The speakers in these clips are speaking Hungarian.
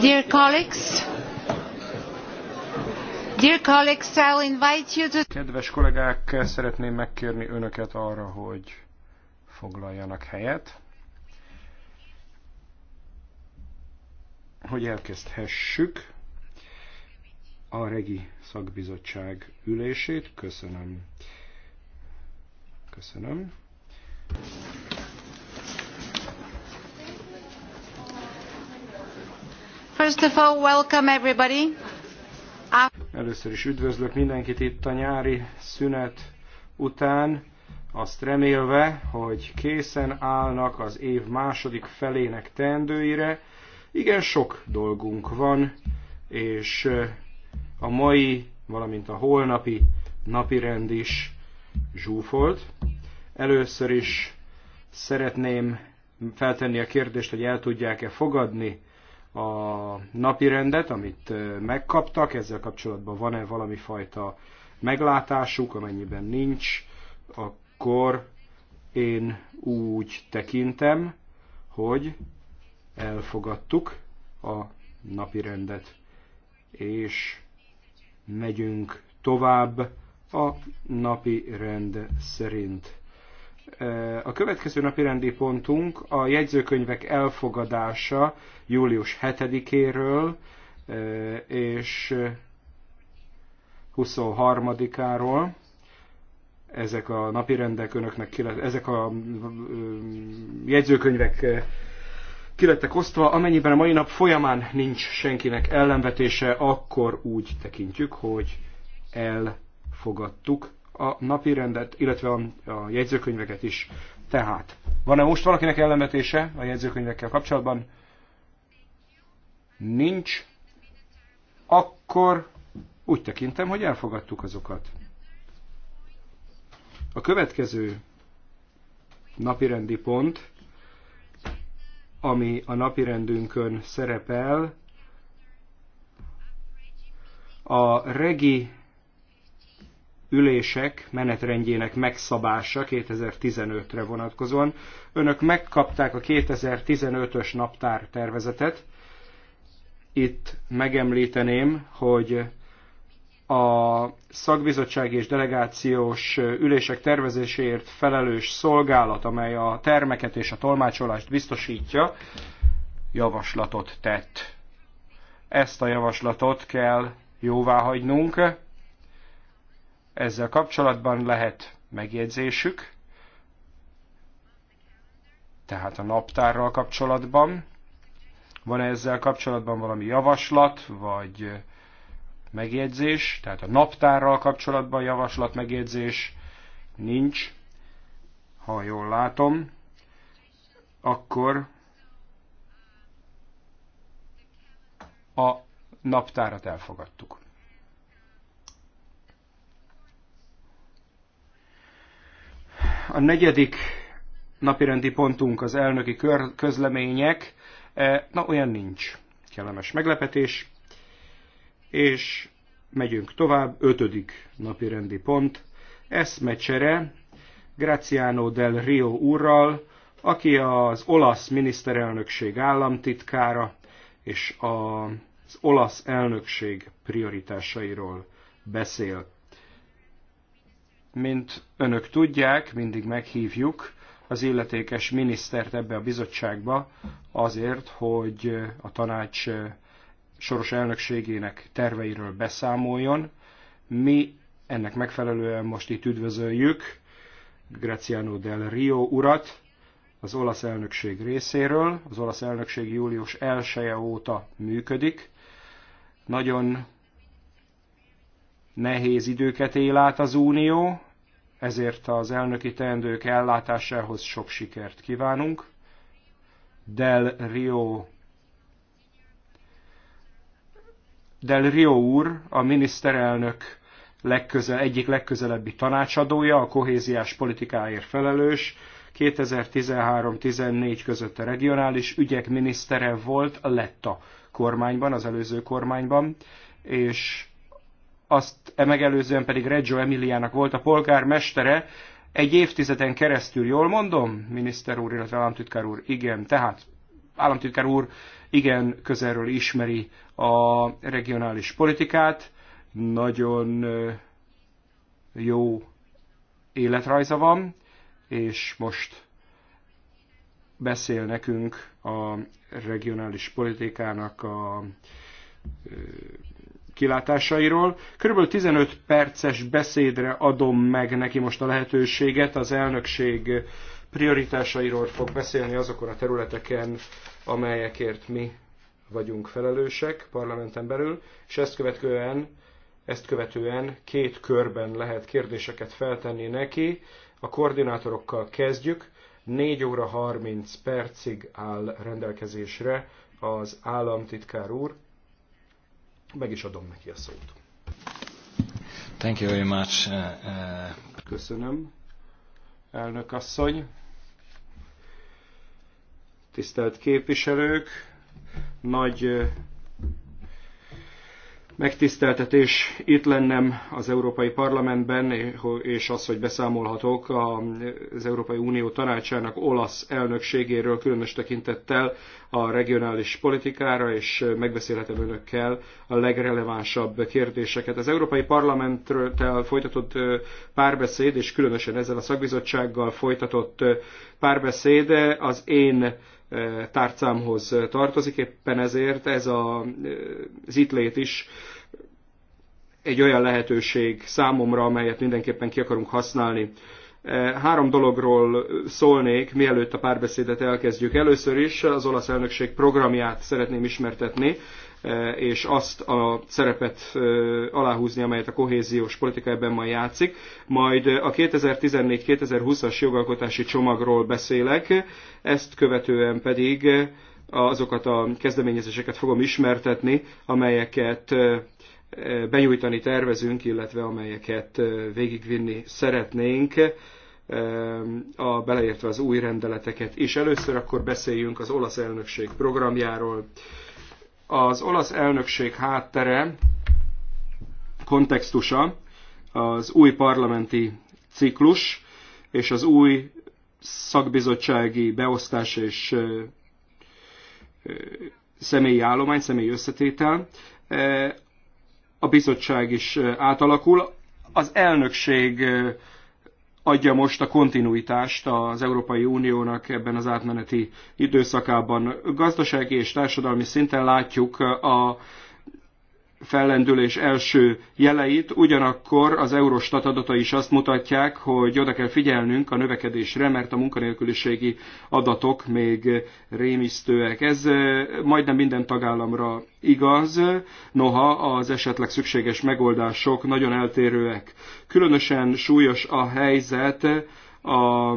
Dear colleagues, dear colleagues, I'll invite you to... Kedves kollégák, szeretném megkérni önöket arra, hogy foglaljanak helyet, hogy elkezdhessük a Regi Szakbizottság ülését. Köszönöm. Köszönöm. First of all, welcome everybody. Uh, Először is üdvözlök mindenkit itt a nyári szünet után, azt remélve, hogy készen állnak az év második felének teendőire. Igen, sok dolgunk van, és uh, a mai, valamint a holnapi napirend is zsúfolt. Először is szeretném feltenni a kérdést, hogy el tudják-e fogadni a napi rendet, amit megkaptak, ezzel kapcsolatban van-e valami fajta meglátásuk, amennyiben nincs, akkor én úgy tekintem, hogy elfogadtuk a napi rendet, és megyünk tovább a napi rend szerint. A következő napi rendi pontunk a jegyzőkönyvek elfogadása július 7-éről e, és 23-áról. Ezek a napi rendek önöknek, ezek a e, jegyzőkönyvek e, kilettek osztva. Amennyiben a mai nap folyamán nincs senkinek ellenvetése, akkor úgy tekintjük, hogy elfogadtuk a napi rendet, illetve a, a jegyzőkönyveket is. Tehát, van-e most valakinek ellenvetése a jegyzőkönyvekkel kapcsolatban? Nincs. Akkor úgy tekintem, hogy elfogadtuk azokat. A következő napirendi pont, ami a napirendünkön szerepel, a regi ülések menetrendjének megszabása 2015-re vonatkozóan. Önök megkapták a 2015-ös naptár tervezetet. Itt megemlíteném, hogy a szakbizottság és delegációs ülések tervezéséért felelős szolgálat, amely a termeket és a tolmácsolást biztosítja, javaslatot tett. Ezt a javaslatot kell jóváhagynunk ezzel kapcsolatban lehet megjegyzésük, tehát a naptárral kapcsolatban. Van -e ezzel kapcsolatban valami javaslat, vagy megjegyzés? Tehát a naptárral kapcsolatban javaslat, megjegyzés nincs, ha jól látom. Akkor a naptárat elfogadtuk. A negyedik napirendi pontunk az elnöki kör, közlemények. E, na, olyan nincs. Kellemes meglepetés. És megyünk tovább. Ötödik napirendi pont. Eszmecsere Graciano del Rio úrral, aki az olasz miniszterelnökség államtitkára és az olasz elnökség prioritásairól beszél. Mint önök tudják, mindig meghívjuk az illetékes minisztert ebbe a bizottságba azért, hogy a tanács soros elnökségének terveiről beszámoljon. Mi ennek megfelelően most itt üdvözöljük Graciano del Rio urat az olasz elnökség részéről. Az olasz elnökség július 1 -e óta működik. Nagyon nehéz időket él át az Unió, ezért az elnöki teendők ellátásához sok sikert kívánunk. Del Rio Del Rio úr, a miniszterelnök legközel, egyik legközelebbi tanácsadója, a kohéziás politikáért felelős, 2013-14 között a regionális ügyek minisztere volt a Letta kormányban, az előző kormányban, és azt e megelőzően pedig Reggio Emiliának volt a polgármestere, egy évtizeden keresztül, jól mondom, miniszter úr, illetve államtitkár úr, igen, tehát államtitkár úr igen közelről ismeri a regionális politikát, nagyon jó életrajza van, és most beszél nekünk a regionális politikának a kilátásairól. Körülbelül 15 perces beszédre adom meg neki most a lehetőséget. Az elnökség prioritásairól fog beszélni azokon a területeken, amelyekért mi vagyunk felelősek parlamenten belül, és ezt követően, ezt követően két körben lehet kérdéseket feltenni neki. A koordinátorokkal kezdjük, 4 óra 30 percig áll rendelkezésre az államtitkár úr, meg is adom neki a szót. Thank you very much. Uh, uh... Köszönöm, elnök asszony. Tisztelt képviselők, nagy megtiszteltetés itt lennem az Európai Parlamentben, és az, hogy beszámolhatok az Európai Unió tanácsának olasz elnökségéről különös tekintettel a regionális politikára, és megbeszélhetem önökkel a legrelevánsabb kérdéseket. Az Európai Parlamenttel folytatott párbeszéd, és különösen ezzel a szakbizottsággal folytatott párbeszéd az én tárcámhoz tartozik, éppen ezért ez a, zitlét is egy olyan lehetőség számomra, amelyet mindenképpen ki akarunk használni. Három dologról szólnék, mielőtt a párbeszédet elkezdjük. Először is az olasz elnökség programját szeretném ismertetni, és azt a szerepet aláhúzni, amelyet a kohéziós politika ebben majd játszik. Majd a 2014-2020-as jogalkotási csomagról beszélek, ezt követően pedig azokat a kezdeményezéseket fogom ismertetni, amelyeket benyújtani tervezünk, illetve amelyeket végigvinni szeretnénk, a, beleértve az új rendeleteket. És először akkor beszéljünk az olasz elnökség programjáról. Az olasz elnökség háttere, kontextusa az új parlamenti ciklus és az új szakbizottsági beosztás és személyi állomány, személyi összetétel. A bizottság is átalakul. Az elnökség adja most a kontinuitást az Európai Uniónak ebben az átmeneti időszakában. Gazdasági és társadalmi szinten látjuk a fellendülés első jeleit, ugyanakkor az Eurostat adatai is azt mutatják, hogy oda kell figyelnünk a növekedésre, mert a munkanélküliségi adatok még rémisztőek. Ez majdnem minden tagállamra igaz, noha az esetleg szükséges megoldások nagyon eltérőek. Különösen súlyos a helyzet a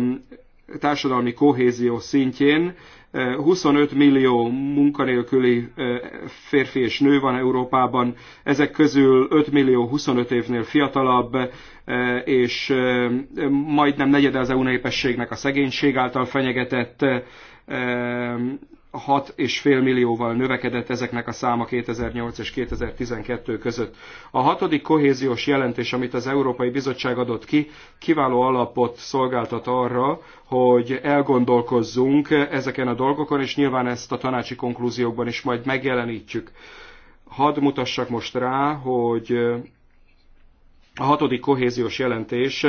társadalmi kohézió szintjén, 25 millió munkanélküli férfi és nő van Európában, ezek közül 5 millió 25 évnél fiatalabb, és majdnem negyede az EU népességnek a szegénység által fenyegetett 6,5 millióval növekedett ezeknek a száma 2008 és 2012 között. A hatodik kohéziós jelentés, amit az Európai Bizottság adott ki, kiváló alapot szolgáltat arra, hogy elgondolkozzunk ezeken a dolgokon, és nyilván ezt a tanácsi konklúziókban is majd megjelenítjük. Hadd mutassak most rá, hogy a hatodik kohéziós jelentés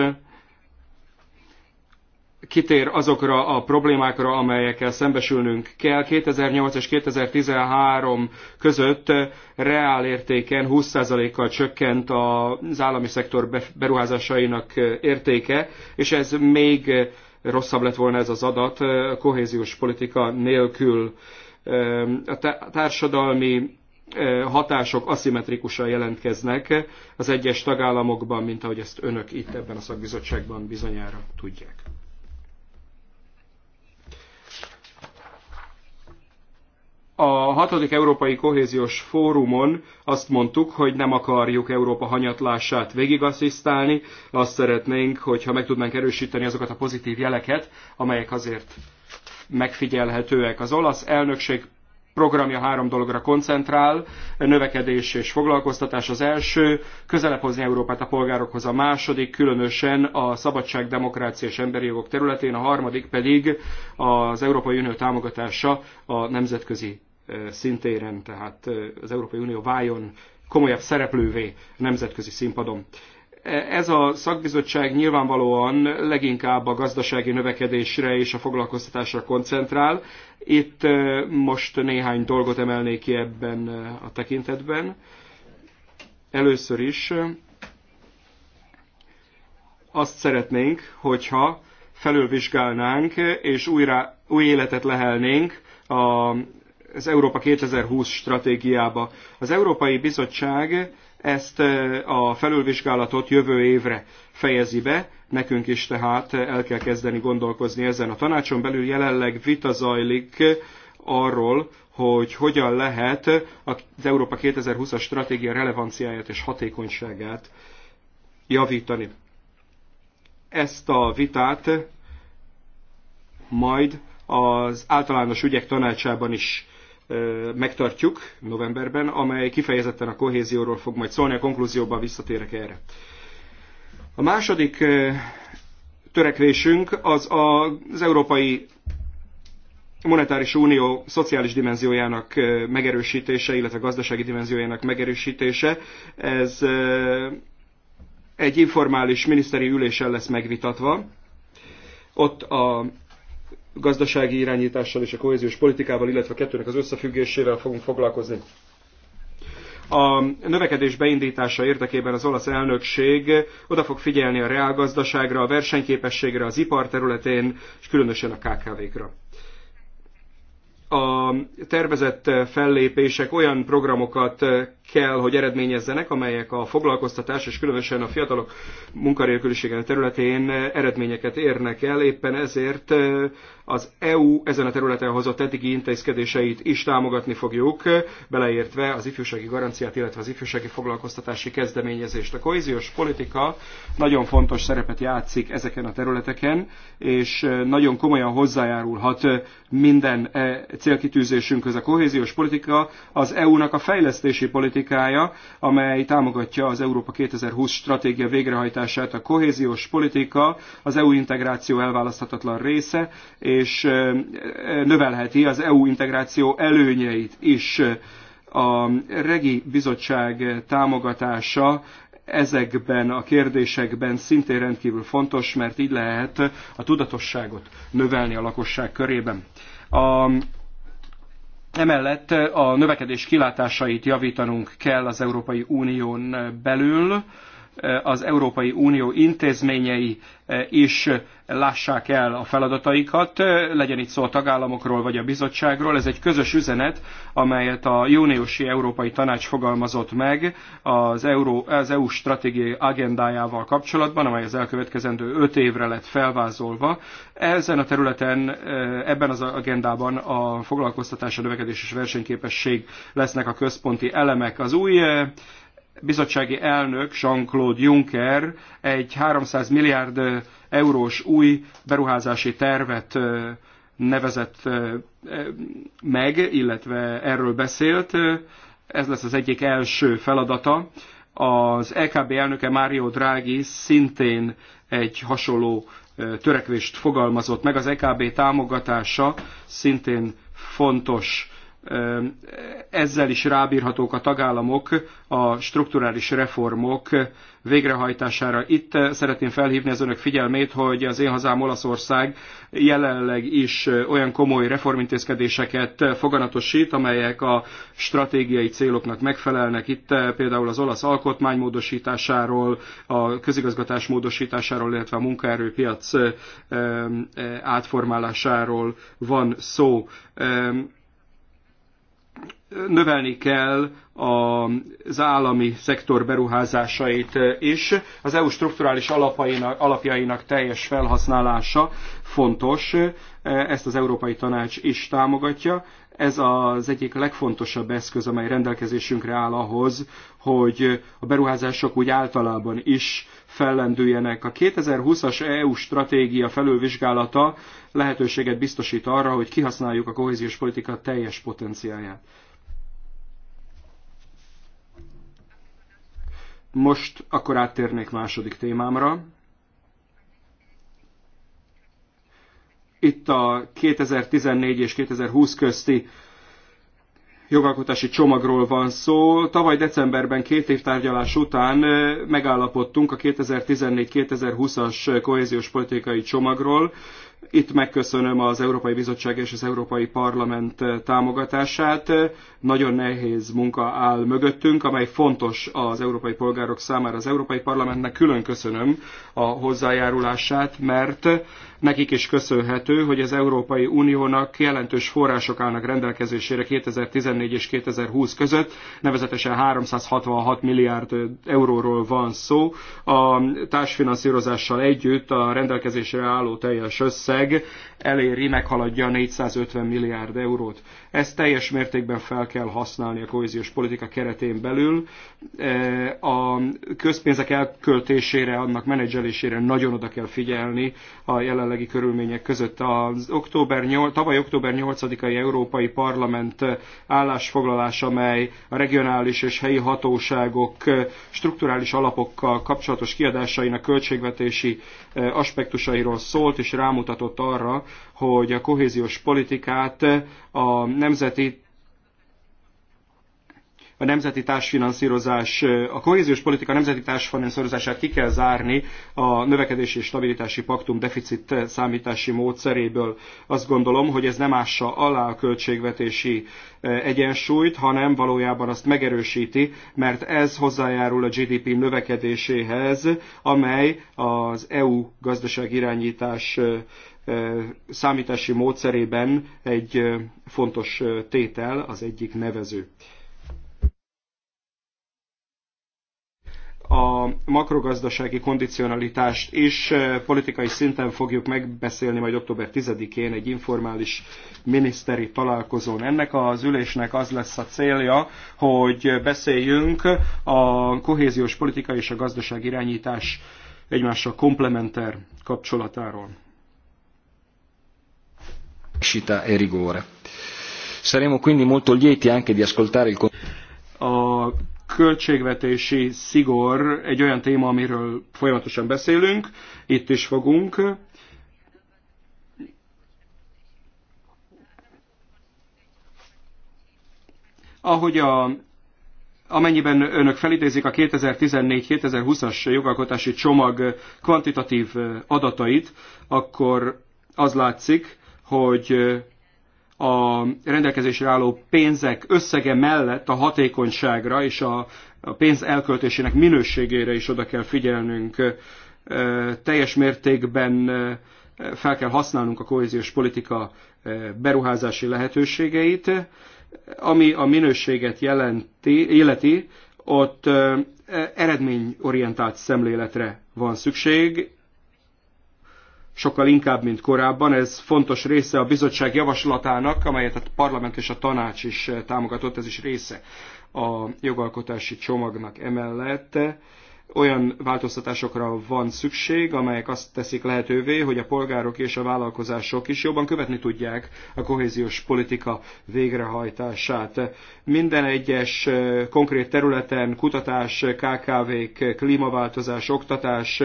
kitér azokra a problémákra, amelyekkel szembesülnünk kell. 2008 és 2013 között reálértéken 20%-kal csökkent az állami szektor beruházásainak értéke, és ez még rosszabb lett volna ez az adat kohéziós politika nélkül. Ehm, a társadalmi ehm, hatások aszimmetrikusan jelentkeznek az egyes tagállamokban, mint ahogy ezt önök itt ebben a szakbizottságban bizonyára tudják. a hatodik Európai Kohéziós Fórumon azt mondtuk, hogy nem akarjuk Európa hanyatlását végigasszisztálni, azt szeretnénk, hogyha meg tudnánk erősíteni azokat a pozitív jeleket, amelyek azért megfigyelhetőek. Az olasz elnökség programja három dologra koncentrál, növekedés és foglalkoztatás az első, közelebb hozni Európát a polgárokhoz a második, különösen a szabadság, demokrácia és emberi jogok területén, a harmadik pedig az Európai Unió támogatása a nemzetközi szintéren, tehát az Európai Unió váljon komolyabb szereplővé nemzetközi színpadon. E, ez a szakbizottság nyilvánvalóan leginkább a gazdasági növekedésre és a foglalkoztatásra koncentrál. Itt most néhány dolgot emelnék ki ebben a tekintetben. Először is azt szeretnénk, hogyha felülvizsgálnánk és újra, új életet lehelnénk a az Európa 2020 stratégiába. Az Európai Bizottság ezt e, a felülvizsgálatot jövő évre fejezi be, nekünk is tehát el kell kezdeni gondolkozni ezen. A tanácson belül jelenleg vita zajlik arról, hogy hogyan lehet az Európa 2020-as stratégia relevanciáját és hatékonyságát javítani. Ezt a vitát majd az általános ügyek tanácsában is megtartjuk novemberben, amely kifejezetten a kohézióról fog majd szólni, a konklúzióban visszatérek erre. A második törekvésünk az az Európai Monetáris Unió szociális dimenziójának megerősítése, illetve gazdasági dimenziójának megerősítése. Ez egy informális miniszteri ülésen lesz megvitatva. Ott a gazdasági irányítással és a kohéziós politikával, illetve a kettőnek az összefüggésével fogunk foglalkozni. A növekedés beindítása érdekében az olasz elnökség oda fog figyelni a reálgazdaságra, a versenyképességre, az ipar területén, és különösen a KKV-kra a tervezett fellépések olyan programokat kell, hogy eredményezzenek, amelyek a foglalkoztatás és különösen a fiatalok munkanélküliségen területén eredményeket érnek el. Éppen ezért az EU ezen a területen hozott eddigi intézkedéseit is támogatni fogjuk, beleértve az ifjúsági garanciát, illetve az ifjúsági foglalkoztatási kezdeményezést. A kohéziós politika nagyon fontos szerepet játszik ezeken a területeken, és nagyon komolyan hozzájárulhat minden eh, célkitűzésünk, ez a kohéziós politika, az EU-nak a fejlesztési politikája, amely támogatja az Európa 2020 stratégia végrehajtását. A kohéziós politika az EU integráció elválaszthatatlan része, és növelheti az EU integráció előnyeit is. A Regi Bizottság támogatása ezekben a kérdésekben szintén rendkívül fontos, mert így lehet a tudatosságot növelni a lakosság körében. A Emellett a növekedés kilátásait javítanunk kell az Európai Unión belül, Eh, az Európai Unió intézményei eh, is eh, lássák el a feladataikat, legyen itt szó a tagállamokról vagy a bizottságról. Ez egy közös üzenet, amelyet a júniusi Európai Tanács fogalmazott meg az, Euró, az EU stratégiai agendájával kapcsolatban, amely az elkövetkezendő öt évre lett felvázolva. Ezen a területen, ebben az agendában a foglalkoztatás, a növekedés és versenyképesség lesznek a központi elemek. Az új bizottsági elnök Jean-Claude Juncker egy 300 milliárd eurós új beruházási tervet nevezett meg, illetve erről beszélt. Ez lesz az egyik első feladata. Az LKB elnöke Mário Draghi szintén egy hasonló törekvést fogalmazott meg. Az EKB támogatása szintén fontos ezzel is rábírhatók a tagállamok a strukturális reformok végrehajtására. Itt szeretném felhívni az önök figyelmét, hogy az én hazám Olaszország jelenleg is olyan komoly reformintézkedéseket foganatosít, amelyek a stratégiai céloknak megfelelnek. Itt például az olasz alkotmány módosításáról, a közigazgatás módosításáról, illetve a munkaerőpiac átformálásáról van szó növelni kell az állami szektor beruházásait is. Az EU strukturális alapjainak, alapjainak teljes felhasználása fontos, ezt az Európai Tanács is támogatja. Ez az egyik legfontosabb eszköz, amely rendelkezésünkre áll ahhoz, hogy a beruházások úgy általában is fellendüljenek. A 2020-as EU stratégia felülvizsgálata lehetőséget biztosít arra, hogy kihasználjuk a kohéziós politika teljes potenciáját. Most akkor áttérnék második témámra. Itt a 2014 és 2020 közti jogalkotási csomagról van szó. Tavaly decemberben két év tárgyalás után megállapodtunk a 2014-2020-as kohéziós politikai csomagról. Itt megköszönöm az Európai Bizottság és az Európai Parlament eh, támogatását. Nagyon nehéz munka áll mögöttünk, amely fontos az európai polgárok számára. Az Európai Parlamentnek külön köszönöm a hozzájárulását, mert Nekik is köszönhető, hogy az Európai Uniónak jelentős források állnak rendelkezésére 2014 és 2020 között, nevezetesen 366 milliárd euróról van szó. A társfinanszírozással együtt a rendelkezésre álló teljes összeg eléri, meghaladja 450 milliárd eurót. Ezt teljes mértékben fel kell használni a kohéziós politika keretén belül. E, a közpénzek elköltésére, annak menedzselésére nagyon oda kell figyelni a jelenleg jelenlegi körülmények között. Az október 8, tavaly október 8-ai Európai Parlament állásfoglalás, amely a regionális és helyi hatóságok strukturális alapokkal kapcsolatos kiadásainak költségvetési eh, aspektusairól szólt, és rámutatott arra, hogy a kohéziós politikát a nemzeti a nemzeti társfinanszírozás, a kohéziós politika nemzeti társfinanszírozását ki kell zárni a növekedési és stabilitási paktum deficit számítási módszeréből. Azt gondolom, hogy ez nem ássa alá a költségvetési eh, egyensúlyt, hanem valójában azt megerősíti, mert ez hozzájárul a GDP növekedéséhez, amely az EU gazdaság irányítás eh, eh, számítási módszerében egy fontos tétel, az egyik nevező. a makrogazdasági kondicionalitást is eh, politikai szinten fogjuk megbeszélni majd október 10-én egy informális miniszteri találkozón. Ennek az ülésnek az lesz a célja, hogy beszéljünk a kohéziós politika és a gazdaság irányítás egymással komplementer kapcsolatáról. Sita Erigore. Saremo quindi molto lieti anche di ascoltare il... A költségvetési szigor egy olyan téma, amiről folyamatosan beszélünk, itt is fogunk. Ahogy a, amennyiben önök felidézik a 2014-2020-as jogalkotási csomag kvantitatív adatait, akkor az látszik, hogy a rendelkezésre álló pénzek összege mellett a hatékonyságra és a pénz elköltésének minőségére is oda kell figyelnünk. Teljes mértékben fel kell használnunk a kohéziós politika beruházási lehetőségeit, ami a minőséget jelenti, illeti, ott eredményorientált szemléletre van szükség, sokkal inkább, mint korábban. Ez fontos része a bizottság javaslatának, amelyet a parlament és a tanács is támogatott, ez is része a jogalkotási csomagnak emellett olyan változtatásokra van szükség, amelyek azt teszik lehetővé, hogy a polgárok és a vállalkozások is jobban követni tudják a kohéziós politika végrehajtását. Minden egyes konkrét területen, kutatás, KKV-k, klímaváltozás, oktatás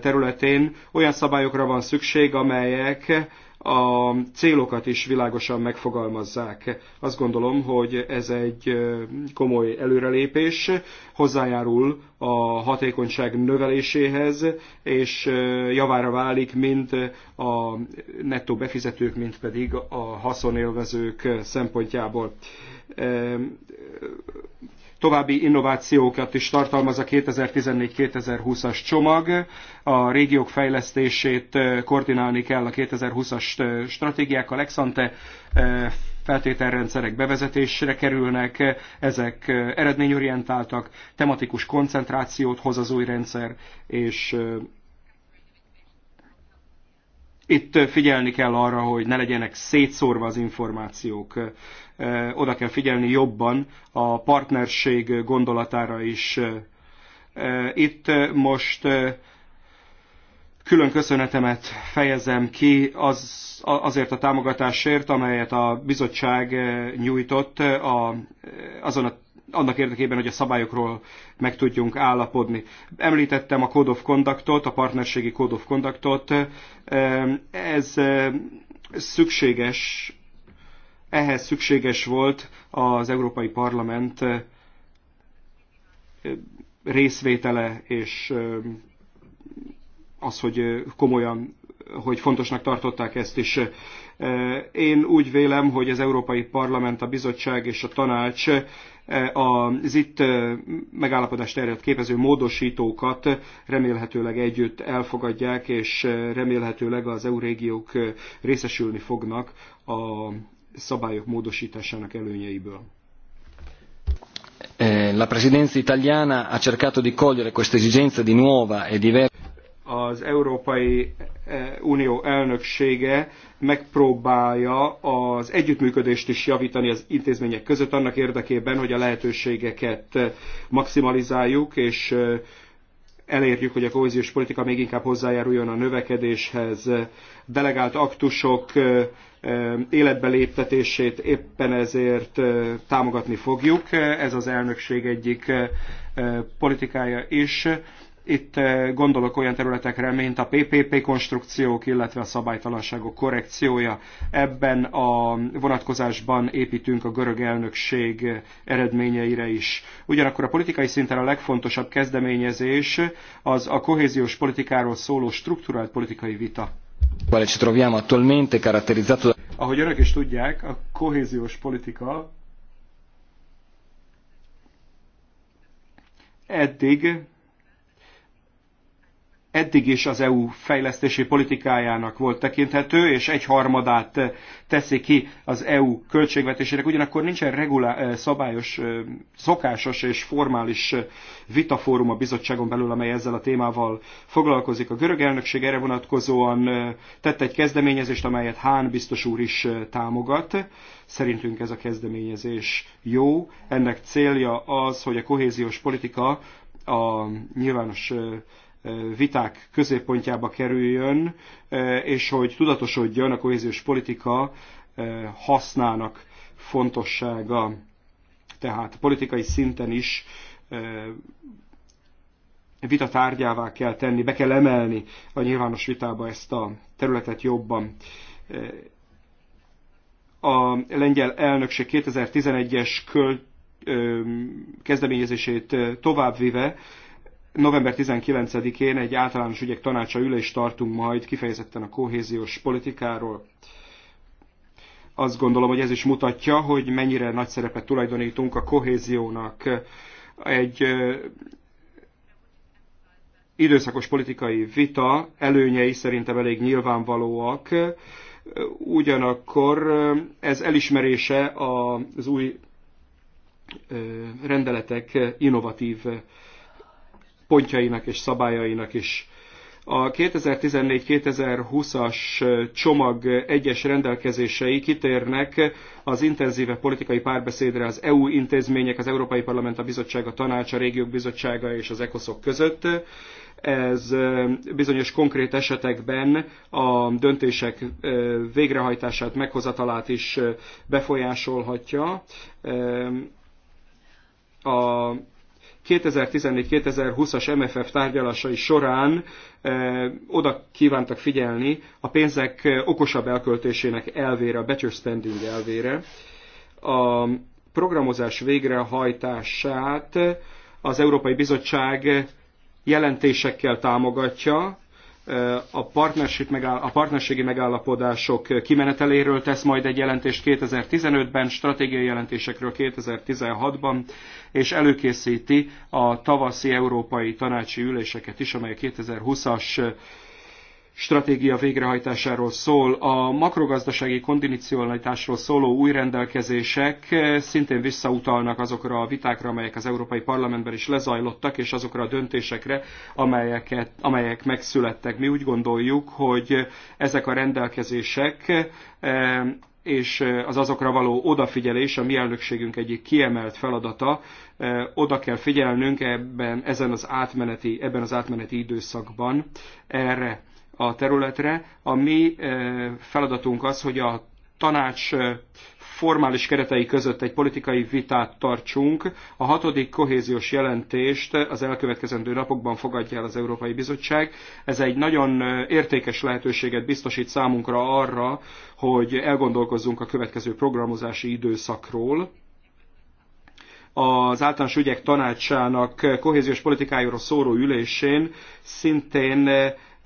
területén olyan szabályokra van szükség, amelyek a célokat is világosan megfogalmazzák. Azt gondolom, hogy ez egy komoly előrelépés, hozzájárul a hatékonyság növeléséhez, és javára válik mind a nettó befizetők, mind pedig a haszonélvezők szempontjából További innovációkat is tartalmaz a 2014-2020-as csomag. A régiók fejlesztését koordinálni kell a 2020-as stratégiákkal. Exante feltételrendszerek bevezetésre kerülnek, ezek eredményorientáltak, tematikus koncentrációt hoz az új rendszer, és itt figyelni kell arra, hogy ne legyenek szétszórva az információk. Eh, oda kell figyelni jobban a partnerség gondolatára is. Eh, itt most eh, külön köszönetemet fejezem ki az, azért a támogatásért, amelyet a bizottság nyújtott a, azon a annak érdekében, hogy a szabályokról meg tudjunk állapodni. Említettem a Code of Conductot, a partnerségi Code of Conductot. Ez szükséges ehhez szükséges volt az Európai Parlament részvétele és az, hogy komolyan, hogy fontosnak tartották ezt is. Én úgy vélem, hogy az Európai Parlament, a bizottság és a tanács az itt megállapodás terjedt képező módosítókat remélhetőleg együtt elfogadják, és remélhetőleg az EU régiók részesülni fognak a szabályok módosításának előnyeiből. Eh, la presidenza italiana ha cercato di cogliere questa esigenza di nuova e diversa az Európai eh, Unió elnöksége megpróbálja az együttműködést is javítani az intézmények között annak érdekében, hogy a lehetőségeket maximalizáljuk, és eh, elérjük, hogy a kohéziós politika még inkább hozzájáruljon a növekedéshez. Delegált aktusok életbe léptetését éppen ezért támogatni fogjuk. Ez az elnökség egyik politikája is. Itt gondolok olyan területekre, mint a PPP konstrukciók, illetve a szabálytalanságok korrekciója. Ebben a vonatkozásban építünk a görög elnökség eredményeire is. Ugyanakkor a politikai szinten a legfontosabb kezdeményezés az a kohéziós politikáról szóló struktúrált politikai vita quale ci troviamo attualmente caratterizzato Ahogy önök is tudják, a kohéziós politika eddig eddig is az EU fejlesztési politikájának volt tekinthető, és egy harmadát eh, teszi ki az EU költségvetésének. Ugyanakkor nincsen regulá- eh, szabályos, eh, szokásos és formális vitafórum a bizottságon belül, amely ezzel a témával foglalkozik. A görög elnökség erre vonatkozóan tett egy kezdeményezést, amelyet Hán biztos úr is támogat. Szerintünk ez a kezdeményezés jó. Ennek célja az, hogy a kohéziós politika a nyilvános viták középpontjába kerüljön, és hogy tudatosodjon a kohéziós politika hasznának fontossága. Tehát politikai szinten is vita tárgyává kell tenni, be kell emelni a nyilvános vitába ezt a területet jobban. A lengyel elnökség 2011-es kezdeményezését továbbvive november 19-én egy általános ügyek tanácsa ülést tartunk majd kifejezetten a kohéziós politikáról. Azt gondolom, hogy ez is mutatja, hogy mennyire nagy szerepet tulajdonítunk a kohéziónak. Egy időszakos politikai vita előnyei szerintem elég nyilvánvalóak, ugyanakkor ez elismerése az új rendeletek innovatív pontjainak és szabályainak is. A 2014-2020-as csomag egyes rendelkezései kitérnek az intenzíve politikai párbeszédre az EU intézmények, az Európai Parlament, a Bizottság, a Tanács, a Régiók Bizottsága és az ECOSZOK között. Ez bizonyos konkrét esetekben a döntések végrehajtását, meghozatalát is befolyásolhatja. A 2014-2020-as MFF tárgyalásai során eh, oda kívántak figyelni a pénzek eh, okosabb elköltésének elvére, a better spending elvére. A programozás végrehajtását az Európai Bizottság jelentésekkel támogatja, a, partnership megáll, a partnerségi megállapodások kimeneteléről tesz majd egy jelentést 2015-ben, stratégiai jelentésekről 2016-ban, és előkészíti a tavaszi európai tanácsi üléseket is, amely 2020-as stratégia végrehajtásáról szól. A makrogazdasági kondicionalitásról szóló új rendelkezések eh, szintén visszautalnak azokra a vitákra, amelyek az Európai Parlamentben is lezajlottak, és azokra a döntésekre, amelyeket, amelyek megszülettek. Mi úgy gondoljuk, hogy ezek a rendelkezések eh, és az azokra való odafigyelés a mi elnökségünk egyik kiemelt feladata. Eh, oda kell figyelnünk ebben, ezen az átmeneti, ebben az átmeneti időszakban erre a területre. A mi eh, feladatunk az, hogy a tanács eh, formális keretei között egy politikai vitát tartsunk. A hatodik kohéziós jelentést az elkövetkezendő napokban fogadja el az Európai Bizottság. Ez egy nagyon eh, értékes lehetőséget biztosít számunkra arra, hogy elgondolkozzunk a következő programozási időszakról az általános ügyek tanácsának kohéziós politikájáról szóró ülésén szintén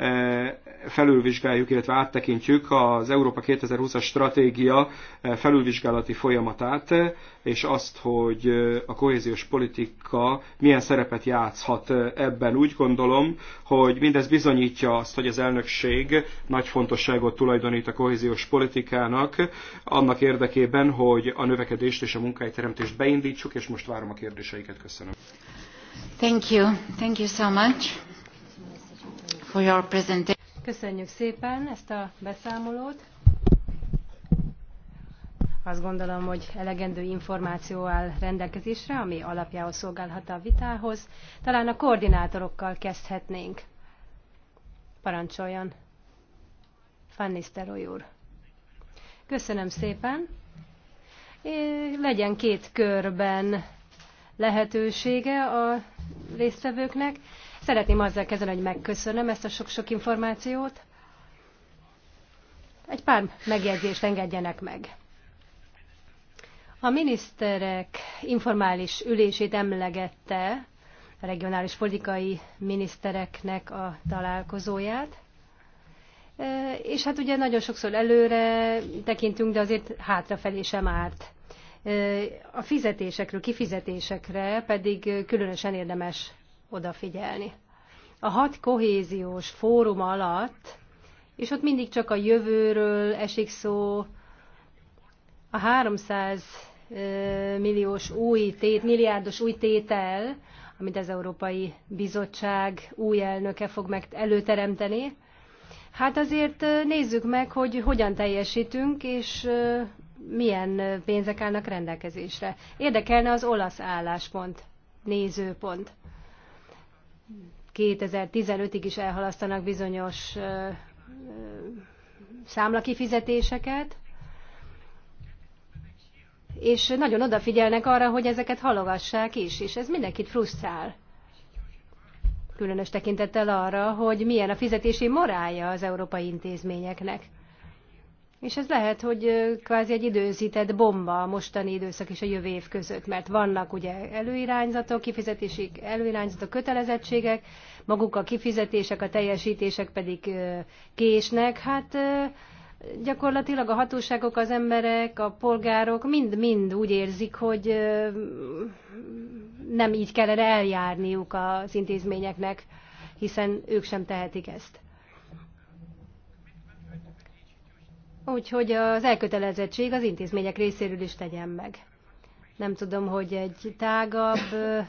E, felülvizsgáljuk, illetve áttekintjük az Európa 2020-as stratégia e, felülvizsgálati folyamatát, és azt, hogy e, a kohéziós politika milyen szerepet játszhat ebben. Úgy gondolom, hogy mindez bizonyítja azt, hogy az elnökség nagy fontosságot tulajdonít a kohéziós politikának, annak érdekében, hogy a növekedést és a munkahelyteremtést beindítsuk, és most várom a kérdéseiket. Köszönöm. Thank you. Thank you so much. Köszönjük szépen ezt a beszámolót. Azt gondolom, hogy elegendő információ áll rendelkezésre, ami alapjához szolgálhat a vitához. Talán a koordinátorokkal kezdhetnénk. Parancsoljon. Fanniszteroly úr. Köszönöm szépen. É, legyen két körben lehetősége a résztvevőknek. Szeretném azzal kezdeni, hogy megköszönöm ezt a sok-sok információt. Egy pár megjegyzést engedjenek meg. A miniszterek informális ülését emlegette, a regionális politikai minisztereknek a találkozóját. E, és hát ugye nagyon sokszor előre tekintünk, de azért hátrafelé sem árt. E, a fizetésekről, kifizetésekre pedig különösen érdemes odafigyelni. A hat kohéziós fórum alatt, és ott mindig csak a jövőről esik szó, a 300 milliós új tét, milliárdos új tétel, amit az Európai Bizottság új elnöke fog meg előteremteni. Hát azért nézzük meg, hogy hogyan teljesítünk, és milyen pénzek állnak rendelkezésre. Érdekelne az olasz álláspont, nézőpont. 2015-ig is elhalasztanak bizonyos számlakifizetéseket, és nagyon odafigyelnek arra, hogy ezeket halogassák is, és ez mindenkit frusztrál. Különös tekintettel arra, hogy milyen a fizetési morálja az európai intézményeknek. És ez lehet, hogy kvázi egy időzített bomba a mostani időszak és a jövő év között, mert vannak ugye előirányzatok, kifizetési előirányzatok, kötelezettségek, maguk a kifizetések, a teljesítések pedig késnek. Hát gyakorlatilag a hatóságok, az emberek, a polgárok mind-mind úgy érzik, hogy nem így kellene eljárniuk az intézményeknek, hiszen ők sem tehetik ezt. úgyhogy az elkötelezettség az intézmények részéről is tegyen meg. Nem tudom, hogy egy tágabb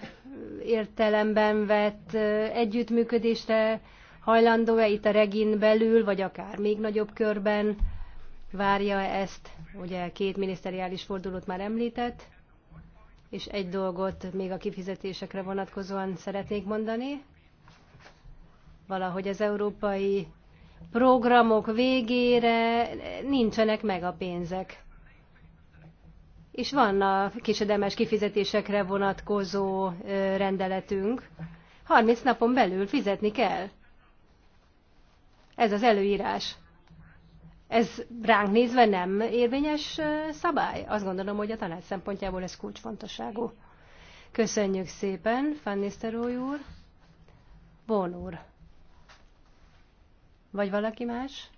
értelemben vett együttműködésre hajlandó-e itt a regin belül, vagy akár még nagyobb körben várja ezt. Ugye két miniszteriális fordulót már említett, és egy dolgot még a kifizetésekre vonatkozóan szeretnék mondani. Valahogy az európai programok végére nincsenek meg a pénzek. És van a kisedemes kifizetésekre vonatkozó rendeletünk. 30 napon belül fizetni kell. Ez az előírás. Ez ránk nézve nem érvényes szabály. Azt gondolom, hogy a tanács szempontjából ez kulcsfontosságú. Köszönjük szépen, Fanniszter úr. Bon úr. Vagy valaki más?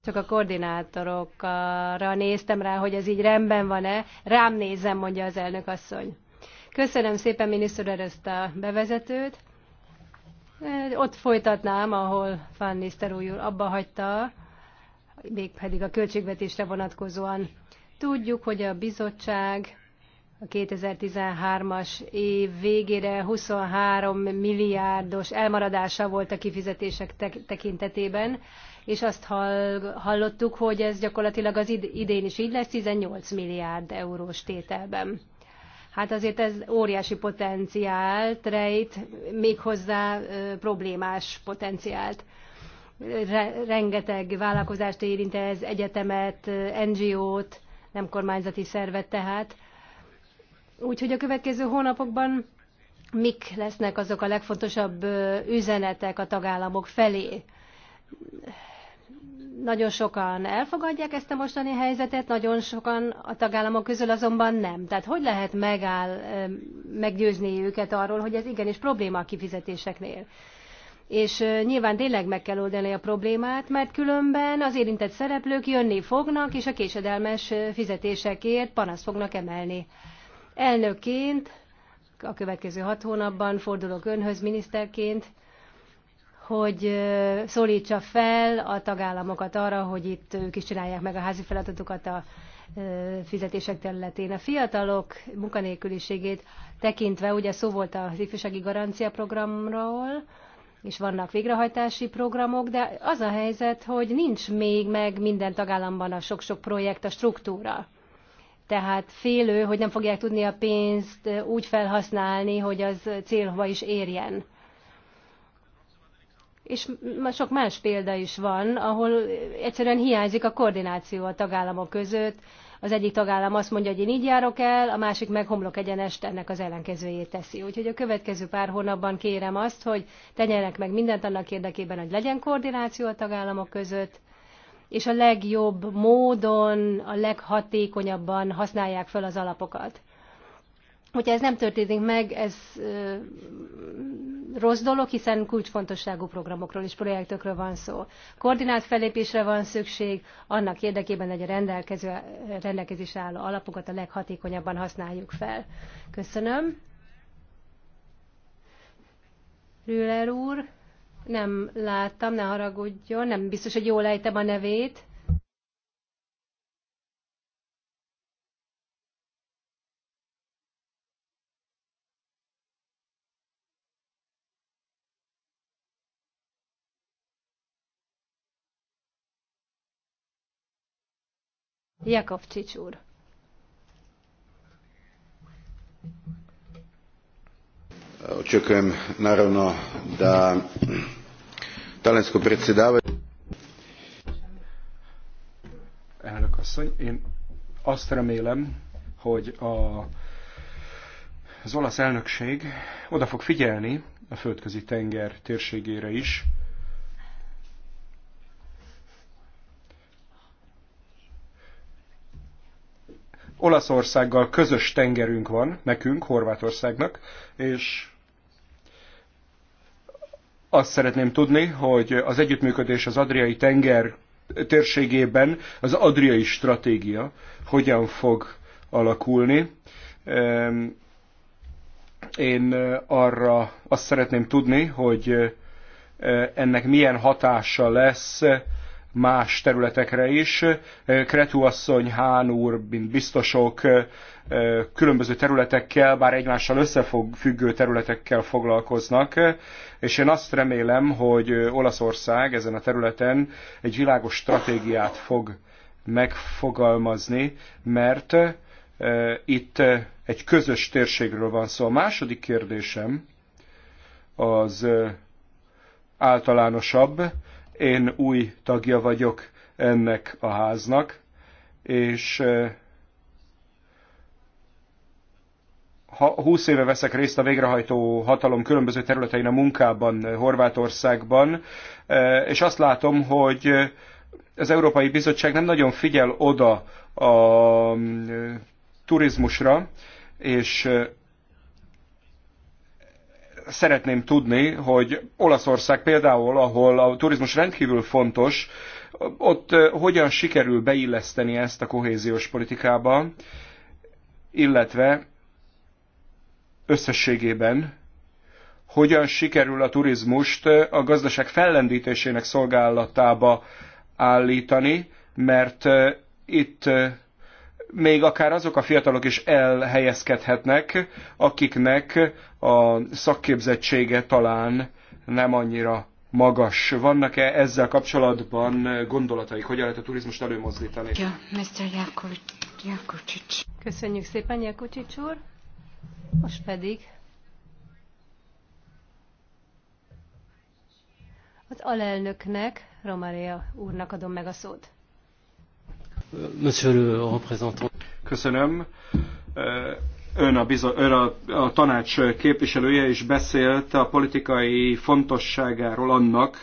Csak a koordinátorokra néztem rá, hogy ez így rendben van-e. Rám nézem, mondja az elnök asszony. Köszönöm szépen, miniszter úr, ezt a bevezetőt. Ott folytatnám, ahol Van Nisztelúj úr abba hagyta, mégpedig a költségvetésre vonatkozóan. Tudjuk, hogy a bizottság a 2013-as év végére 23 milliárdos elmaradása volt a kifizetések tekintetében, és azt hallottuk, hogy ez gyakorlatilag az idén is így lesz, 18 milliárd eurós tételben. Hát azért ez óriási potenciált rejt, méghozzá problémás potenciált rengeteg vállalkozást érint ez, egyetemet, NGO-t, nem kormányzati szervet tehát, Úgyhogy a következő hónapokban mik lesznek azok a legfontosabb üzenetek a tagállamok felé? Nagyon sokan elfogadják ezt a mostani helyzetet, nagyon sokan a tagállamok közül azonban nem. Tehát hogy lehet megáll, meggyőzni őket arról, hogy ez igenis probléma a kifizetéseknél? és nyilván tényleg meg kell oldani a problémát, mert különben az érintett szereplők jönni fognak, és a késedelmes fizetésekért panaszt fognak emelni Elnökként a következő hat hónapban fordulok önhöz miniszterként, hogy szólítsa fel a tagállamokat arra, hogy itt ők is csinálják meg a házi feladatokat a fizetések területén. A fiatalok munkanélküliségét tekintve ugye szó volt az ifjúsági garancia programról, és vannak végrehajtási programok, de az a helyzet, hogy nincs még meg minden tagállamban a sok-sok projekt, a struktúra tehát félő, hogy nem fogják tudni a pénzt eh, úgy felhasználni, hogy az célhova is érjen. És sok más példa is van, ahol egyszerűen hiányzik a koordináció a tagállamok között. Az egyik tagállam azt mondja, hogy én így járok el, a másik meg homlok egyenest ennek az ellenkezőjét teszi. Úgyhogy a következő pár hónapban kérem azt, hogy tegyenek meg mindent annak érdekében, hogy legyen koordináció a tagállamok között, és a legjobb módon, a leghatékonyabban használják fel az alapokat. Hogyha ez nem történik meg, ez ö, rossz dolog, hiszen kulcsfontosságú programokról és projektökről van szó. Koordinált felépésre van szükség, annak érdekében, hogy a rendelkező, rendelkezésre álló alapokat a leghatékonyabban használjuk fel. Köszönöm. Rüller úr nem láttam, ne haragudjon, nem biztos, hogy jól ejtem a nevét. Jakovcsics úr. Očekujem naravno da talijansko predsjedavanje. Elnök asszony, én azt remélem, hogy a, az olasz elnökség oda fog figyelni a földközi tenger térségére is, Olaszországgal közös tengerünk van, nekünk, Horvátországnak, és azt szeretném tudni, hogy az együttműködés az Adriai tenger térségében az adriai stratégia hogyan fog alakulni. Én eh, arra azt szeretném tudni, hogy eh, ennek milyen hatása lesz más területekre is. Eh, Kretu asszony, Hán úr, mint biztosok különböző területekkel, bár egymással összefüggő területekkel foglalkoznak, és én azt remélem, hogy Olaszország ezen a területen egy világos stratégiát fog megfogalmazni, mert itt egy közös térségről van szó. a második kérdésem az általánosabb. Én új tagja vagyok ennek a háznak, és 20 éve veszek részt a végrehajtó hatalom különböző területein a munkában eh, Horvátországban, eh, és azt látom, hogy eh, az Európai Bizottság nem nagyon figyel oda a mm, turizmusra, és szeretném tudni, hogy Olaszország például, ahol a turizmus rendkívül fontos, ott hogyan sikerül beilleszteni ezt a kohéziós politikába, illetve összességében hogyan sikerül a turizmust eh, a gazdaság fellendítésének szolgálatába állítani, mert eh, itt eh, még akár azok a fiatalok is elhelyezkedhetnek, akiknek a szakképzettsége talán nem annyira magas. Vannak-e ezzel kapcsolatban gondolataik, hogyan lehet a turizmust előmozdítani? Ja, Mr. Jakovics. Köszönjük szépen, Jakucsics úr. Most pedig az alelnöknek, Romaria úrnak adom meg a szót. Monsieur le représentant. Köszönöm. Ön a, bizo- ön a, a tanács képviselője is beszélt a politikai fontosságáról annak,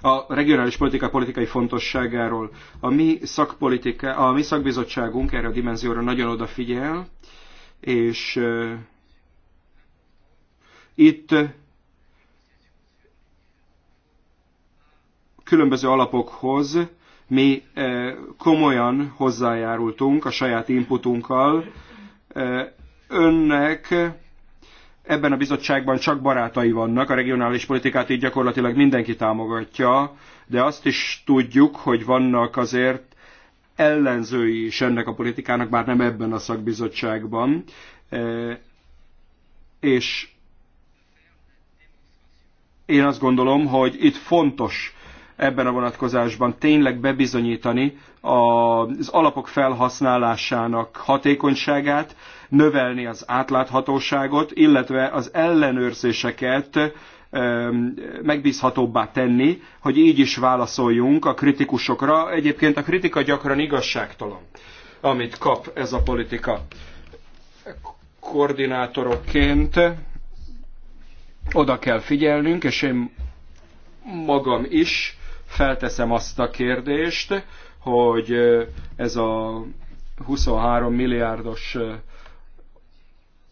a regionális politika politikai fontosságáról. A mi, szakpolitika, a mi szakbizottságunk erre a dimenzióra nagyon odafigyel, és itt különböző alapokhoz mi komolyan hozzájárultunk a saját inputunkkal. Önnek ebben a bizottságban csak barátai vannak, a regionális politikát így gyakorlatilag mindenki támogatja, de azt is tudjuk, hogy vannak azért ellenzői is ennek a politikának, bár nem ebben a szakbizottságban. És én azt gondolom, hogy itt fontos ebben a vonatkozásban tényleg bebizonyítani az alapok felhasználásának hatékonyságát, növelni az átláthatóságot, illetve az ellenőrzéseket megbízhatóbbá tenni, hogy így is válaszoljunk a kritikusokra. Egyébként a kritika gyakran igazságtalan, amit kap ez a politika koordinátorokként. Oda kell figyelnünk, és én magam is felteszem azt a kérdést, hogy ez a 23 milliárdos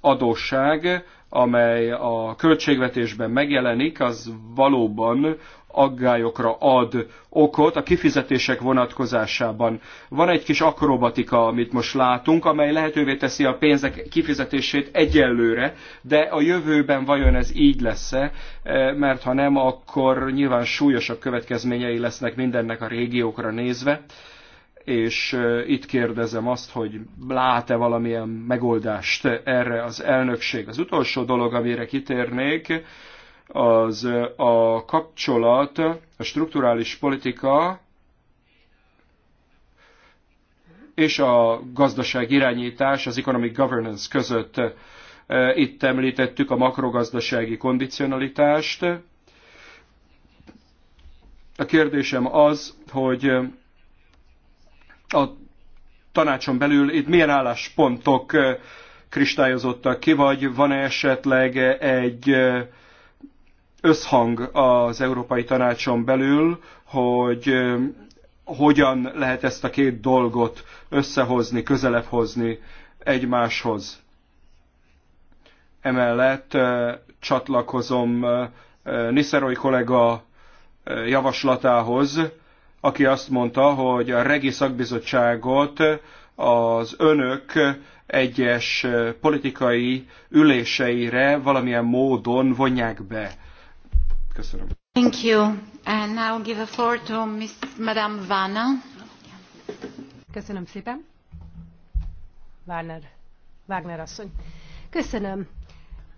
adósság amely a költségvetésben megjelenik, az valóban aggályokra ad okot a kifizetések vonatkozásában. Van egy kis akrobatika, amit most látunk, amely lehetővé teszi a pénzek kifizetését egyelőre, de a jövőben vajon ez így lesz-e, e, mert ha nem, akkor nyilván súlyosabb következményei lesznek mindennek a régiókra nézve és itt kérdezem azt, hogy lát-e valamilyen megoldást erre az elnökség. Az utolsó dolog, amire kitérnék, az a kapcsolat, a strukturális politika és a gazdaság irányítás, az economic governance között. Itt említettük a makrogazdasági kondicionalitást. A kérdésem az, hogy a tanácson belül itt milyen álláspontok kristályozottak ki, vagy van-e esetleg egy összhang az Európai Tanácson belül, hogy hogyan lehet ezt a két dolgot összehozni, közelebb hozni egymáshoz. Emellett csatlakozom Niszerói kollega javaslatához, aki azt mondta, hogy a regi szakbizottságot az önök egyes politikai üléseire valamilyen módon vonják be. Köszönöm. Thank you. And now give a floor to Ms. Madame Vanna. Köszönöm szépen. Wagner, Wagner asszony. Köszönöm.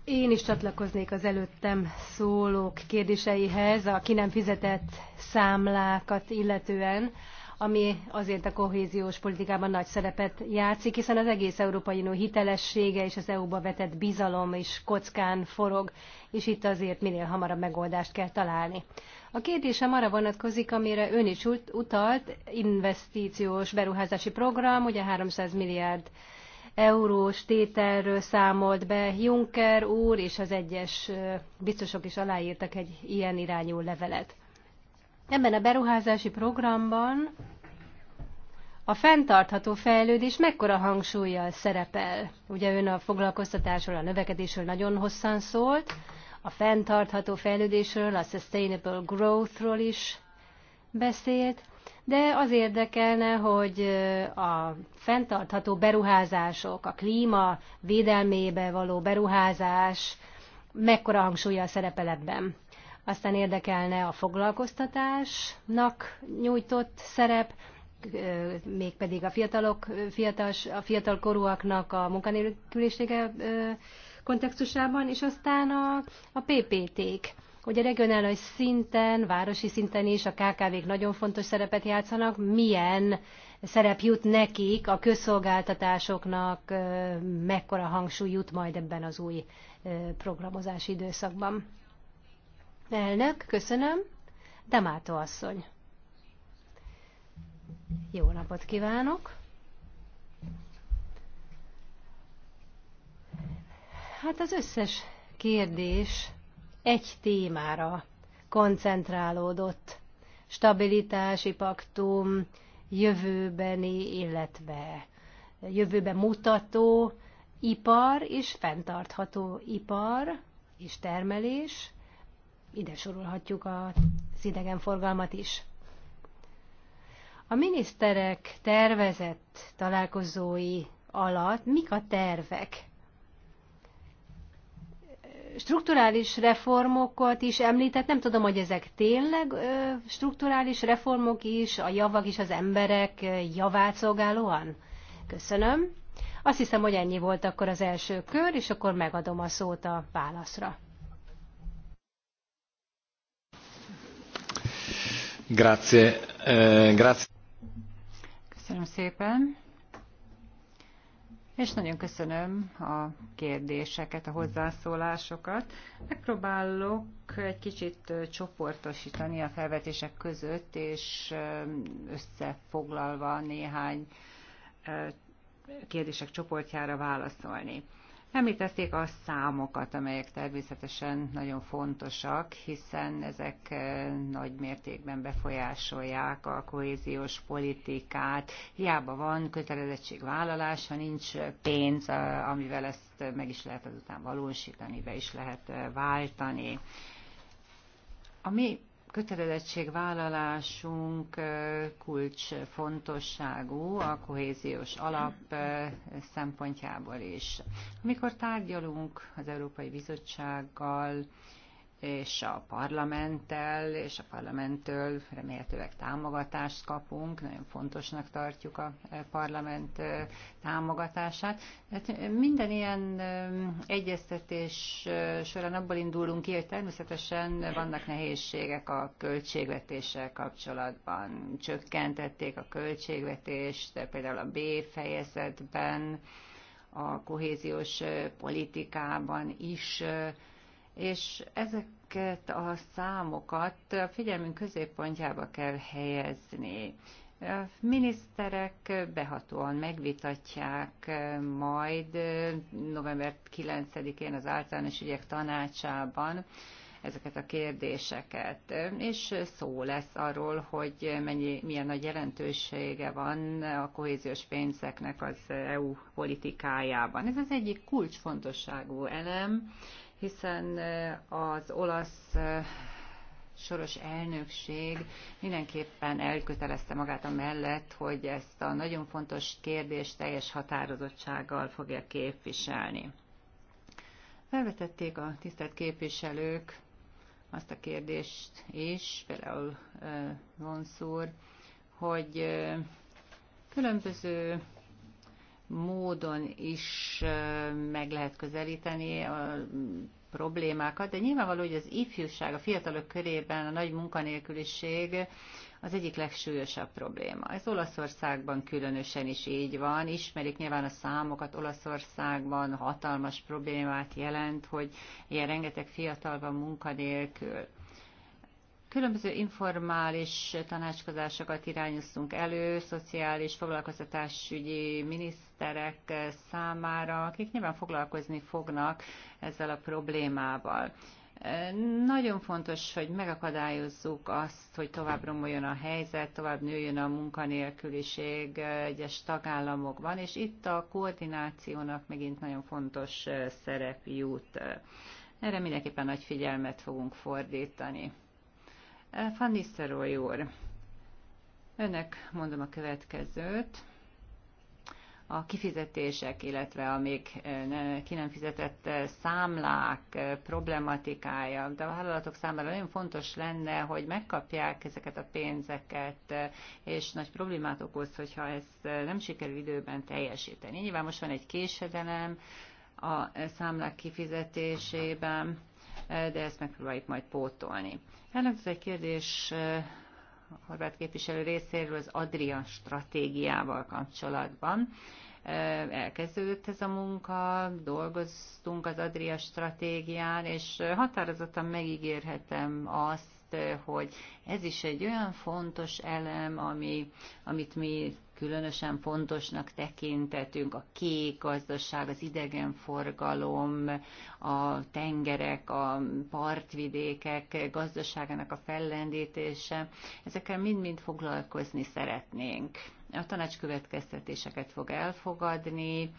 Én is csatlakoznék az előttem szólók kérdéseihez a ki nem fizetett számlákat illetően, ami azért a kohéziós politikában nagy szerepet játszik, hiszen az egész Európai Unió hitelessége és az EU-ba vetett bizalom is kockán forog, és itt azért minél hamarabb megoldást kell találni. A kérdésem arra vonatkozik, amire ön is utalt, investíciós beruházási program, ugye 300 milliárd eurós tételről számolt be Juncker úr, és az egyes biztosok is aláírtak egy ilyen irányú levelet. Ebben a beruházási programban a fenntartható fejlődés mekkora hangsúlyjal szerepel? Ugye ön a foglalkoztatásról, a növekedésről nagyon hosszan szólt, a fenntartható fejlődésről, a sustainable growthról is beszélt de az érdekelne, hogy a fenntartható beruházások, a klíma védelmébe való beruházás mekkora hangsúlyjal szerepel ebben. Aztán érdekelne a foglalkoztatásnak nyújtott szerep, mégpedig a fiatalok, fiatals, a fiatal korúaknak a munkanélkülisége kontextusában, és aztán a, a PPT-k hogy a regionális szinten, városi szinten is a KKV-k nagyon fontos szerepet játszanak, milyen szerep jut nekik, a közszolgáltatásoknak mekkora hangsúly jut majd ebben az új programozási időszakban. Elnök, köszönöm. Demáto asszony. Jó napot kívánok! Hát az összes kérdés egy témára koncentrálódott. Stabilitási paktum, jövőbeni, illetve jövőbe mutató ipar és fenntartható ipar és termelés. Ide sorolhatjuk az idegenforgalmat is. A miniszterek tervezett találkozói alatt mik a tervek? strukturális reformokat is említett, nem tudom, hogy ezek tényleg strukturális reformok is, a javak is az emberek javát szolgálóan? Köszönöm. Azt hiszem, hogy ennyi volt akkor az első kör, és akkor megadom a szót a válaszra. Grazie. Eh, grazie. Köszönöm szépen és nagyon köszönöm a kérdéseket, a hozzászólásokat. Megpróbálok egy kicsit csoportosítani a felvetések között, és összefoglalva néhány kérdések csoportjára válaszolni. Említették a számokat, amelyek természetesen nagyon fontosak, hiszen ezek eh, nagy mértékben befolyásolják a kohéziós politikát. Hiába van kötelezettségvállalás, ha nincs pénz, eh, amivel ezt meg is lehet azután valósítani, be is lehet eh, váltani. A mi kötelezettségvállalásunk kulcsfontosságú a kohéziós alap szempontjából is. Amikor tárgyalunk az Európai Bizottsággal, és a parlamenttel, és a parlamenttől remélhetőleg támogatást kapunk, nagyon fontosnak tartjuk a e, parlament e, támogatását. Hát e, minden ilyen egyeztetés során abból indulunk ki, hogy természetesen vannak nehézségek a költségvetéssel kapcsolatban. Csökkentették a költségvetést, például a B fejezetben, a kohéziós politikában is és ezeket a számokat a figyelmünk középpontjába kell helyezni. A miniszterek behatóan megvitatják majd november 9-én az általános ügyek tanácsában ezeket a kérdéseket, és szó lesz arról, hogy mennyi, milyen nagy jelentősége van a kohéziós pénzeknek az EU politikájában. Ez az egyik kulcsfontosságú elem, hiszen az olasz soros elnökség mindenképpen elkötelezte magát a mellett, hogy ezt a nagyon fontos kérdést teljes határozottsággal fogja képviselni. Felvetették a tisztelt képviselők azt a kérdést is, például Vonszúr, hogy különböző módon is meg lehet közelíteni a problémákat, de nyilvánvaló, hogy az ifjúság, a fiatalok körében a nagy munkanélküliség az egyik legsúlyosabb probléma. Ez Olaszországban különösen is így van, ismerik nyilván a számokat, Olaszországban hatalmas problémát jelent, hogy ilyen rengeteg fiatal van munkanélkül. Különböző informális tanácskozásokat irányoztunk elő, szociális foglalkoztatásügyi miniszterek számára, akik nyilván foglalkozni fognak ezzel a problémával. Nagyon fontos, hogy megakadályozzuk azt, hogy tovább romoljon a helyzet, tovább nőjön a munkanélküliség egyes tagállamokban, és itt a koordinációnak megint nagyon fontos szerep jut. Erre mindenképpen nagy figyelmet fogunk fordítani. Van Nisztelrooy úr, önnek mondom a következőt. A kifizetések, illetve a még eh, ki nem fizetett eh, számlák eh, problematikája, de a vállalatok számára nagyon fontos lenne, hogy megkapják ezeket a pénzeket, és nagy problémát okoz, hogyha ez nem sikerül időben teljesíteni. Nyilván most van egy késedelem a számlák kifizetésében Eh, de ezt megpróbáljuk majd pótolni. Elhangzott egy kérdés a eh, horvát képviselő részéről az Adria stratégiával kapcsolatban. Eh, elkezdődött ez a munka, dolgoztunk az Adria stratégián, és határozottan megígérhetem azt, hogy ez is egy olyan fontos elem, ami, amit mi különösen fontosnak tekintetünk, a kék gazdaság, az idegenforgalom, a tengerek, a partvidékek gazdaságának a fellendítése, ezekkel mind-mind foglalkozni szeretnénk. A tanács következtetéseket fog elfogadni,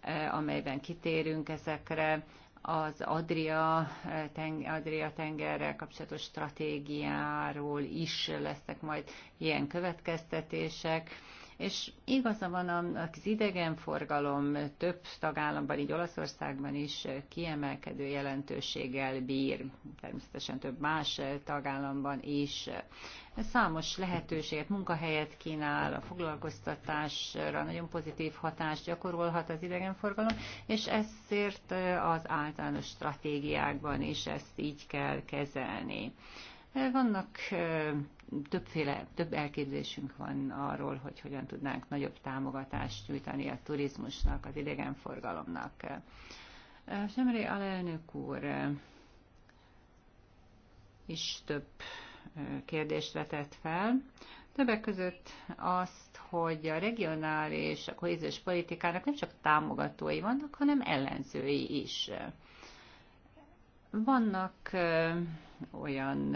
eh, amelyben kitérünk ezekre, az Adria, eh, teng, Adria tengerrel kapcsolatos stratégiáról is lesznek majd ilyen következtetések. És igaza van az idegenforgalom több tagállamban, így Olaszországban is kiemelkedő jelentőséggel bír, természetesen több más tagállamban is. Számos lehetőséget, munkahelyet kínál, a foglalkoztatásra nagyon pozitív hatást gyakorolhat az idegenforgalom, és ezért az általános stratégiákban is ezt így kell kezelni. Vannak többféle, több elképzésünk van arról, hogy hogyan tudnánk nagyobb támogatást nyújtani a turizmusnak, az idegenforgalomnak. Semré alelnök úr is több kérdést vetett fel. Többek között azt, hogy a regionális, a kohéziós politikának nem csak támogatói vannak, hanem ellenzői is. Vannak olyan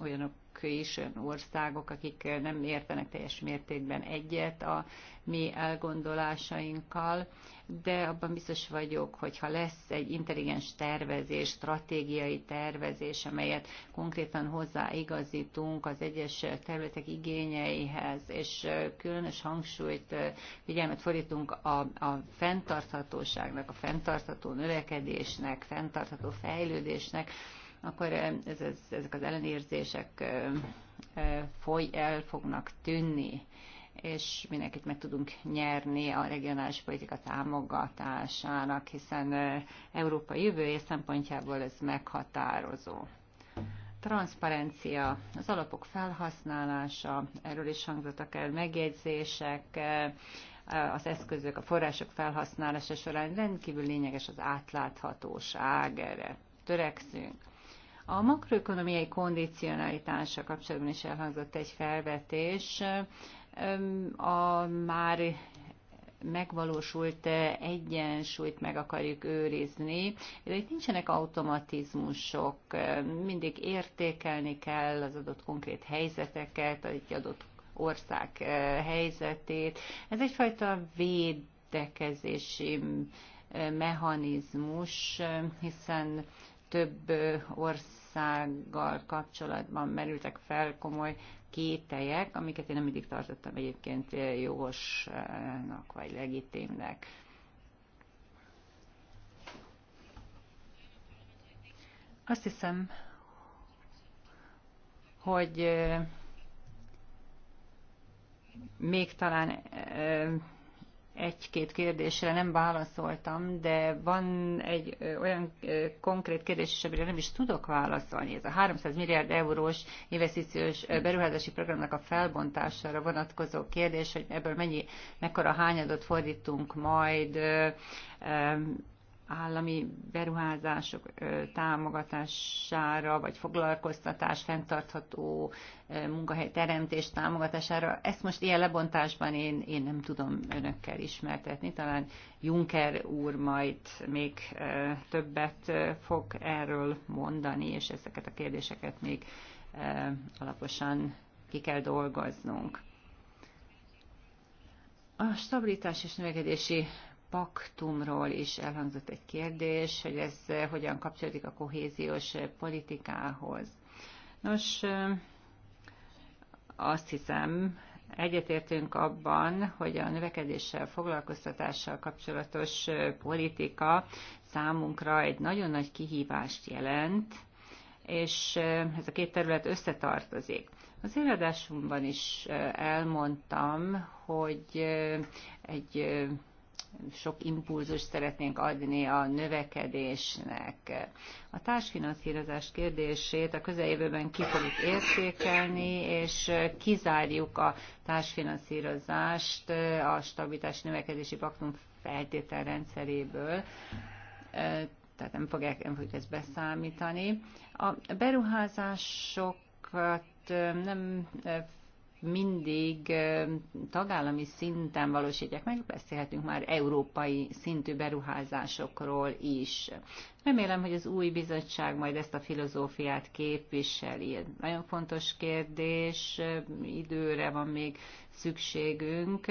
olyanok, vannak is országok, akik nem értenek teljes mértékben egyet a mi elgondolásainkkal, de abban biztos vagyok, hogy ha lesz egy intelligens tervezés, stratégiai tervezés, amelyet konkrétan hozzáigazítunk az egyes területek igényeihez, és különös hangsúlyt, figyelmet fordítunk a, a fenntarthatóságnak, a fenntartható növekedésnek, fenntartható fejlődésnek, akkor eh, ez, ez, ezek az ellenérzések eh, eh, foly el fognak tűnni, és mindenkit meg tudunk nyerni a regionális politika támogatásának, hiszen Európa jövője szempontjából ez meghatározó. Transparencia, az alapok felhasználása, erről is hangzottak el megjegyzések, az eszközök, a források felhasználása során rendkívül lényeges az átláthatóság, erre törekszünk. A makroökonomiai kondicionalitása kapcsolatban is elhangzott egy felvetés. A már megvalósult egyensúlyt meg akarjuk őrizni, de itt nincsenek automatizmusok, mindig értékelni kell az adott konkrét helyzeteket, egy adott ország helyzetét. Ez egyfajta védekezési mechanizmus, hiszen több ország Magyarországgal kapcsolatban merültek fel komoly kételyek, amiket én nem mindig tartottam egyébként jogosnak vagy legitimnek. Azt hiszem, hogy még talán egy-két kérdésre nem válaszoltam, de van egy olyan konkrét kérdés is, amire nem is tudok válaszolni. Ez a 300 milliárd eurós investíciós beruházási programnak a felbontására vonatkozó kérdés, hogy ebből mennyi, mekkora hányadot fordítunk majd állami beruházások támogatására, vagy foglalkoztatás, fenntartható munkahely teremtés támogatására. Ezt most ilyen lebontásban én, én nem tudom önökkel ismertetni. Talán Juncker úr majd még többet fog erről mondani, és ezeket a kérdéseket még alaposan ki kell dolgoznunk. A stabilitás és növekedési paktumról is elhangzott egy kérdés, hogy ez eh, hogyan kapcsolódik a kohéziós eh, politikához. Nos, eh, azt hiszem, egyetértünk abban, hogy a növekedéssel, foglalkoztatással kapcsolatos politika számunkra egy nagyon nagy kihívást jelent, és ez a két terület összetartozik. Az előadásomban is elmondtam, hogy egy sok impulzus szeretnénk adni a növekedésnek. A társfinanszírozás kérdését a közeljövőben ki fogjuk értékelni, és kizárjuk a társfinanszírozást a stabilitás növekedési paktum feltételrendszeréből tehát nem fogják, nem fogjuk ezt beszámítani. A beruházásokat nem mindig tagállami szinten valósítják meg, beszélhetünk már európai szintű beruházásokról is. Remélem, hogy az új bizottság majd ezt a filozófiát képviseli. Ez nagyon fontos kérdés, időre van még szükségünk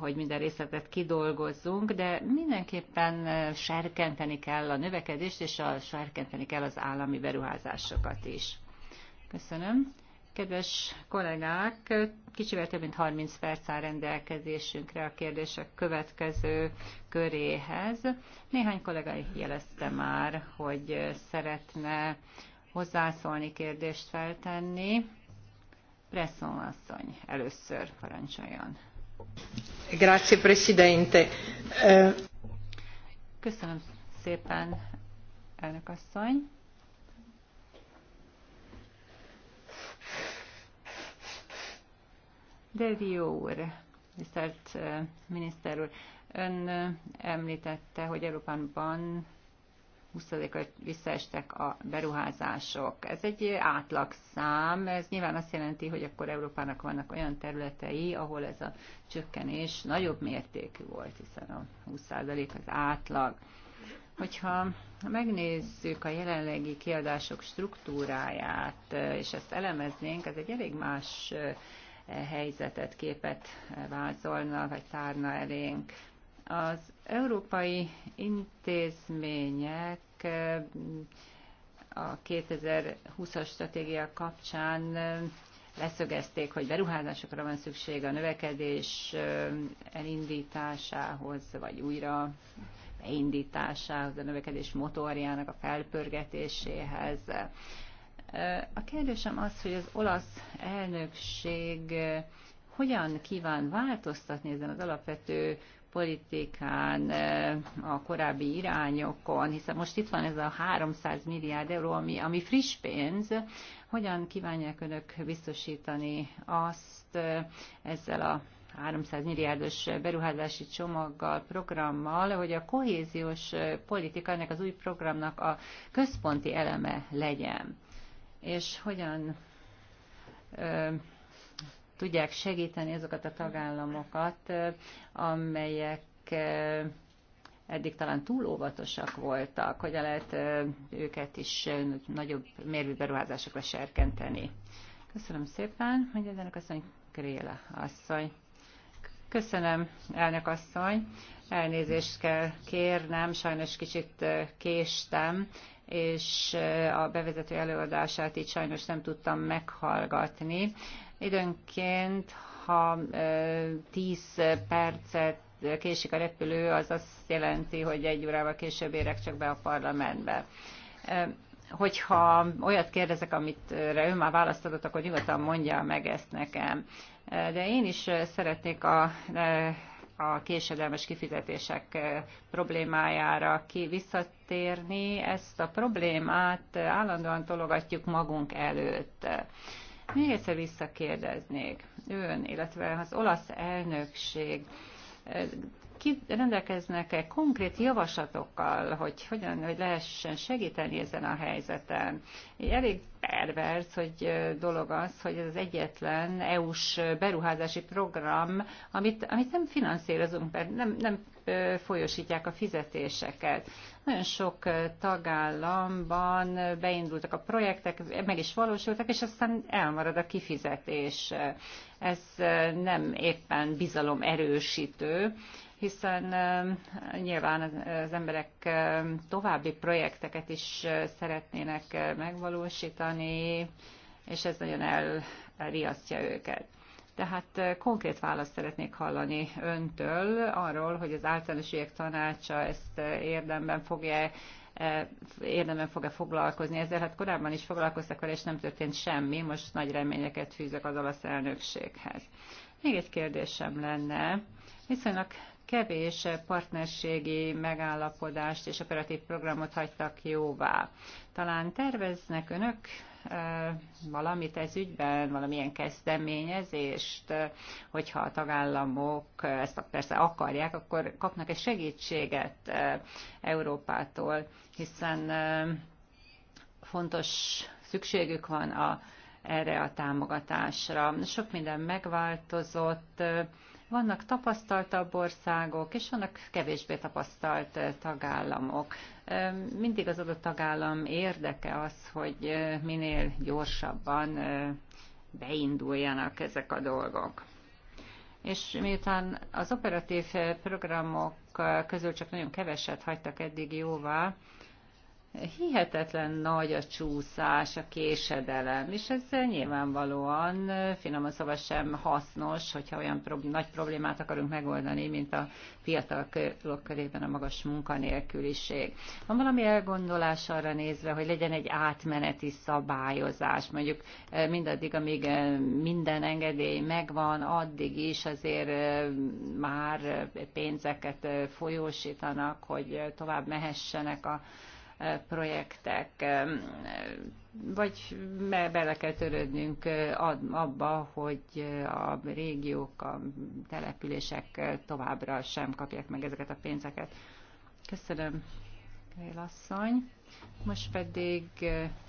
hogy minden részletet kidolgozzunk, de mindenképpen serkenteni kell a növekedést, és a, serkenteni kell az állami beruházásokat is. Köszönöm. Kedves kollégák, kicsivel több mint 30 perc áll rendelkezésünkre a kérdések következő köréhez. Néhány kollega jelezte már, hogy szeretne hozzászólni, kérdést feltenni. Presson asszony először parancsoljon. Grazie, Presidente. Eh, Köszönöm szépen, elnök asszony. De Dio úr, tisztelt miniszter úr, ön említette, hogy Európában 20%-ra visszaestek a beruházások. Ez egy átlagszám, ez nyilván azt jelenti, hogy akkor Európának vannak olyan területei, ahol ez a csökkenés nagyobb mértékű volt, hiszen a 20% az átlag. Hogyha megnézzük a jelenlegi kiadások struktúráját, és ezt elemeznénk, ez egy elég más helyzetet, képet vázolna vagy tárna elénk. Az európai intézmények eh, a 2020-as stratégia kapcsán eh, leszögezték, hogy beruházásokra van szükség a növekedés eh, elindításához, vagy újra beindításához, a növekedés motorjának a felpörgetéséhez. A kérdésem az, hogy az olasz elnökség hogyan kíván változtatni ezen az alapvető politikán, a korábbi irányokon, hiszen most itt van ez a 300 milliárd euró, ami, ami friss pénz, hogyan kívánják önök biztosítani azt ezzel a 300 milliárdos beruházási csomaggal, programmal, hogy a kohéziós politika ennek az új programnak a központi eleme legyen és hogyan ö, tudják segíteni azokat a tagállamokat, amelyek ö, eddig talán túl óvatosak voltak, hogyan lehet ö, őket is ö, nagyobb mérvű beruházásokra serkenteni. Köszönöm szépen, hogy ezenek asszony Kréla asszony. Köszönöm, elnök asszony. Elnézést kell kérnem, sajnos kicsit késtem, és eh, a bevezető előadását így sajnos nem tudtam meghallgatni. Időnként, ha 10 eh, percet késik a repülő, az azt jelenti, hogy egy órával később érek csak be a parlamentbe. Eh, hogyha olyat kérdezek, amit ő már választ adott, akkor nyugodtan mondja meg ezt nekem. De én is szeretnék a a késedelmes kifizetések eh, problémájára ki visszatérni, ezt a problémát eh, állandóan tologatjuk magunk előtt. Még egyszer visszakérdeznék ön, illetve az olasz elnökség eh, ki rendelkeznek-e konkrét javaslatokkal, hogy hogyan hogy lehessen segíteni ezen a helyzeten. Elég perverz, hogy dolog az, hogy ez az egyetlen EU-s beruházási program, amit, amit nem finanszírozunk, mert nem, nem folyosítják a fizetéseket. Nagyon sok tagállamban beindultak a projektek, meg is valósultak, és aztán elmarad a kifizetés. Ez nem éppen bizalom erősítő, hiszen um, nyilván az emberek um, további projekteket is uh, szeretnének uh, megvalósítani, és ez nagyon elriasztja őket. Tehát uh, konkrét választ szeretnék hallani öntől arról, hogy az általános ügyek tanácsa ezt érdemben fogja érdemben fog-e foglalkozni ezzel. Hát korábban is foglalkoztak vele, és nem történt semmi. Most nagy reményeket fűzök az olasz elnökséghez. Még egy kérdésem lenne. Viszonylag kevés partnerségi megállapodást és operatív programot hagytak jóvá. Talán terveznek önök eh, valamit ez ügyben, valamilyen kezdeményezést, eh, hogyha a tagállamok ezt persze akarják, akkor kapnak egy segítséget eh, Európától, hiszen fontos szükségük van a, erre a támogatásra. Sok minden megváltozott, vannak tapasztaltabb országok, és vannak kevésbé tapasztalt tagállamok. Mindig az adott tagállam érdeke az, hogy minél gyorsabban beinduljanak ezek a dolgok. És miután az operatív programok közül csak nagyon keveset hagytak eddig jóvá, hihetetlen nagy a csúszás, a késedelem, és ez nyilvánvalóan finoman szóval sem hasznos, hogyha olyan prob- nagy problémát akarunk megoldani, mint a fiatalok körében a magas munkanélküliség. Van valami elgondolás arra nézve, hogy legyen egy átmeneti szabályozás, mondjuk mindaddig, amíg minden engedély megvan, addig is azért már pénzeket folyósítanak, hogy tovább mehessenek a projektek, vagy bele kell törődnünk abba, hogy a régiók, a települések továbbra sem kapják meg ezeket a pénzeket. Köszönöm, Krél asszony. Most pedig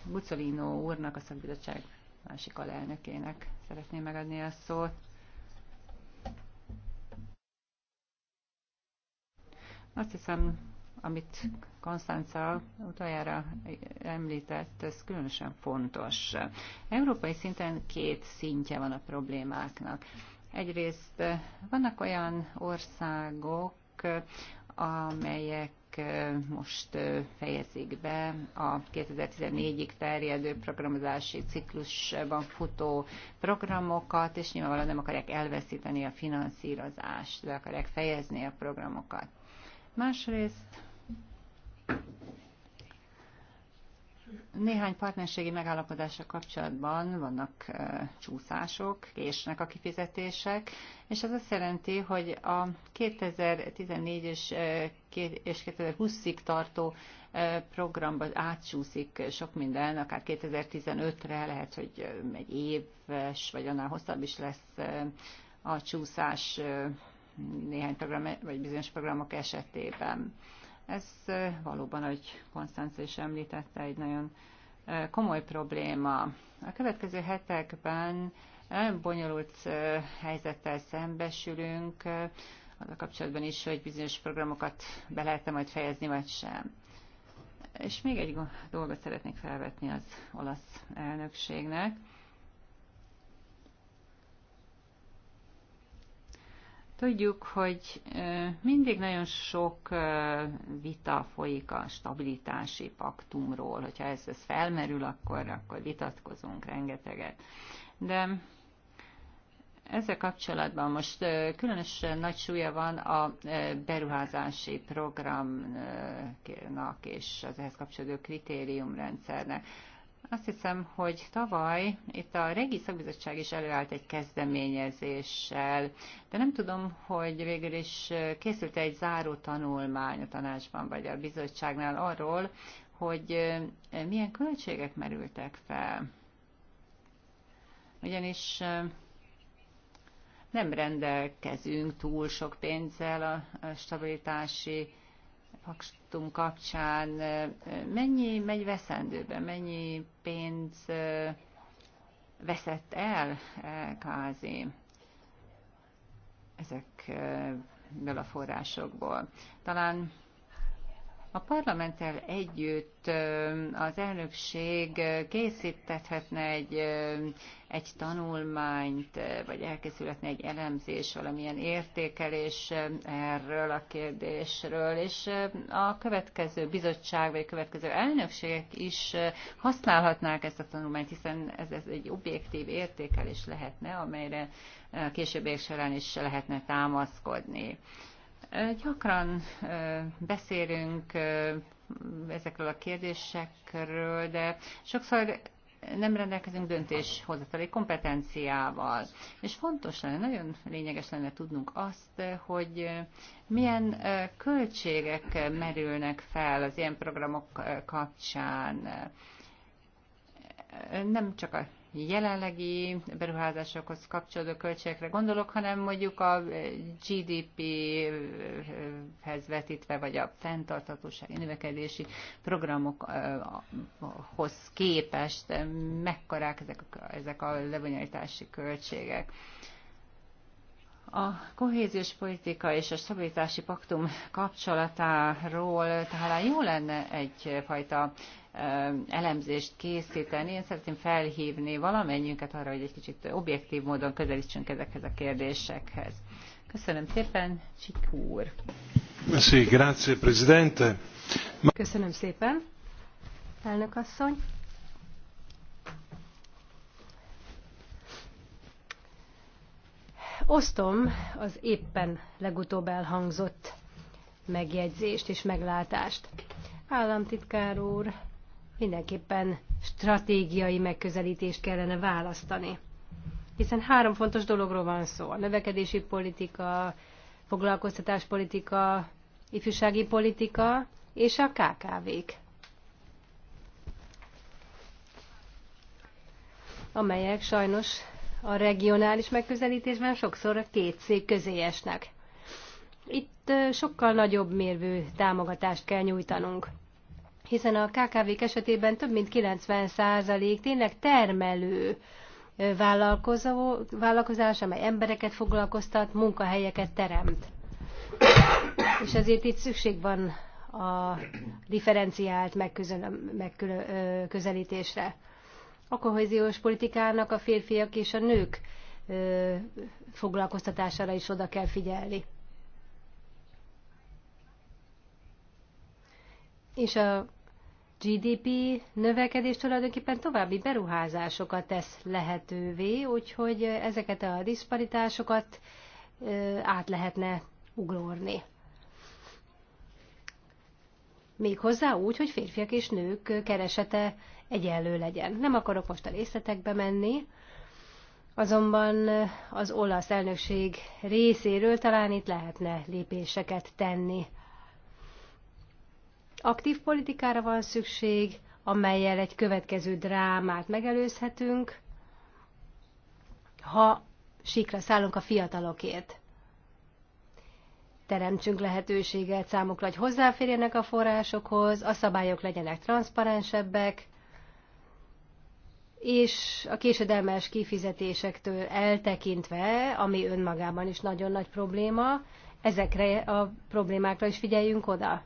Bucolino úrnak, a szakbizottság másik alelnökének szeretném megadni a szót. Azt hiszem, amit Konstanca utoljára említett, ez különösen fontos. Európai szinten két szintje van a problémáknak. Egyrészt vannak olyan országok, amelyek most fejezik be a 2014-ig terjedő programozási ciklusban futó programokat, és nyilvánvalóan nem akarják elveszíteni a finanszírozást, de akarják fejezni a programokat. Másrészt néhány partnerségi megállapodása kapcsolatban vannak csúszások, késnek a kifizetések, és az azt jelenti, hogy a 2014 és, és 2020-ig tartó programba átsúszik sok minden, akár 2015-re lehet, hogy egy éves vagy annál hosszabb is lesz a csúszás néhány program, vagy bizonyos programok esetében. Ez valóban, ahogy Konstanz is említette, egy nagyon komoly probléma. A következő hetekben bonyolult helyzettel szembesülünk, az a kapcsolatban is, hogy bizonyos programokat be lehet -e majd fejezni, vagy sem. És még egy dolgot szeretnék felvetni az olasz elnökségnek. Tudjuk, hogy mindig nagyon sok vita folyik a stabilitási paktumról. Hogyha ez, ez felmerül, akkor, akkor vitatkozunk rengeteget. De ezzel kapcsolatban most különösen nagy súlya van a beruházási programnak és az ehhez kapcsolódó kritériumrendszernek. Azt hiszem, hogy tavaly itt a Régi Szakbizottság is előállt egy kezdeményezéssel, de nem tudom, hogy végül is készült -e egy záró tanulmány a tanácsban vagy a bizottságnál arról, hogy eh, milyen költségek merültek fel. Ugyanis eh, nem rendelkezünk túl sok pénzzel a stabilitási paktum kapcsán mennyi megy veszendőbe, mennyi pénz veszett el kázi ezekből a forrásokból. Talán a parlamenttel együtt az elnökség készíthetne egy, egy tanulmányt, vagy elkészülhetne egy elemzés, valamilyen értékelés erről a kérdésről, és a következő bizottság, vagy a következő elnökségek is használhatnák ezt a tanulmányt, hiszen ez, ez egy objektív értékelés lehetne, amelyre később során is lehetne támaszkodni. Gyakran beszélünk ezekről a kérdésekről, de sokszor nem rendelkezünk döntéshozatali kompetenciával. És fontos lenne, nagyon lényeges lenne tudnunk azt, hogy milyen költségek merülnek fel az ilyen programok kapcsán. Nem csak a jelenlegi beruházásokhoz kapcsolódó költségekre gondolok, hanem mondjuk a GDP-hez vetítve, vagy a fenntartatósági növekedési programokhoz képest mekkorák ezek, ezek a lebonyolítási költségek. A kohéziós politika és a stabilitási paktum kapcsolatáról talán jó lenne egyfajta elemzést készíteni. Én szeretném felhívni valamennyünket arra, hogy egy kicsit objektív módon közelítsünk ezekhez a kérdésekhez. Köszönöm szépen, Csik úr. presidente. Köszönöm szépen, elnök asszony. Osztom az éppen legutóbb elhangzott megjegyzést és meglátást. Államtitkár úr, mindenképpen stratégiai megközelítést kellene választani. Hiszen három fontos dologról van szó. A növekedési politika, foglalkoztatáspolitika, ifjúsági politika és a KKV-k. amelyek sajnos a regionális megközelítésben sokszor a két szék közé esnek. Itt sokkal nagyobb mérvű támogatást kell nyújtanunk hiszen a KKV-k esetében több mint 90% tényleg termelő vállalkozó, vállalkozás, amely embereket foglalkoztat, munkahelyeket teremt. És ezért itt szükség van a differenciált megközelítésre. A kohéziós politikának a férfiak és a nők foglalkoztatására is oda kell figyelni. És a GDP növekedés tulajdonképpen további beruházásokat tesz lehetővé, úgyhogy ezeket a diszparitásokat át lehetne ugrórni. Méghozzá úgy, hogy férfiak és nők keresete egyenlő legyen. Nem akarok most a részletekbe menni, azonban az olasz elnökség részéről talán itt lehetne lépéseket tenni Aktív politikára van szükség, amelyel egy következő drámát megelőzhetünk, ha sikra szállunk a fiatalokért. Teremtsünk lehetőséget számukra, hogy hozzáférjenek a forrásokhoz, a szabályok legyenek transzparensebbek, és a késedelmes kifizetésektől eltekintve, ami önmagában is nagyon nagy probléma, ezekre a problémákra is figyeljünk oda.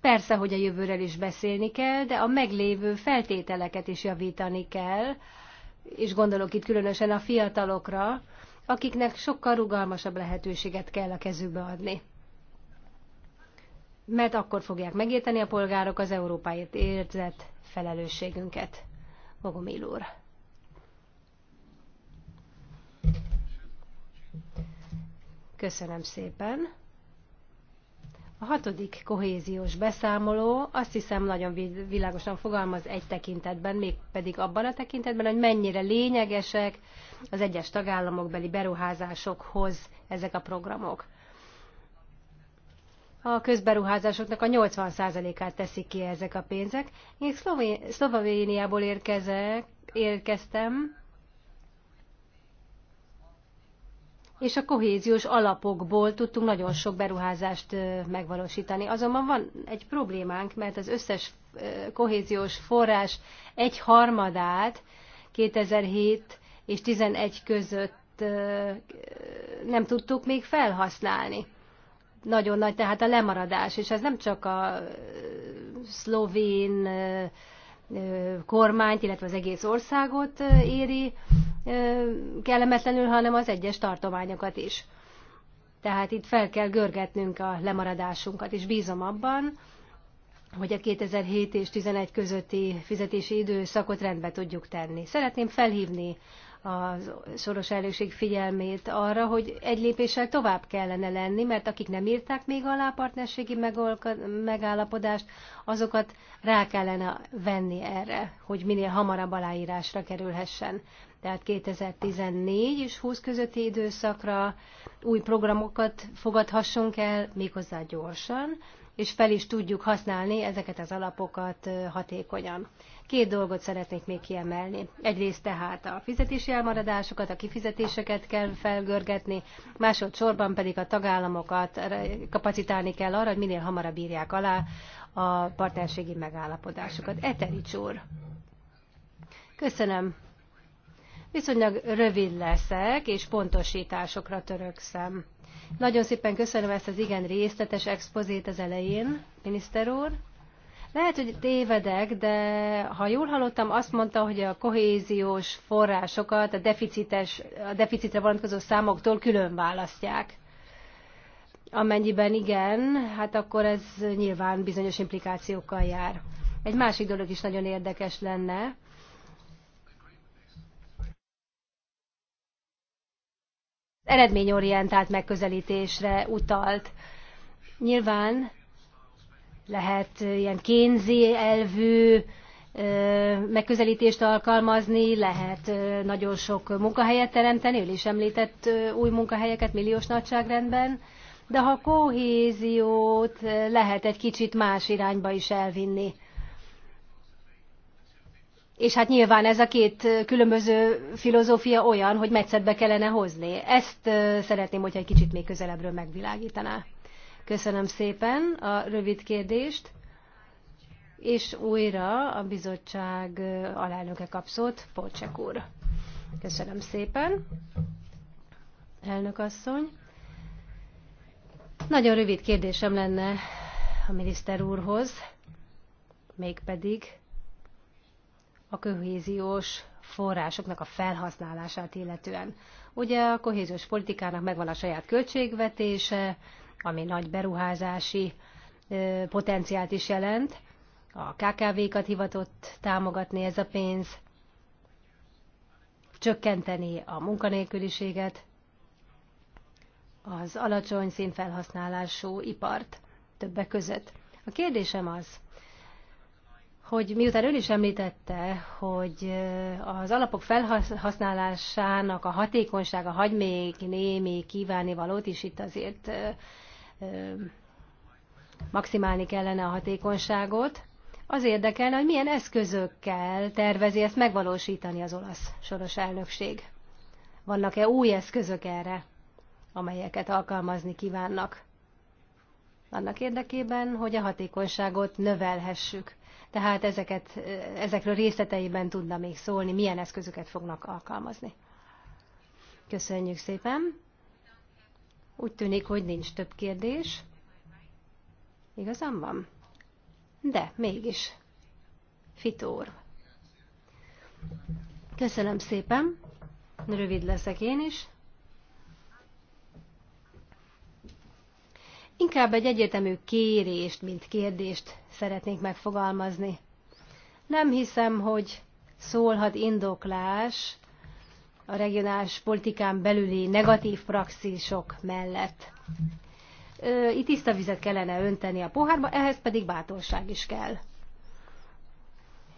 Persze, hogy a jövőről is beszélni kell, de a meglévő feltételeket is javítani kell, és gondolok itt különösen a fiatalokra, akiknek sokkal rugalmasabb lehetőséget kell a kezükbe adni. Mert akkor fogják megérteni a polgárok az Európáért érzett felelősségünket. Bogomil úr. Köszönöm szépen. A hatodik kohéziós beszámoló azt hiszem nagyon világosan fogalmaz egy tekintetben, mégpedig abban a tekintetben, hogy mennyire lényegesek az egyes tagállamok beli beruházásokhoz ezek a programok. A közberuházásoknak a 80%-át teszik ki ezek a pénzek. Én Szlovéniából érkezek, érkeztem, és a kohéziós alapokból tudtunk nagyon sok beruházást megvalósítani. Azonban van egy problémánk, mert az összes kohéziós forrás egy harmadát 2007 és 11 között nem tudtuk még felhasználni. Nagyon nagy tehát a lemaradás, és ez nem csak a szlovén kormányt, illetve az egész országot éri, kellemetlenül, hanem az egyes tartományokat is. Tehát itt fel kell görgetnünk a lemaradásunkat, és bízom abban, hogy a 2007 és 11 közötti fizetési időszakot rendbe tudjuk tenni. Szeretném felhívni a soros elnökség figyelmét arra, hogy egy lépéssel tovább kellene lenni, mert akik nem írták még alá a partnerségi megállapodást, azokat rá kellene venni erre, hogy minél hamarabb aláírásra kerülhessen. Tehát 2014 és 20 közötti időszakra új programokat fogadhassunk el, méghozzá gyorsan, és fel is tudjuk használni ezeket az alapokat hatékonyan. Két dolgot szeretnék még kiemelni. Egyrészt tehát a fizetési elmaradásokat, a kifizetéseket kell felgörgetni, másodszorban pedig a tagállamokat kapacitálni kell arra, hogy minél hamarabb írják alá a partnerségi megállapodásokat. Eterics úr! Köszönöm. Viszonylag rövid leszek, és pontosításokra törökszem. Nagyon szépen köszönöm ezt az igen részletes expozét az elején, miniszter úr. Lehet, hogy tévedek, de ha jól hallottam, azt mondta, hogy a kohéziós forrásokat a, deficites, a deficitre vonatkozó számoktól külön választják. Amennyiben igen, hát akkor ez nyilván bizonyos implikációkkal jár. Egy másik dolog is nagyon érdekes lenne, eredményorientált megközelítésre utalt. Nyilván lehet ilyen kénzi elvű megközelítést alkalmazni, lehet nagyon sok munkahelyet teremteni, ő is említett új munkahelyeket milliós nagyságrendben, de ha kohéziót lehet egy kicsit más irányba is elvinni. És hát nyilván ez a két különböző filozófia olyan, hogy meccetbe kellene hozni. Ezt szeretném, hogyha egy kicsit még közelebbről megvilágítaná. Köszönöm szépen a rövid kérdést, és újra a bizottság alelnöke kapszót, Polcsek úr. Köszönöm szépen, elnök asszony. Nagyon rövid kérdésem lenne a miniszter úrhoz, mégpedig a kohéziós forrásoknak a felhasználását illetően. Ugye a kohéziós politikának megvan a saját költségvetése, ami nagy beruházási potenciált is jelent. A KKV-kat hivatott támogatni ez a pénz, csökkenteni a munkanélküliséget, az alacsony színfelhasználású ipart többek között. A kérdésem az, hogy miután ön is említette, hogy az alapok felhasználásának a hatékonysága hagy még némi kívánivalót is itt azért maximálni kellene a hatékonyságot. Az érdekelne, hogy milyen eszközökkel tervezi ezt megvalósítani az olasz soros elnökség. Vannak-e új eszközök erre, amelyeket alkalmazni kívánnak? Annak érdekében, hogy a hatékonyságot növelhessük tehát ezeket, ezekről részleteiben tudna még szólni, milyen eszközöket fognak alkalmazni. Köszönjük szépen. Úgy tűnik, hogy nincs több kérdés. Igazam van? De, mégis. Fitór. Köszönöm szépen. Rövid leszek én is. Inkább egy egyetemű kérést, mint kérdést szeretnénk megfogalmazni. Nem hiszem, hogy szólhat indoklás a regionális politikán belüli negatív praxisok mellett. Itt tiszta vizet kellene önteni a pohárba, ehhez pedig bátorság is kell.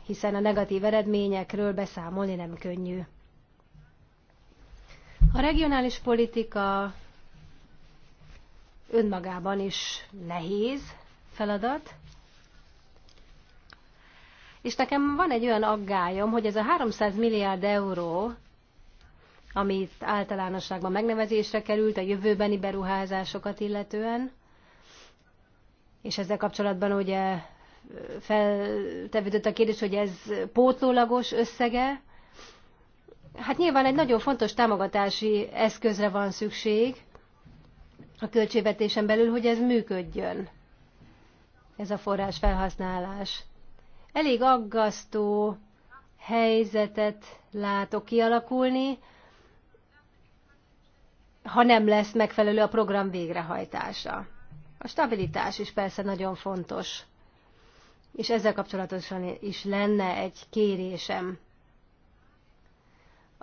Hiszen a negatív eredményekről beszámolni nem könnyű. A regionális politika önmagában is nehéz feladat. És nekem van egy olyan aggályom, hogy ez a 300 milliárd euró, amit általánosságban megnevezésre került a jövőbeni beruházásokat illetően, és ezzel kapcsolatban ugye feltevődött a kérdés, hogy ez pótlólagos összege. Hát nyilván egy nagyon fontos támogatási eszközre van szükség, a költségvetésen belül, hogy ez működjön, ez a forrás felhasználás. Elég aggasztó helyzetet látok kialakulni, ha nem lesz megfelelő a program végrehajtása. A stabilitás is persze nagyon fontos, és ezzel kapcsolatosan is lenne egy kérésem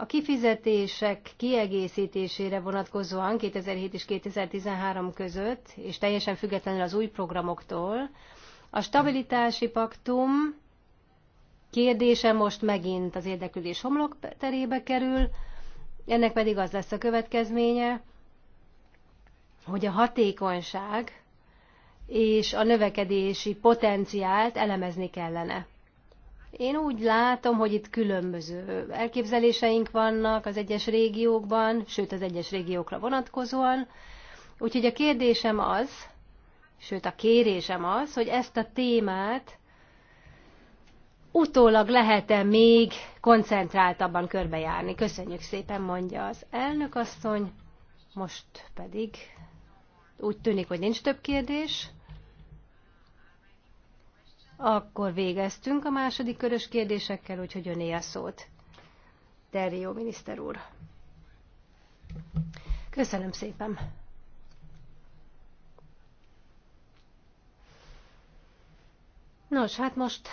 a kifizetések kiegészítésére vonatkozóan 2007 és 2013 között, és teljesen függetlenül az új programoktól, a stabilitási paktum kérdése most megint az érdeklődés homlok terébe kerül, ennek pedig az lesz a következménye, hogy a hatékonyság és a növekedési potenciált elemezni kellene. Én úgy látom, hogy itt különböző elképzeléseink vannak az egyes régiókban, sőt az egyes régiókra vonatkozóan. Úgyhogy a kérdésem az, sőt a kérésem az, hogy ezt a témát utólag lehet-e még koncentráltabban körbejárni. Köszönjük szépen, mondja az elnök asszony. Most pedig úgy tűnik, hogy nincs több kérdés. Akkor végeztünk a második körös kérdésekkel, úgyhogy öné a szót. jó miniszter úr. Köszönöm szépen. Nos, hát most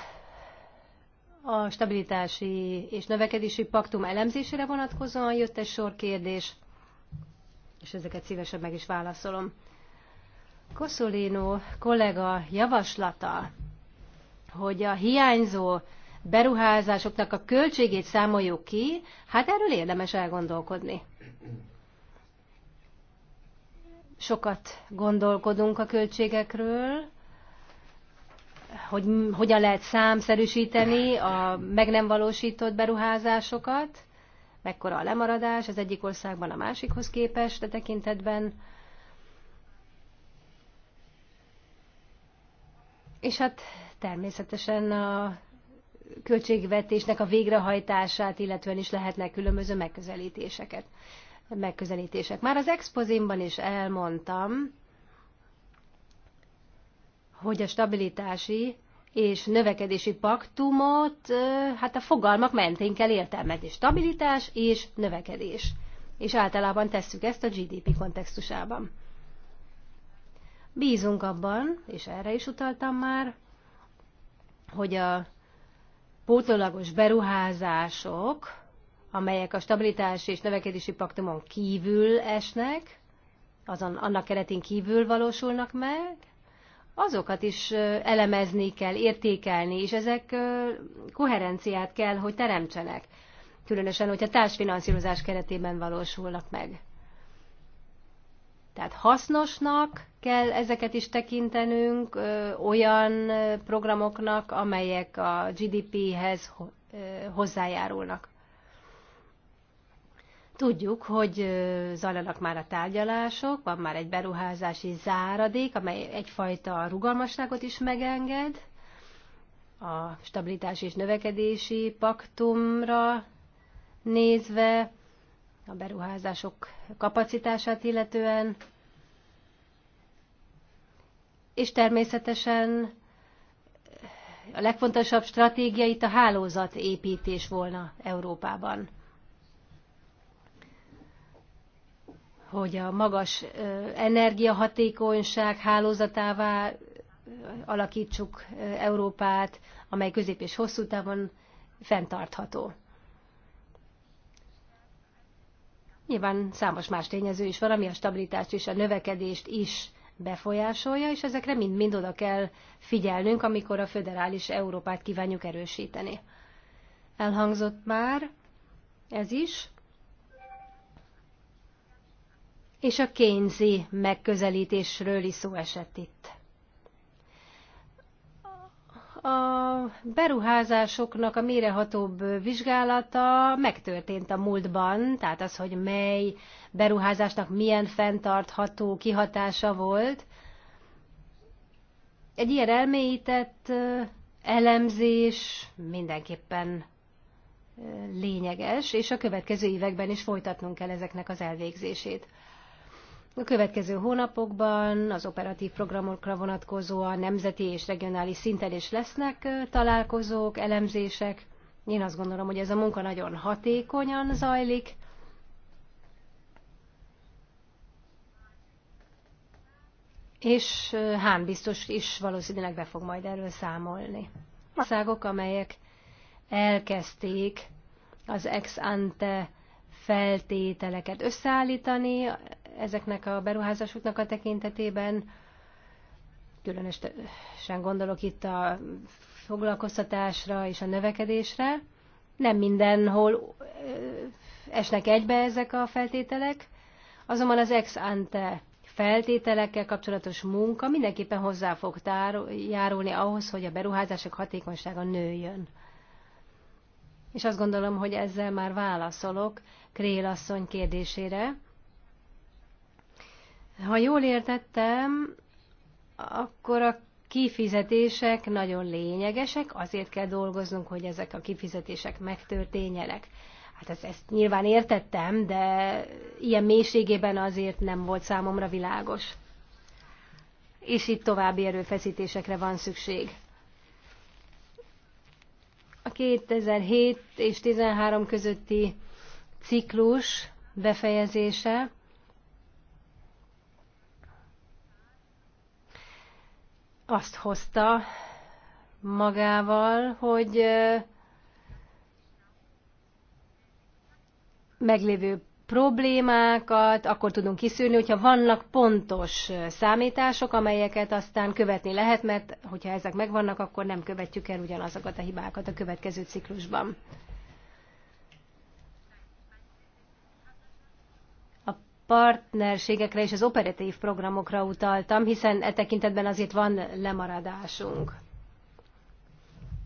a stabilitási és növekedési paktum elemzésére vonatkozóan jött egy sor kérdés, és ezeket szívesen meg is válaszolom. Koszolino kollega javaslata hogy a hiányzó beruházásoknak a költségét számoljuk ki, hát erről érdemes elgondolkodni. Sokat gondolkodunk a költségekről, hogy hogyan lehet számszerűsíteni a meg nem valósított beruházásokat, mekkora a lemaradás az egyik országban a másikhoz képest a tekintetben. És hát természetesen a költségvetésnek a végrehajtását, illetően is lehetnek különböző megközelítéseket. megközelítések. Már az expozimban is elmondtam, hogy a stabilitási és növekedési paktumot, hát a fogalmak mentén kell értelmezni. Stabilitás és növekedés. És általában tesszük ezt a GDP kontextusában. Bízunk abban, és erre is utaltam már, hogy a pótolagos beruházások, amelyek a stabilitási és növekedési paktumon kívül esnek, azon, annak keretén kívül valósulnak meg, azokat is elemezni kell, értékelni, és ezek koherenciát kell, hogy teremtsenek. Különösen, hogyha társfinanszírozás keretében valósulnak meg. Tehát hasznosnak kell ezeket is tekintenünk, ö, olyan programoknak, amelyek a GDP-hez hozzájárulnak. Tudjuk, hogy zajlanak már a tárgyalások, van már egy beruházási záradék, amely egyfajta rugalmasságot is megenged. A stabilitási és növekedési paktumra nézve a beruházások kapacitását illetően, és természetesen a legfontosabb stratégia itt a hálózat építés volna Európában. Hogy a magas energiahatékonyság hálózatává alakítsuk Európát, amely közép és hosszú távon fenntartható. Nyilván számos más tényező is van, ami a stabilitást és a növekedést is befolyásolja, és ezekre mind-mind oda kell figyelnünk, amikor a föderális Európát kívánjuk erősíteni. Elhangzott már ez is, és a Keynesi megközelítésről is szó esett itt. A beruházásoknak a mérehatóbb vizsgálata megtörtént a múltban, tehát az, hogy mely beruházásnak milyen fenntartható kihatása volt. Egy ilyen elmélyített elemzés mindenképpen lényeges, és a következő években is folytatnunk kell ezeknek az elvégzését. A következő hónapokban az operatív programokra vonatkozóan nemzeti és regionális szinten is lesznek találkozók, elemzések. Én azt gondolom, hogy ez a munka nagyon hatékonyan zajlik. És Hán biztos is valószínűleg be fog majd erről számolni. Országok, amelyek elkezdték az ex ante feltételeket összeállítani, ezeknek a beruházásoknak a tekintetében. Különösen gondolok itt a foglalkoztatásra és a növekedésre. Nem mindenhol esnek egybe ezek a feltételek, azonban az ex ante feltételekkel kapcsolatos munka mindenképpen hozzá fog járulni ahhoz, hogy a beruházások hatékonysága nőjön. És azt gondolom, hogy ezzel már válaszolok Krél asszony kérdésére, ha jól értettem, akkor a kifizetések nagyon lényegesek, azért kell dolgoznunk, hogy ezek a kifizetések megtörténjenek. Hát ezt, ezt nyilván értettem, de ilyen mélységében azért nem volt számomra világos. És itt további erőfeszítésekre van szükség. A 2007 és 2013 közötti ciklus befejezése azt hozta magával, hogy meglévő problémákat akkor tudunk kiszűrni, hogyha vannak pontos számítások, amelyeket aztán követni lehet, mert hogyha ezek megvannak, akkor nem követjük el ugyanazokat a hibákat a következő ciklusban. partnerségekre és az operatív programokra utaltam, hiszen e tekintetben azért van lemaradásunk.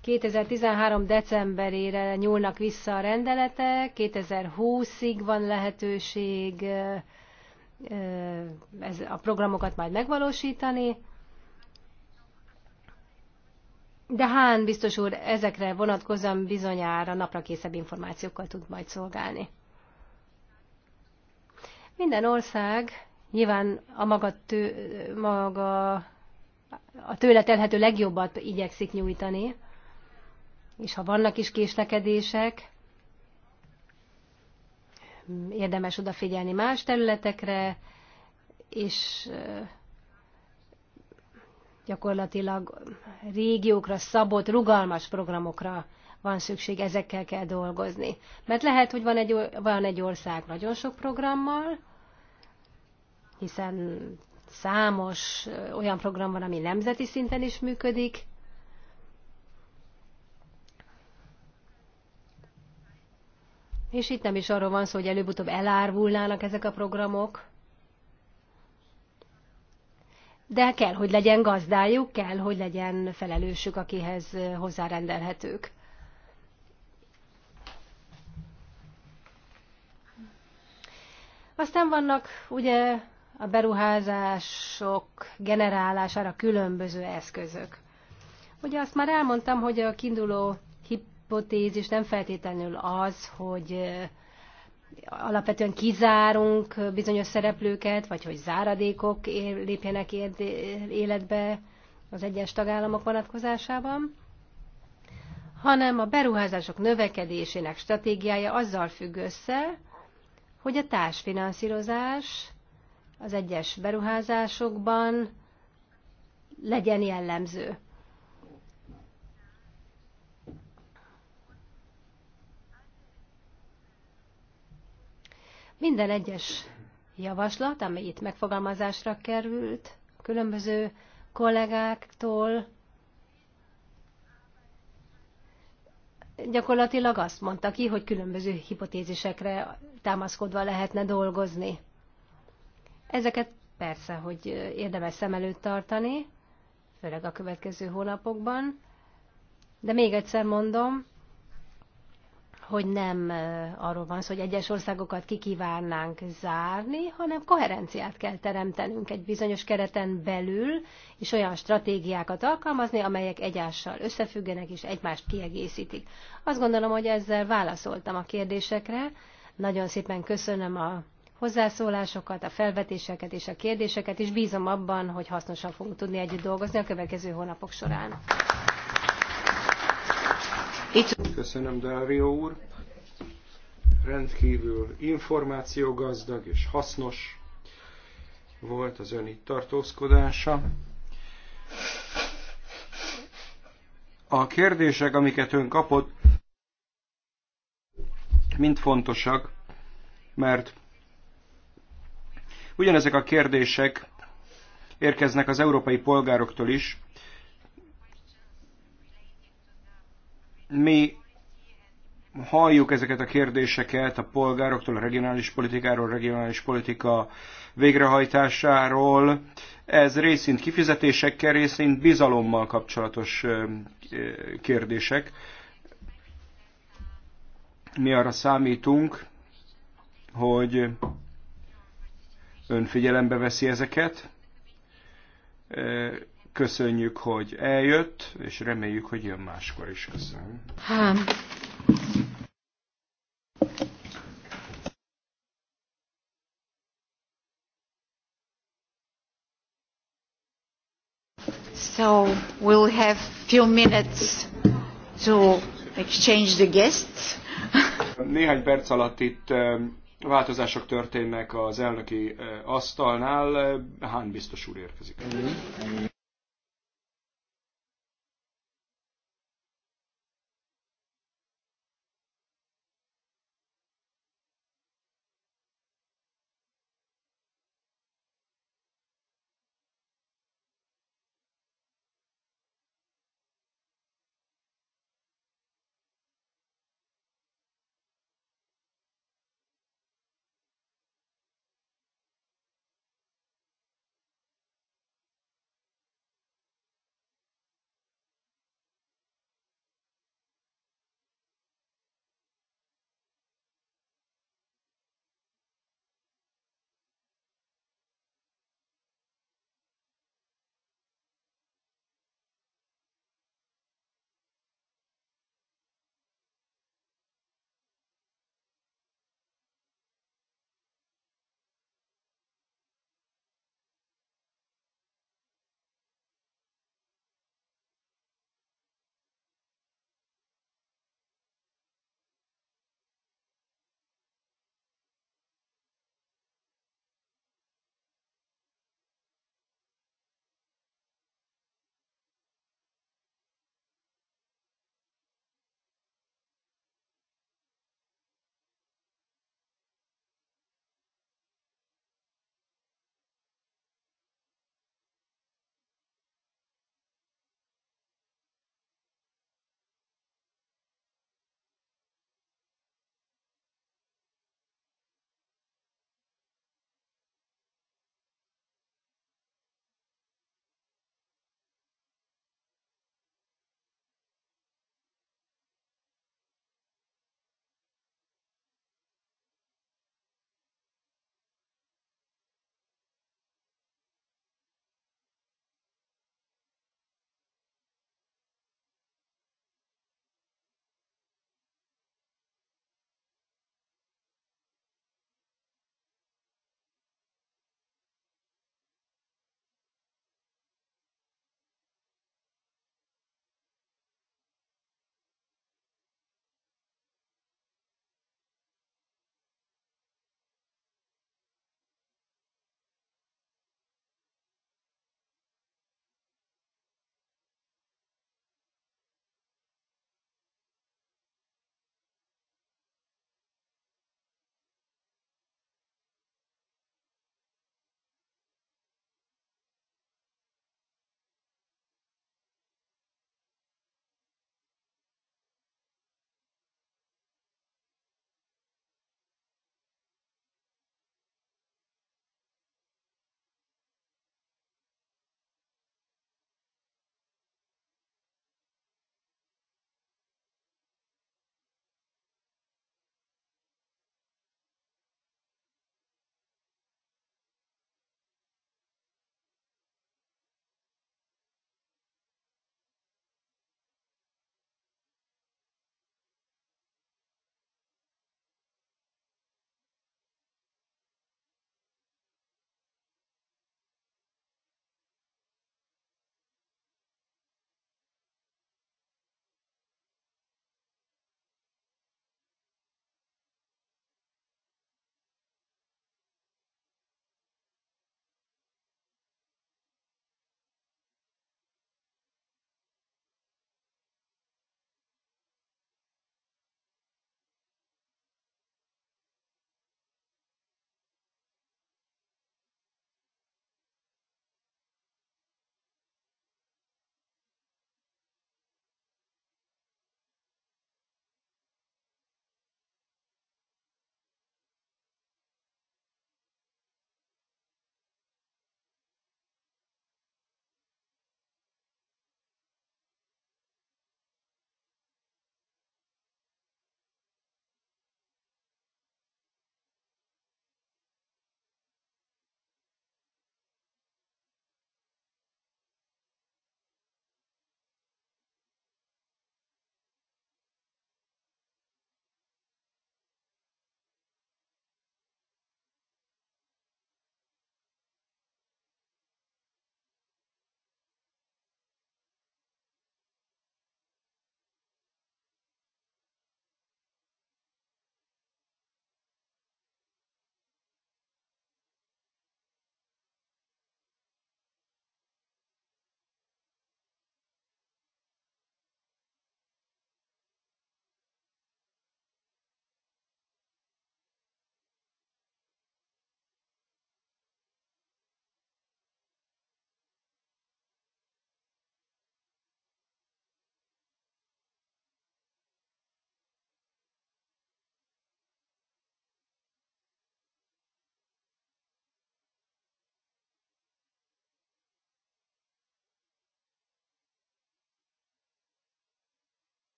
2013. decemberére nyúlnak vissza a rendeletek, 2020-ig van lehetőség ez, a programokat majd megvalósítani. De Hán biztos úr ezekre vonatkozóan bizonyára napra készebb információkkal tud majd szolgálni. Minden ország nyilván a maga, tő, maga a tőle telhető legjobbat igyekszik nyújtani, és ha vannak is késlekedések, érdemes odafigyelni más területekre, és gyakorlatilag régiókra szabott, rugalmas programokra van szükség, ezekkel kell dolgozni. Mert lehet, hogy van egy, van egy ország nagyon sok programmal, hiszen számos olyan program van, ami nemzeti szinten is működik, És itt nem is arról van szó, hogy előbb-utóbb elárvulnának ezek a programok, de kell, hogy legyen gazdájuk, kell, hogy legyen felelősük, akihez hozzárendelhetők. Aztán vannak ugye a beruházások generálására különböző eszközök. Ugye azt már elmondtam, hogy a kiinduló hipotézis nem feltétlenül az, hogy alapvetően kizárunk bizonyos szereplőket, vagy hogy záradékok lépjenek életbe az egyes tagállamok vonatkozásában, hanem a beruházások növekedésének stratégiája azzal függ össze, hogy a társfinanszírozás az egyes beruházásokban legyen jellemző. Minden egyes javaslat, ami itt megfogalmazásra került, különböző kollégáktól, gyakorlatilag azt mondta ki, hogy különböző hipotézisekre támaszkodva lehetne dolgozni. Ezeket persze, hogy érdemes szem előtt tartani, főleg a következő hónapokban, de még egyszer mondom, hogy nem arról van szó, hogy egyes országokat kikívánnánk zárni, hanem koherenciát kell teremtenünk egy bizonyos kereten belül, és olyan stratégiákat alkalmazni, amelyek egyással összefüggenek és egymást kiegészítik. Azt gondolom, hogy ezzel válaszoltam a kérdésekre. Nagyon szépen köszönöm a hozzászólásokat, a felvetéseket és a kérdéseket, és bízom abban, hogy hasznosan fogunk tudni együtt dolgozni a következő hónapok során. Itt... Köszönöm, Dario úr. Rendkívül információgazdag és hasznos volt az ön itt tartózkodása. A kérdések, amiket ön kapott, mind fontosak, mert ugyanezek a kérdések érkeznek az európai polgároktól is, mi halljuk ezeket a kérdéseket a polgároktól, a regionális politikáról, a regionális politika végrehajtásáról. Ez részint kifizetésekkel, részint bizalommal kapcsolatos kérdések. Mi arra számítunk, hogy ön figyelembe veszi ezeket, Köszönjük, hogy eljött, és reméljük, hogy jön máskor is. Köszönöm. Hám. So we'll have few minutes to exchange the guests. Néhány perc alatt itt változások történnek az elnöki asztalnál. Hán biztos úr érkezik.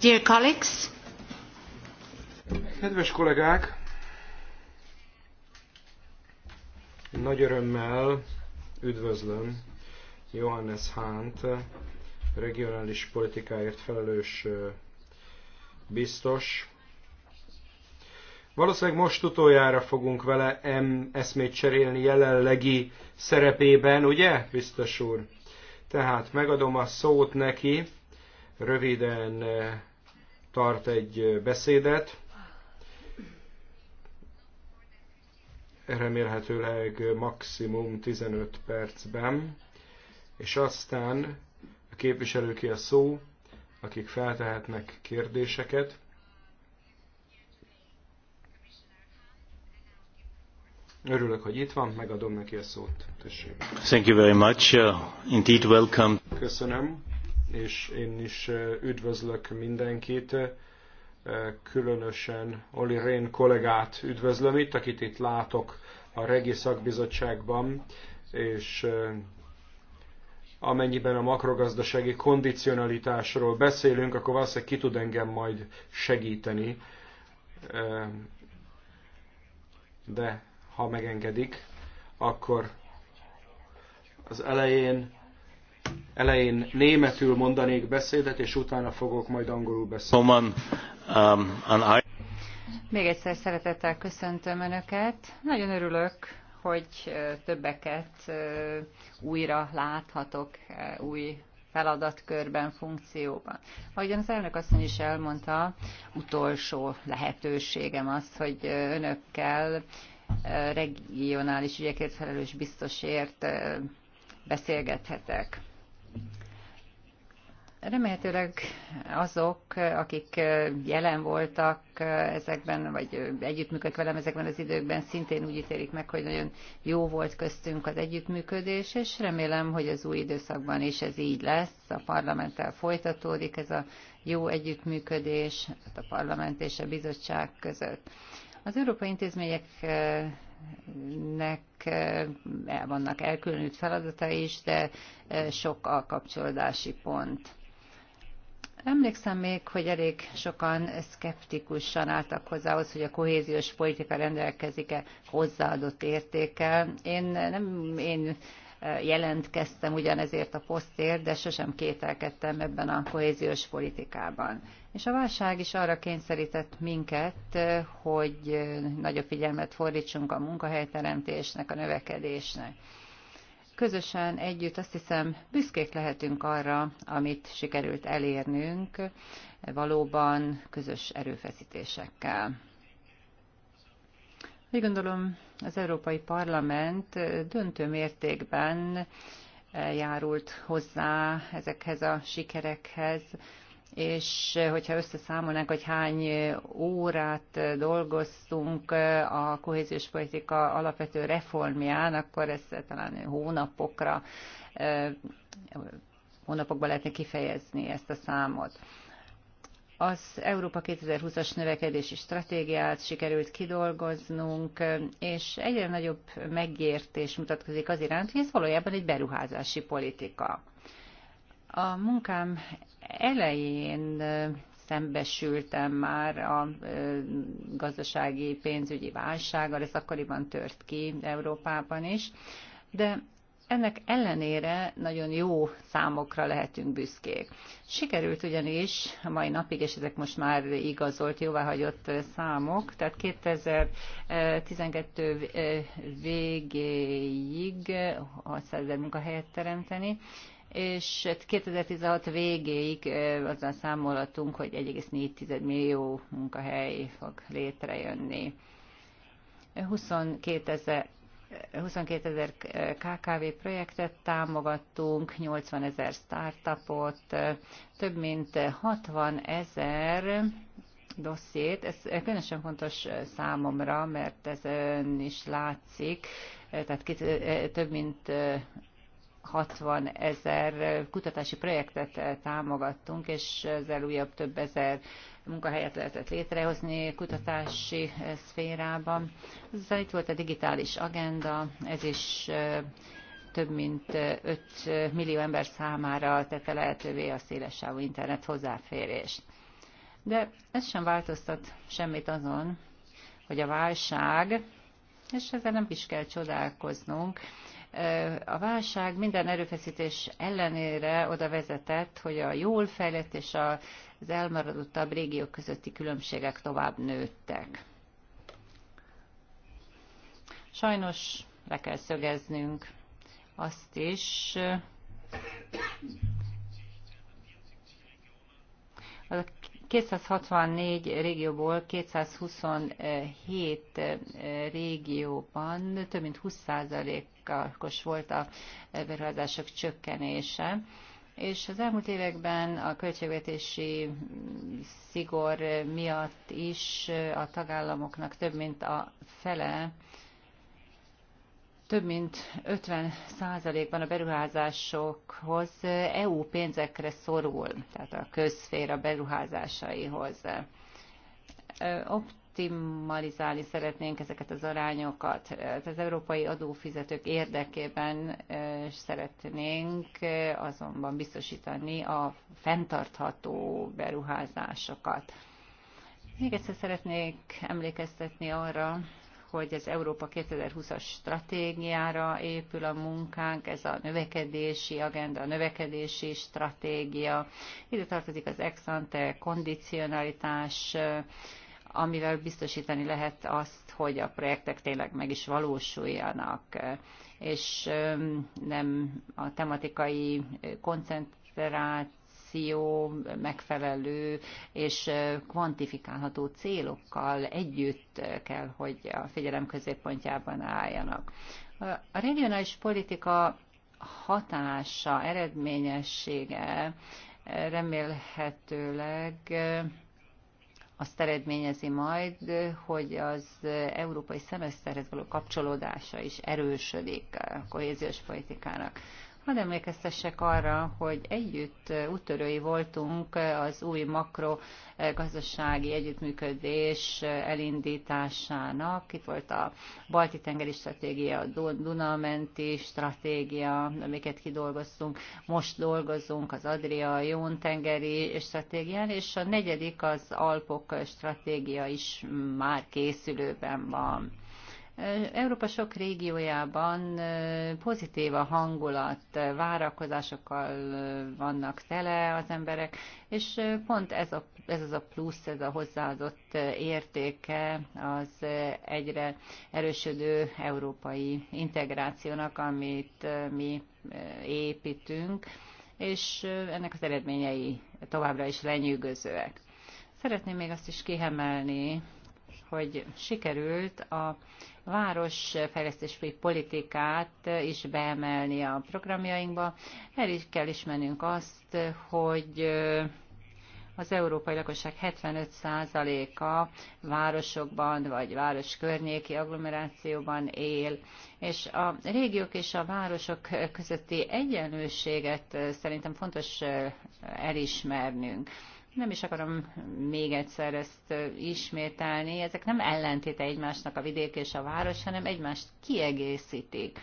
Dear colleagues. Kedves kollégák, nagy örömmel üdvözlöm Johannes Hunt, regionális politikáért felelős biztos. Valószínűleg most utoljára fogunk vele M eszmét cserélni jelenlegi szerepében, ugye, biztos úr? Tehát megadom a szót neki, röviden tart egy beszédet, remélhetőleg maximum 15 percben, és aztán a képviselőké a szó, akik feltehetnek kérdéseket. Örülök, hogy itt van, megadom neki a szót. Tessék. Thank you very much. Uh, indeed, welcome. Köszönöm és én is üdvözlök mindenkit, különösen Oli Rén kollégát üdvözlöm itt, akit itt látok a Regi Szakbizottságban, és amennyiben a makrogazdasági kondicionalitásról beszélünk, akkor valószínűleg ki tud engem majd segíteni. De ha megengedik, akkor az elején elején németül mondanék beszédet, és utána fogok majd angolul beszélni. Um, Még egyszer szeretettel köszöntöm Önöket. Nagyon örülök, hogy többeket újra láthatok új feladatkörben, funkcióban. Ahogyan az elnök asszony is elmondta, utolsó lehetőségem az, hogy önökkel regionális ügyekért felelős biztosért beszélgethetek. Remélhetőleg azok, akik jelen voltak ezekben, vagy együttműködtek velem ezekben az időkben, szintén úgy ítélik meg, hogy nagyon jó volt köztünk az együttműködés, és remélem, hogy az új időszakban is ez így lesz. A parlamenttel folytatódik ez a jó együttműködés hát a parlament és a bizottság között. Az európai intézményeknek vannak elkülönült feladatai is, de sok a kapcsolódási pont. Emlékszem még, hogy elég sokan szkeptikusan álltak hozzá hogy a kohéziós politika rendelkezik-e hozzáadott értékkel. Én nem én eh, jelentkeztem ugyanezért a posztért, de sosem kételkedtem ebben a kohéziós politikában. És a válság is arra kényszerített minket, eh, hogy eh, nagyobb figyelmet fordítsunk a munkahelyteremtésnek, a növekedésnek közösen együtt azt hiszem büszkék lehetünk arra, amit sikerült elérnünk valóban közös erőfeszítésekkel. Úgy gondolom, az Európai Parlament döntő mértékben eh, járult hozzá ezekhez a sikerekhez, és eh, hogyha összeszámolnánk, hogy hány eh, órát eh, dolgoztunk a kohéziós politika alapvető reformján, akkor ezt talán hónapokra, hónapokba lehetne kifejezni ezt a számot. Az Európa 2020-as növekedési stratégiát sikerült kidolgoznunk, és egyre nagyobb megértés mutatkozik az iránt, hogy ez valójában egy beruházási politika. A munkám elején szembesültem már a gazdasági pénzügyi válsággal, ez akkoriban tört ki Európában is, de ennek ellenére nagyon jó számokra lehetünk büszkék. Sikerült ugyanis a mai napig, és ezek most már igazolt, jóváhagyott számok, tehát 2012 végéig 600 ezer munkahelyet teremteni, és 2016 hát végéig azzal számolhatunk, hogy 1,4 millió munkahely fog létrejönni. 22 ezer 22 ezer KKV projektet támogattunk, 80 ezer startupot, több mint 60 ezer dossziét. Ez különösen fontos számomra, mert ezen is látszik, tehát több mint 60 ezer kutatási projektet eh, támogattunk, és ezzel újabb több ezer munkahelyet lehetett létrehozni kutatási eh, szférában. Ezzel itt volt a digitális agenda, ez is eh, több mint 5 millió ember számára tette lehetővé a szélesávú internet hozzáférést. De ez sem változtat semmit azon, hogy a válság, és ezzel nem is kell csodálkoznunk, a válság minden erőfeszítés ellenére oda vezetett, hogy a jól fejlett és az elmaradottabb régiók közötti különbségek tovább nőttek. Sajnos le kell szögeznünk azt is, az a 264 régióból 227 eh, régióban több mint 20%-os volt a eh, beruházások csökkenése és az elmúlt években a költségvetési mm, szigor eh, miatt is a tagállamoknak több mint a fele több mint 50 százalékban a beruházásokhoz EU pénzekre szorul, tehát a közszféra beruházásaihoz. Optimalizálni szeretnénk ezeket az arányokat. Ez az európai adófizetők érdekében szeretnénk azonban biztosítani a fenntartható beruházásokat. Még egyszer szeretnék emlékeztetni arra, hogy az Európa 2020-as stratégiára épül a munkánk, ez a növekedési agenda, a növekedési stratégia. Ide tartozik az ex-ante kondicionalitás, amivel biztosítani lehet azt, hogy a projektek tényleg meg is valósuljanak, és nem a tematikai koncentrált migráció megfelelő és kvantifikálható célokkal együtt kell, hogy a figyelem középpontjában álljanak. A regionális politika hatása, eredményessége remélhetőleg azt eredményezi majd, hogy az európai szemeszterhez való kapcsolódása is erősödik a kohéziós politikának. Hadd emlékeztessek arra, hogy együtt úttörői voltunk az új makrogazdasági együttműködés elindításának. Itt volt a balti tengeri stratégia, a Dunamenti stratégia, amiket kidolgoztunk. Most dolgozunk az Adria Jón tengeri stratégián, és a negyedik az Alpok stratégia is már készülőben van. Európa sok régiójában pozitív a hangulat, várakozásokkal vannak tele az emberek, és pont ez, a, ez az a plusz, ez a hozzáadott értéke az egyre erősödő európai integrációnak, amit mi építünk, és ennek az eredményei továbbra is lenyűgözőek. Szeretném még azt is kihemelni, hogy sikerült a városfejlesztési politikát is beemelni a programjainkba. El is kell ismernünk azt, hogy az európai lakosság 75%-a városokban vagy város környéki agglomerációban él, és a régiók és a városok közötti egyenlőséget szerintem fontos elismernünk nem is akarom még egyszer ezt ismételni, ezek nem ellentéte egymásnak a vidék és a város, hanem egymást kiegészítik.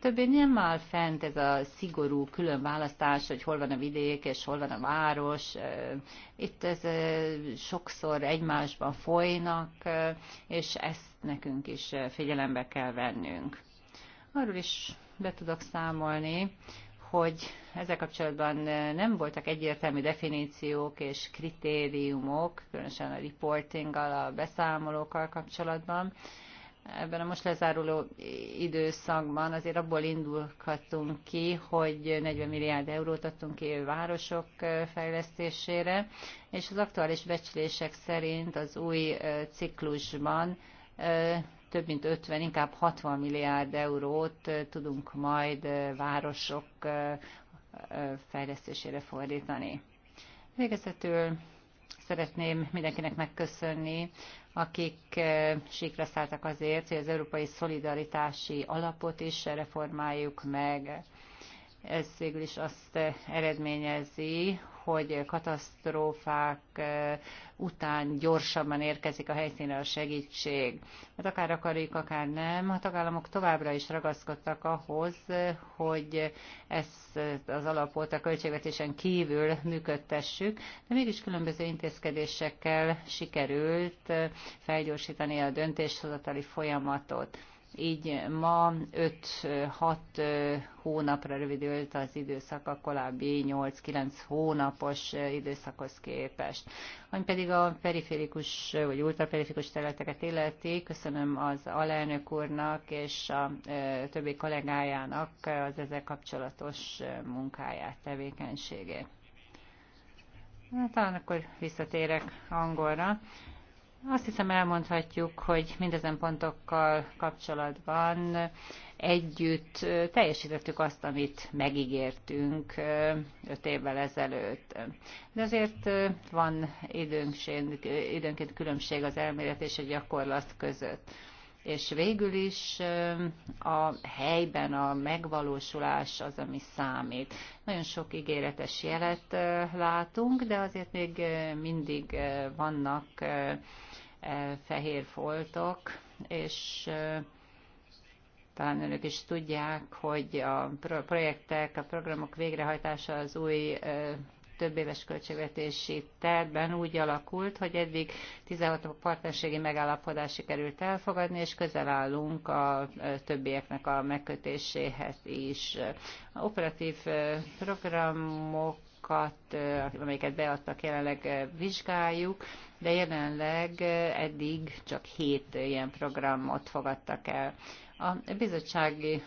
Többé nem áll fent ez a szigorú különválasztás, hogy hol van a vidék és hol van a város. Itt ez sokszor egymásban folynak, és ezt nekünk is figyelembe kell vennünk. Arról is be tudok számolni, hogy ezzel kapcsolatban nem voltak egyértelmű definíciók és kritériumok, különösen a reportinggal, a beszámolókkal kapcsolatban. Ebben a most lezáruló időszakban azért abból indulhatunk ki, hogy 40 milliárd eurót adtunk ki városok fejlesztésére, és az aktuális becslések szerint az új ciklusban több mint 50, inkább 60 milliárd eurót tudunk majd városok fejlesztésére fordítani. Végezetül szeretném mindenkinek megköszönni, akik síkra szálltak azért, hogy az Európai Szolidaritási Alapot is reformáljuk meg. Ez végül is azt eredményezi, hogy katasztrófák után gyorsabban érkezik a helyszínre a segítség. Hát akár akarjuk, akár nem, a tagállamok továbbra is ragaszkodtak ahhoz, hogy ezt az alapot a költségvetésen kívül működtessük, de mégis különböző intézkedésekkel sikerült felgyorsítani a döntéshozatali folyamatot így ma 5-6 hónapra rövidült az időszak a korábbi 8-9 hónapos időszakhoz képest. Ami pedig a periférikus vagy ultraperiférikus területeket illeti, köszönöm az alelnök úrnak és a többi kollégájának az ezzel kapcsolatos munkáját, tevékenységét. Hát talán akkor visszatérek angolra. Azt hiszem elmondhatjuk, hogy mindezen pontokkal kapcsolatban együtt teljesítettük azt, amit megígértünk öt évvel ezelőtt. De azért van időnként, különbség az elmélet és a gyakorlat között. És végül is a helyben a megvalósulás az, ami számít. Nagyon sok ígéretes jelet látunk, de azért még mindig vannak E, fehér foltok, és e, talán önök is tudják, hogy a projektek, a programok végrehajtása az új e, több éves költségvetési tervben úgy alakult, hogy eddig 16 partnerségi megállapodás sikerült elfogadni, és közel állunk a többieknek a megkötéséhez is. A operatív programok adatokat, amelyeket beadtak, jelenleg vizsgáljuk, de jelenleg eddig csak hét ilyen programot fogadtak el. A bizottsági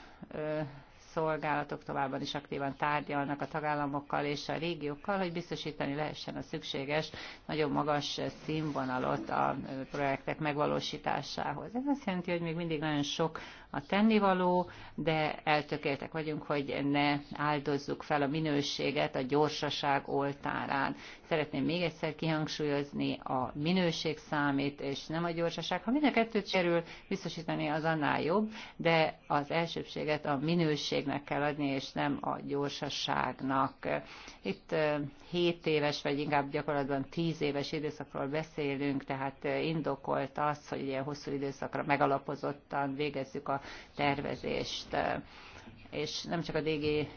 szolgálatok továbbban is aktívan tárgyalnak a tagállamokkal és a régiókkal, hogy biztosítani lehessen a szükséges, nagyon magas színvonalot a projektek megvalósításához. Ez azt jelenti, hogy még mindig nagyon sok a tennivaló, de eltökéltek vagyunk, hogy ne áldozzuk fel a minőséget a gyorsaság oltárán. Szeretném még egyszer kihangsúlyozni, a minőség számít, és nem a gyorsaság. Ha mind a kettőt sérül, biztosítani, az annál jobb, de az elsőbséget a minőségnek kell adni, és nem a gyorsaságnak. Itt 7 éves, vagy inkább gyakorlatban 10 éves időszakról beszélünk, tehát indokolt az, hogy ilyen hosszú időszakra megalapozottan végezzük a tervezést és nem csak a DG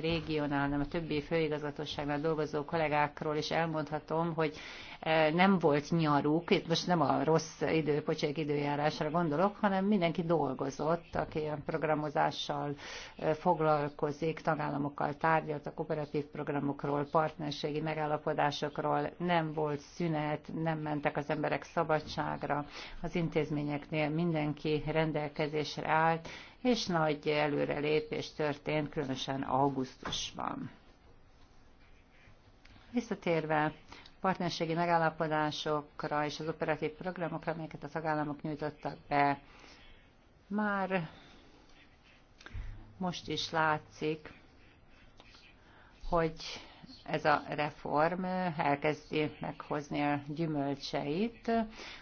régionál, hanem a többi főigazgatóságnál dolgozó kollégákról is elmondhatom, hogy Eh, nem volt nyaruk, itt most nem a rossz idő, pocsék időjárásra gondolok, hanem mindenki dolgozott, aki ilyen programozással eh, foglalkozik, tagállamokkal a kooperatív programokról, partnerségi megállapodásokról, nem volt szünet, nem mentek az emberek szabadságra, az intézményeknél mindenki rendelkezésre állt, és nagy előrelépés történt, különösen augusztusban. Visszatérve partnerségi megállapodásokra és az operatív programokra, amelyeket a tagállamok nyújtottak be. Már most is látszik, hogy ez a reform elkezdi meghozni a gyümölcseit.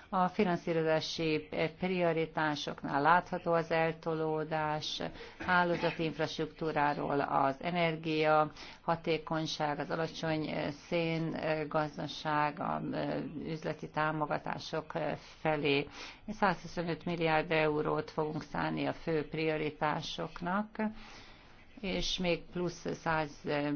A finanszírozási prioritásoknál látható az eltolódás, hálózati infrastruktúráról az energia, hatékonyság, az alacsony szén gazdaság, a üzleti támogatások felé. 125 milliárd eurót fogunk szállni a fő prioritásoknak és még plusz 100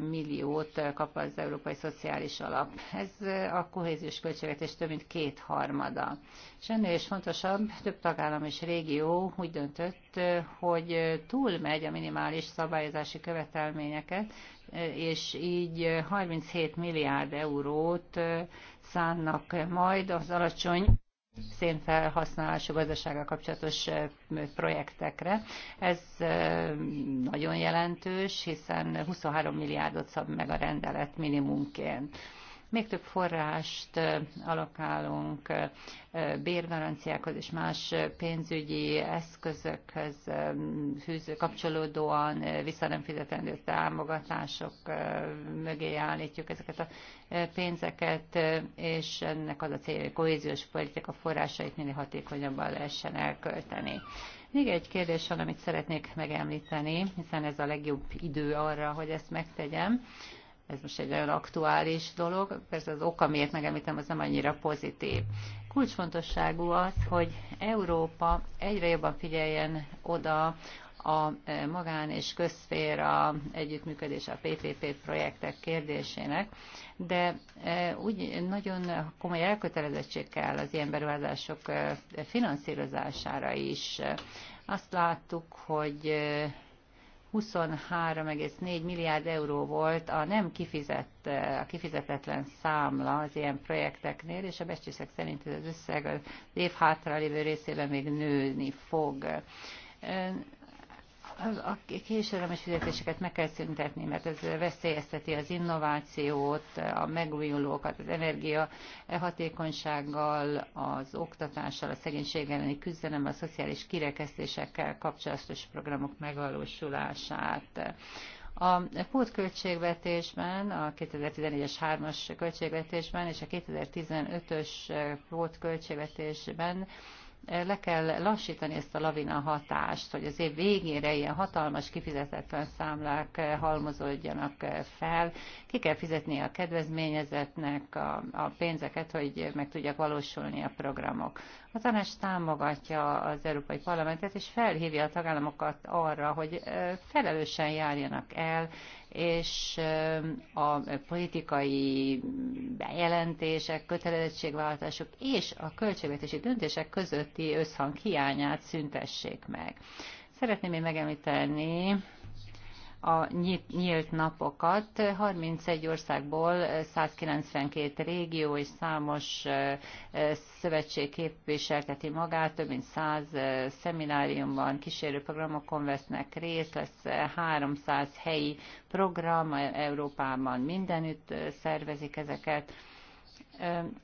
milliót kap az Európai Szociális Alap. Ez a kohéziós költségvetés több mint kétharmada. És ennél is fontosabb, több tagállam és régió úgy döntött, hogy túlmegy a minimális szabályozási követelményeket, és így 37 milliárd eurót szánnak majd az alacsony szénfelhasználású gazdasággal kapcsolatos projektekre. Ez nagyon jelentős, hiszen 23 milliárdot szab meg a rendelet minimumként még több forrást alokálunk bérgaranciákhoz és más pénzügyi eszközökhöz fűző, kapcsolódóan vissza nem fizetendő támogatások mögé állítjuk ezeket a pénzeket, és ennek az a cél, hogy kohéziós politika forrásait minél hatékonyabban lehessen elkölteni. Még egy kérdés van, amit szeretnék megemlíteni, hiszen ez a legjobb idő arra, hogy ezt megtegyem ez most egy nagyon aktuális dolog, persze az oka, miért megemlítem, az nem annyira pozitív. Kulcsfontosságú az, hogy Európa egyre jobban figyeljen oda a e, magán és közszféra együttműködés a PPP projektek kérdésének, de e, úgy nagyon komoly elkötelezettség kell az ilyen beruházások e, finanszírozására is. Azt láttuk, hogy 23,4 milliárd euró volt a nem kifizett, a kifizetetlen számla az ilyen projekteknél, és a becsések szerint ez az összeg az év hátralévő részében még nőni fog a késedelmes fizetéseket meg kell szüntetni, mert ez veszélyezteti az innovációt, a megújulókat, az energia hatékonysággal, az oktatással, a szegénység elleni küzdelemmel, a szociális kirekesztésekkel kapcsolatos programok megvalósulását. A pótköltségvetésben, a 2014-es 3-as költségvetésben és a 2015-ös pótköltségvetésben le kell lassítani ezt a lavina hatást, hogy az év végére ilyen hatalmas kifizetetlen számlák eh, halmozódjanak eh, fel. Ki kell fizetni a kedvezményezetnek a, a pénzeket, hogy meg tudjak valósulni a programok. A tanács támogatja az Európai Parlamentet, és felhívja a tagállamokat arra, hogy eh, felelősen járjanak el, és a politikai bejelentések, kötelezettségvállalások és a költségvetési döntések közötti összhang hiányát szüntessék meg. Szeretném én megemlíteni a nyit, nyílt napokat. 31 országból 192 régió és számos szövetség képviselteti magát, több mint 100 szemináriumban, kísérőprogramokon vesznek részt, lesz 300 helyi program, Európában mindenütt szervezik ezeket.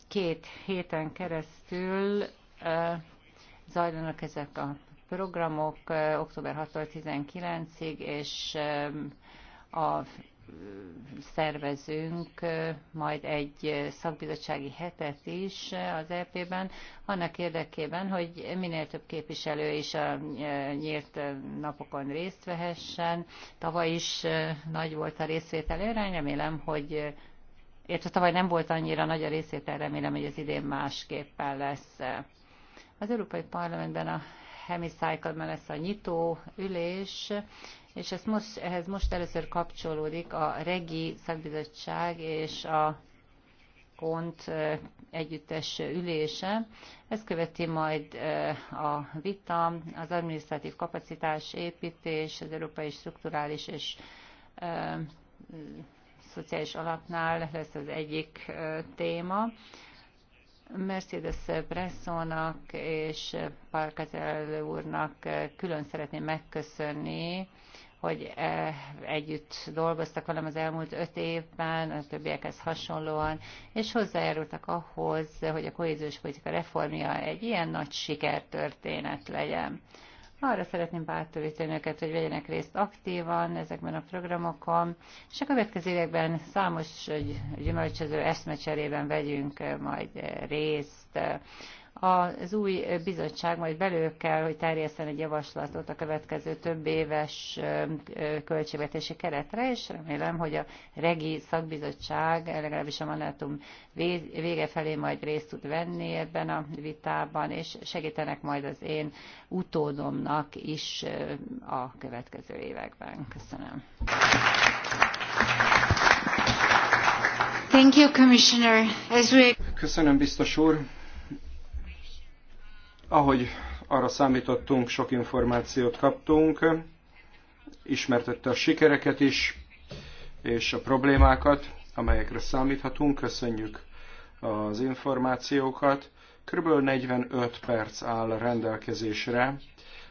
Két héten keresztül zajlanak ezek a programok október 6-tól 19-ig, és a szervezünk majd egy szakbizottsági hetet is az EP-ben, annak érdekében, hogy minél több képviselő is a nyílt napokon részt vehessen. Tavaly is nagy volt a részvétel arány, remélem, hogy érte tavaly nem volt annyira nagy a részvétel, remélem, hogy az idén másképpen lesz. Az Európai Parlamentben a Hemicycle-ben lesz a nyitó ülés, és ez most, ehhez most először kapcsolódik a Regi Szakbizottság és a Kont együttes ülése. Ez követi majd a vita, az administratív kapacitás építés, az európai strukturális és szociális alapnál lesz az egyik téma. Mercedes Bressonnak és Parkazel úrnak külön szeretném megköszönni, hogy eh, együtt dolgoztak velem az elmúlt öt évben, a többiekhez hasonlóan, és hozzájárultak ahhoz, hogy a kohéziós politika reformja egy ilyen nagy sikertörténet legyen. Arra szeretném bátorítani őket, hogy vegyenek részt aktívan ezekben a programokon, és a következő években számos gyümölcsöző eszmecserében vegyünk eh, majd eh, részt, az új bizottság majd belőle kell, hogy terjesszen egy javaslatot a következő több éves költségvetési keretre, és remélem, hogy a regi szakbizottság legalábbis a mandátum vége felé majd részt tud venni ebben a vitában, és segítenek majd az én utódomnak is a következő években. Köszönöm. Thank you, Commissioner. As we... Köszönöm, biztos úr ahogy arra számítottunk, sok információt kaptunk, ismertette a sikereket is, és a problémákat, amelyekre számíthatunk. Köszönjük az információkat. Körülbelül 45 perc áll rendelkezésre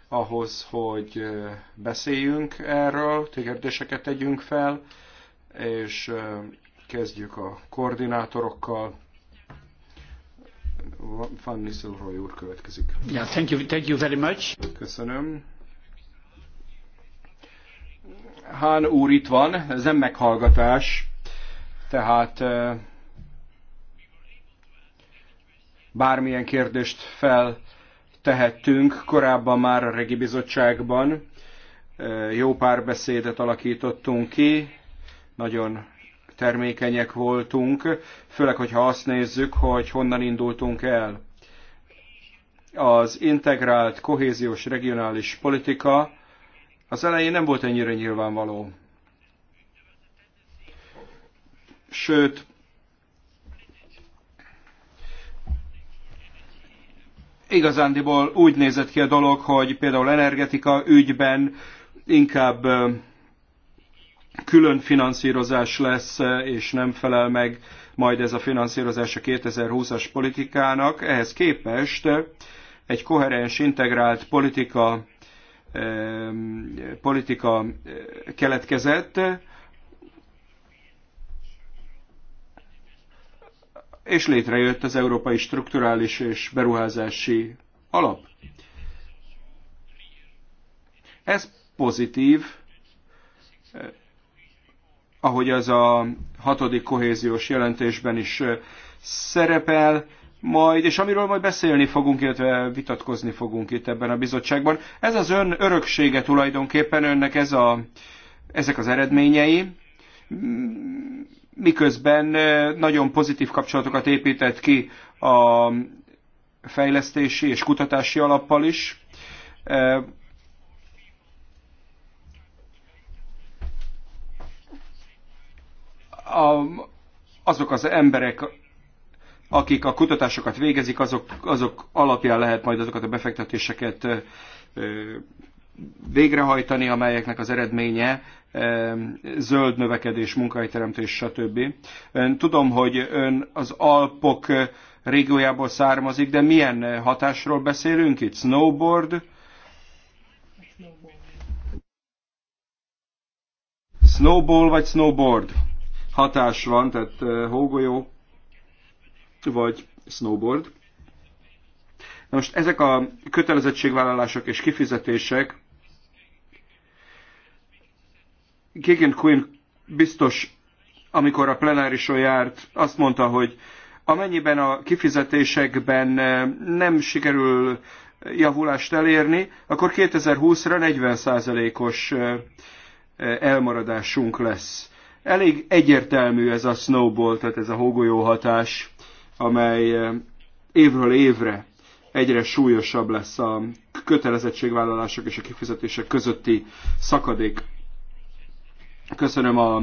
ahhoz, hogy beszéljünk erről, kérdéseket tegyünk fel, és kezdjük a koordinátorokkal. Van Nisselroy úr következik. Yeah, thank you, thank you very much. Köszönöm. Hán úr itt van, ez nem meghallgatás, tehát bármilyen kérdést feltehettünk. Korábban már a Regi Bizottságban jó párbeszédet alakítottunk ki, nagyon termékenyek voltunk, főleg, hogyha azt nézzük, hogy honnan indultunk el. Az integrált, kohéziós, regionális politika az elején nem volt ennyire nyilvánvaló. Sőt, igazándiból úgy nézett ki a dolog, hogy például energetika ügyben inkább külön finanszírozás lesz, és nem felel meg majd ez a finanszírozás a 2020-as politikának. Ehhez képest egy koherens, integrált politika, politika keletkezett, és létrejött az Európai Strukturális és Beruházási Alap. Ez pozitív ahogy az a hatodik kohéziós jelentésben is szerepel, majd, és amiről majd beszélni fogunk, illetve vitatkozni fogunk itt ebben a bizottságban. Ez az ön öröksége tulajdonképpen, önnek ez a, ezek az eredményei, miközben nagyon pozitív kapcsolatokat épített ki a fejlesztési és kutatási alappal is. a, azok az emberek, akik a kutatásokat végezik, azok, azok alapján lehet majd azokat a befektetéseket végrehajtani, amelyeknek az eredménye zöld növekedés, munkahelyteremtés, stb. Ön, tudom, hogy ön az Alpok régiójából származik, de milyen hatásról beszélünk itt? Snowboard? Snowball vagy snowboard? hatás van, tehát hógolyó vagy snowboard. Na most ezek a kötelezettségvállalások és kifizetések Gigant Queen biztos, amikor a plenárison járt, azt mondta, hogy amennyiben a kifizetésekben nem sikerül javulást elérni, akkor 2020-ra 40%-os elmaradásunk lesz. Elég egyértelmű ez a snowball, tehát ez a hógolyó hatás, amely eh, évről évre egyre súlyosabb lesz a kötelezettségvállalások és a kifizetések közötti szakadék. Köszönöm a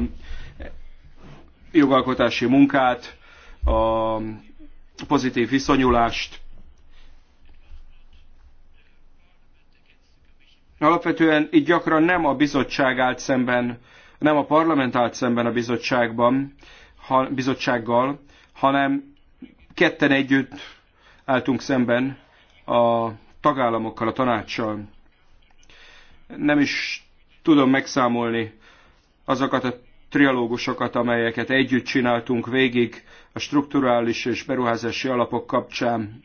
jogalkotási munkát, a pozitív viszonyulást. Alapvetően itt gyakran nem a bizottság állt szemben nem a parlament állt szemben a bizottságban, ha, bizottsággal, hanem ketten együtt álltunk szemben a tagállamokkal, a tanácssal. Nem is tudom megszámolni azokat a trialógusokat, amelyeket együtt csináltunk végig a strukturális és beruházási alapok kapcsán.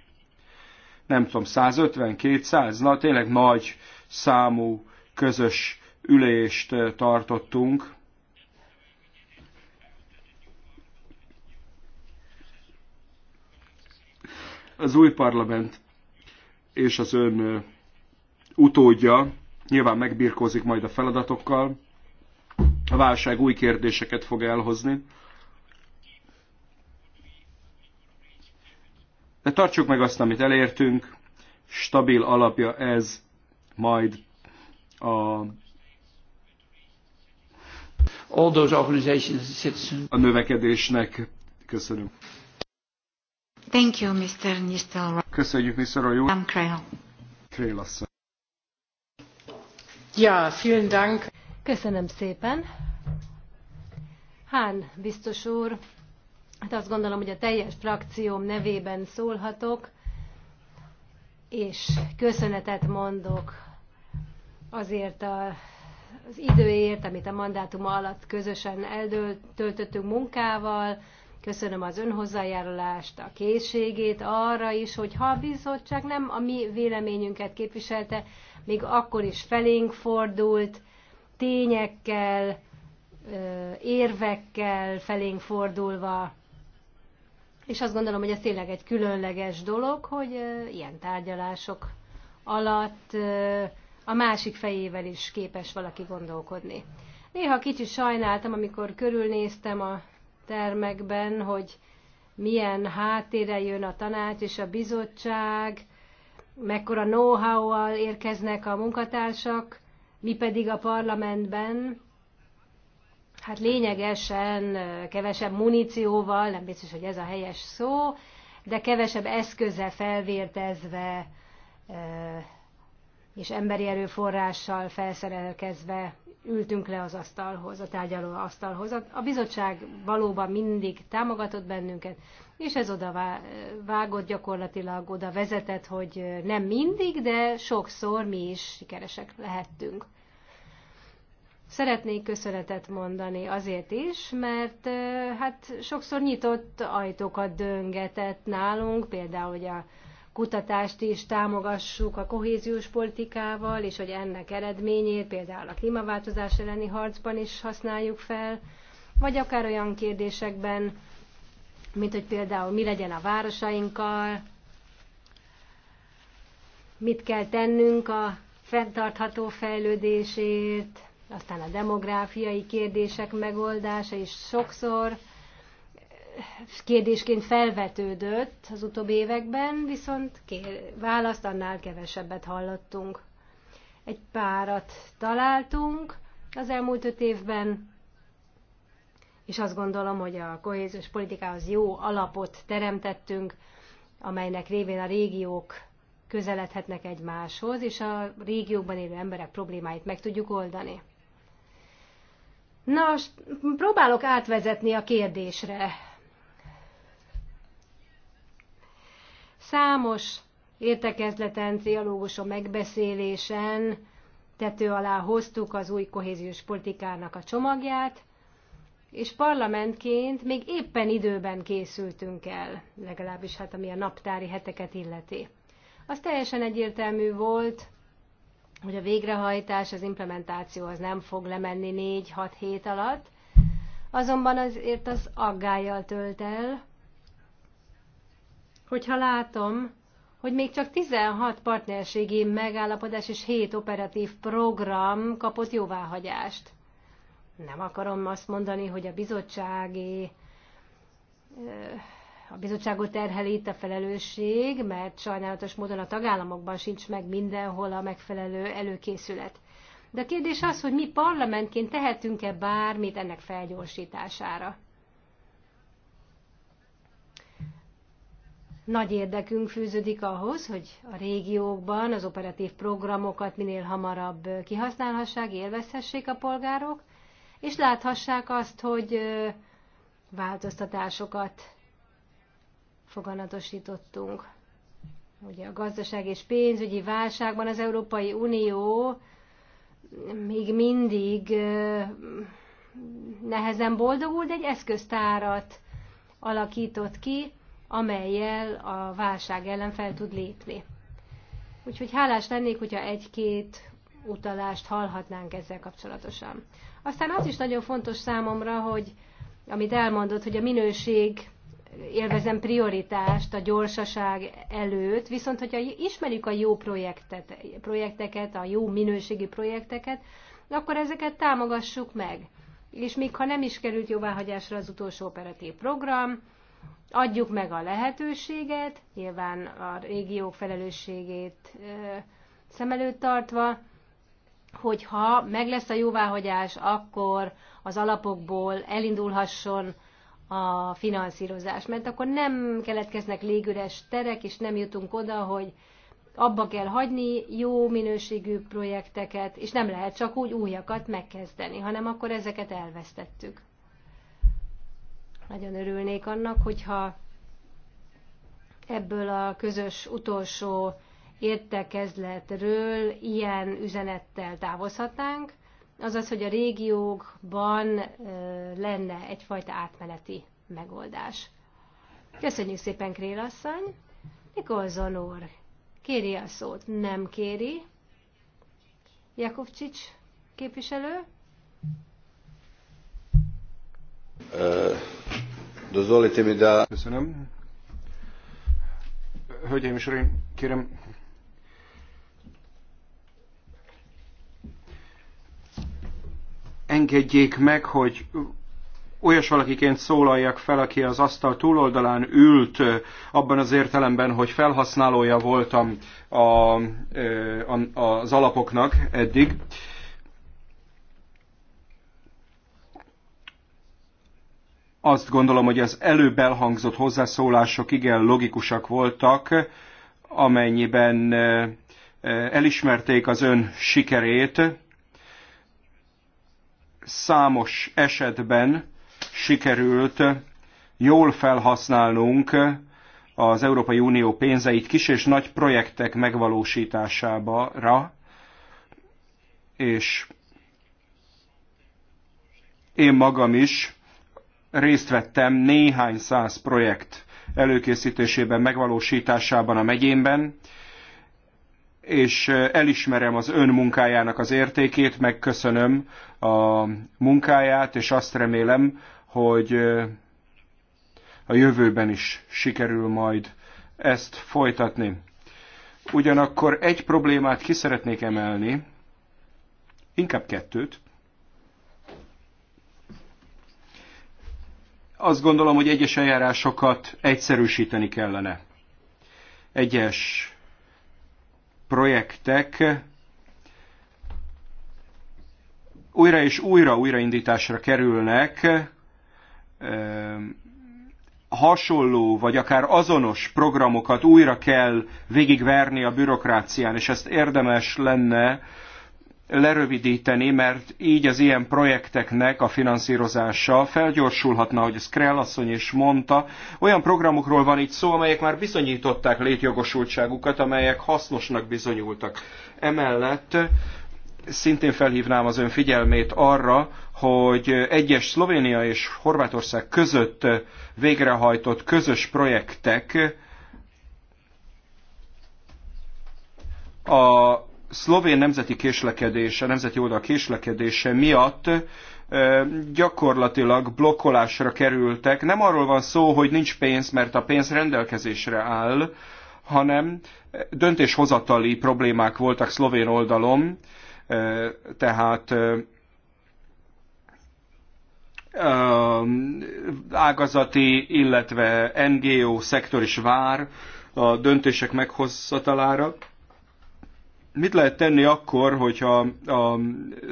Nem tudom, 150, 200, na tényleg nagy számú közös ülést eh, tartottunk, az új parlament és az ön eh, utódja nyilván megbirkózik majd a feladatokkal, a válság új kérdéseket fog elhozni. De tartsuk meg azt, amit elértünk, stabil alapja ez majd a all those organizations and citizens. A növekedésnek köszönöm. Thank you, Mr. Nistel. Köszönjük, Mr. Roy. I'm Krell. Krell asszony. Ja, vielen Dank. Köszönöm szépen. Hán, biztos úr, hát azt gondolom, hogy a teljes frakcióm nevében szólhatok, és köszönetet mondok azért a az időért, amit a mandátum alatt közösen eltöltöttünk munkával. Köszönöm az önhozzájárulást, a készségét arra is, hogy ha a bizottság nem a mi véleményünket képviselte, még akkor is felénk fordult, tényekkel, érvekkel felénk fordulva. És azt gondolom, hogy ez tényleg egy különleges dolog, hogy ilyen tárgyalások alatt a másik fejével is képes valaki gondolkodni. Néha kicsit sajnáltam, amikor körülnéztem a termekben, hogy milyen háttérre jön a tanács és a bizottság, mekkora know-how-al érkeznek a munkatársak, mi pedig a parlamentben, hát lényegesen kevesebb munícióval, nem biztos, hogy ez a helyes szó, de kevesebb eszközzel felvértezve és emberi erőforrással felszerelkezve ültünk le az asztalhoz, a tárgyaló asztalhoz. A bizottság valóban mindig támogatott bennünket, és ez oda vágott gyakorlatilag, oda vezetett, hogy nem mindig, de sokszor mi is sikeresek lehettünk. Szeretnék köszönetet mondani azért is, mert eh, hát sokszor nyitott ajtókat döngetett nálunk, például hogy a kutatást is támogassuk a kohéziós politikával, és hogy ennek eredményét például a klímaváltozás elleni harcban is használjuk fel, vagy akár olyan kérdésekben, mint hogy például mi legyen a városainkkal, mit kell tennünk a fenntartható fejlődésért, aztán a demográfiai kérdések megoldása is sokszor kérdésként felvetődött az utóbbi években, viszont kér, választ annál kevesebbet hallottunk. Egy párat találtunk az elmúlt öt évben, és azt gondolom, hogy a kohéziós politikához jó alapot teremtettünk, amelynek révén a régiók közeledhetnek egymáshoz, és a régiókban élő emberek problémáit meg tudjuk oldani. Na, próbálok átvezetni a kérdésre, Számos értekezleten, dialóguson, megbeszélésen tető alá hoztuk az új kohéziós politikának a csomagját, és parlamentként még éppen időben készültünk el, legalábbis hát ami a naptári heteket illeti. Az teljesen egyértelmű volt, hogy a végrehajtás, az implementáció az nem fog lemenni 4-6 hét alatt, azonban azért az aggájjal tölt el, hogyha látom, hogy még csak 16 partnerségi megállapodás és 7 operatív program kapott jóváhagyást. Nem akarom azt mondani, hogy a bizottsági eh, a bizottságot terheli itt a felelősség, mert sajnálatos módon a tagállamokban sincs meg mindenhol a megfelelő előkészület. De a kérdés az, hogy mi parlamentként tehetünk-e bármit ennek felgyorsítására. nagy érdekünk fűződik ahhoz, hogy a régiókban az operatív programokat minél hamarabb kihasználhassák, élvezhessék a polgárok, és láthassák azt, hogy változtatásokat foganatosítottunk. Ugye a gazdaság és pénzügyi válságban az Európai Unió még mindig nehezen boldogul, de egy eszköztárat alakított ki, amelyel a válság ellen fel tud lépni. Úgyhogy hálás lennék, hogyha egy-két utalást hallhatnánk ezzel kapcsolatosan. Aztán az is nagyon fontos számomra, hogy amit elmondott, hogy a minőség élvezem prioritást a gyorsaság előtt, viszont hogyha ismerjük a jó projektet, projekteket, a jó minőségi projekteket, akkor ezeket támogassuk meg. És még ha nem is került jóváhagyásra az utolsó operatív program, Adjuk meg a lehetőséget, nyilván a régiók felelősségét szem előtt tartva, hogyha meg lesz a jóváhagyás, akkor az alapokból elindulhasson a finanszírozás, mert akkor nem keletkeznek légüres terek, és nem jutunk oda, hogy abba kell hagyni jó minőségű projekteket, és nem lehet csak úgy újakat megkezdeni, hanem akkor ezeket elvesztettük. Nagyon örülnék annak, hogyha ebből a közös utolsó értekezletről ilyen üzenettel távozhatnánk, azaz, hogy a régiókban lenne egyfajta átmeneti megoldás. Köszönjük szépen, Krélasszony! Nikolzon úr, kéri a szót? Nem kéri. Jakovcsics képviselő? Dozvolite mi da... Köszönöm. Hölgyeim és uraim, kérem... Engedjék meg, hogy olyas valakiként szólaljak fel, aki az asztal túloldalán ült, abban az értelemben, hogy felhasználója voltam a, a, az alapoknak eddig. azt gondolom, hogy az előbb elhangzott hozzászólások igen logikusak voltak, amennyiben elismerték az ön sikerét. Számos esetben sikerült jól felhasználnunk az Európai Unió pénzeit kis és nagy projektek megvalósítására, és én magam is részt vettem néhány száz projekt előkészítésében, megvalósításában a megyénben, és elismerem az ön munkájának az értékét, megköszönöm a munkáját, és azt remélem, hogy a jövőben is sikerül majd ezt folytatni. Ugyanakkor egy problémát ki szeretnék emelni, inkább kettőt, Azt gondolom, hogy egyes eljárásokat egyszerűsíteni kellene. Egyes projektek újra és újra újraindításra kerülnek ehm, hasonló vagy akár azonos programokat újra kell végigverni a bürokrácián, és ezt érdemes lenne lerövidíteni, mert így az ilyen projekteknek a finanszírozása felgyorsulhatna, ahogy Skrell asszony is mondta. Olyan programokról van itt szó, amelyek már bizonyították létjogosultságukat, amelyek hasznosnak bizonyultak. Emellett szintén felhívnám az ön figyelmét arra, hogy egyes Szlovénia és Horvátország között végrehajtott közös projektek a szlovén nemzeti késlekedése, nemzeti oldal késlekedése miatt gyakorlatilag blokkolásra kerültek. Nem arról van szó, hogy nincs pénz, mert a pénz rendelkezésre áll, hanem döntéshozatali problémák voltak szlovén oldalon, tehát ágazati, illetve NGO szektor is vár a döntések meghozatalára mit lehet tenni akkor, hogyha a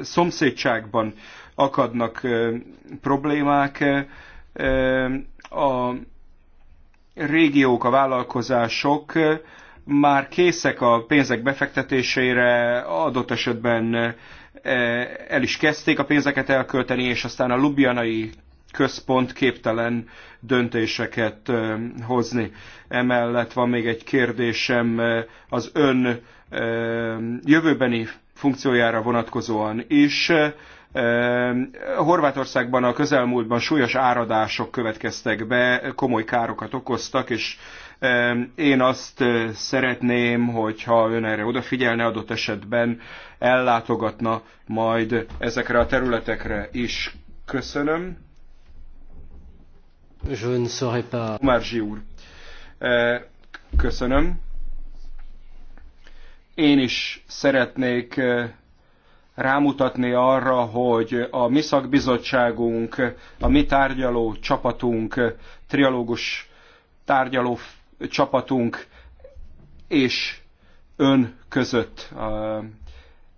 szomszédságban akadnak problémák, a régiók, a vállalkozások már készek a pénzek befektetésére, adott esetben el is kezdték a pénzeket elkölteni, és aztán a lubjanai központ képtelen döntéseket hozni. Emellett van még egy kérdésem az ön jövőbeni funkciójára vonatkozóan is. Horvátországban a közelmúltban súlyos áradások következtek be, komoly károkat okoztak, és én azt szeretném, hogyha ön erre odafigyelne, adott esetben ellátogatna majd ezekre a területekre is. Köszönöm. Je ne saurais pas. Omarzsi úr. E, köszönöm. Én is szeretnék e, rámutatni arra, hogy a mi szakbizottságunk, a mi tárgyaló csapatunk, trialógus tárgyaló csapatunk és ön között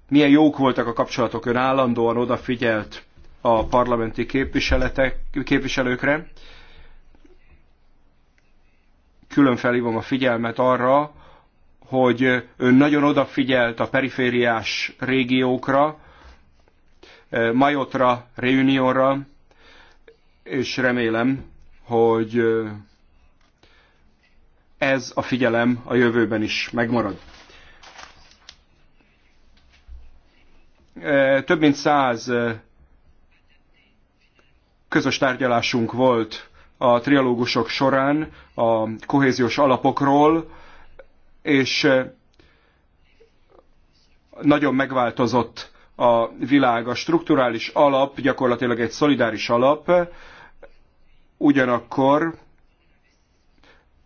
milyen jók voltak a kapcsolatok, ön állandóan odafigyelt a parlamenti képviseletek, képviselőkre, külön felhívom a figyelmet arra, hogy ön nagyon odafigyelt a perifériás régiókra, Majotra, Reunionra, és remélem, hogy ez a figyelem a jövőben is megmarad. Több mint száz közös tárgyalásunk volt a trialógusok során a kohéziós alapokról, és eh, nagyon megváltozott a világ. A strukturális alap gyakorlatilag egy szolidáris alap, ugyanakkor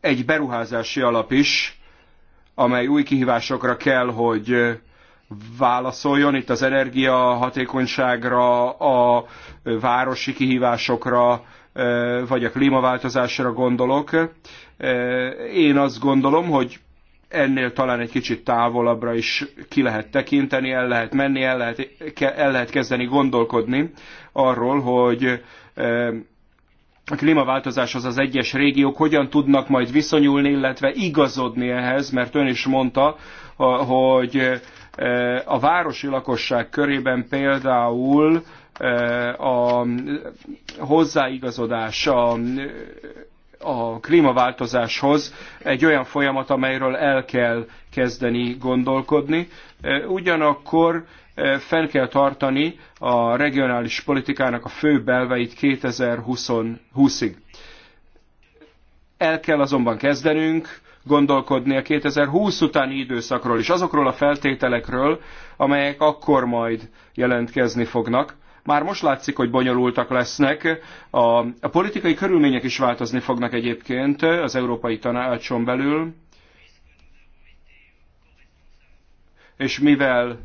egy beruházási alap is, amely új kihívásokra kell, hogy eh, válaszoljon itt az energia hatékonyságra, a eh, városi kihívásokra, vagy a klímaváltozásra gondolok. Én azt gondolom, hogy ennél talán egy kicsit távolabbra is ki lehet tekinteni, el lehet menni, el lehet, el lehet kezdeni gondolkodni arról, hogy a klímaváltozáshoz az egyes régiók hogyan tudnak majd viszonyulni, illetve igazodni ehhez, mert ön is mondta, hogy a városi lakosság körében például a hozzáigazodás a, a klímaváltozáshoz egy olyan folyamat, amelyről el kell kezdeni gondolkodni. Ugyanakkor fenn kell tartani a regionális politikának a fő belveit 2020-ig. El kell azonban kezdenünk gondolkodni a 2020 utáni időszakról is, azokról a feltételekről, amelyek akkor majd jelentkezni fognak már most látszik, hogy bonyolultak lesznek. A, a politikai körülmények is változni fognak egyébként az Európai Tanácson belül. És mivel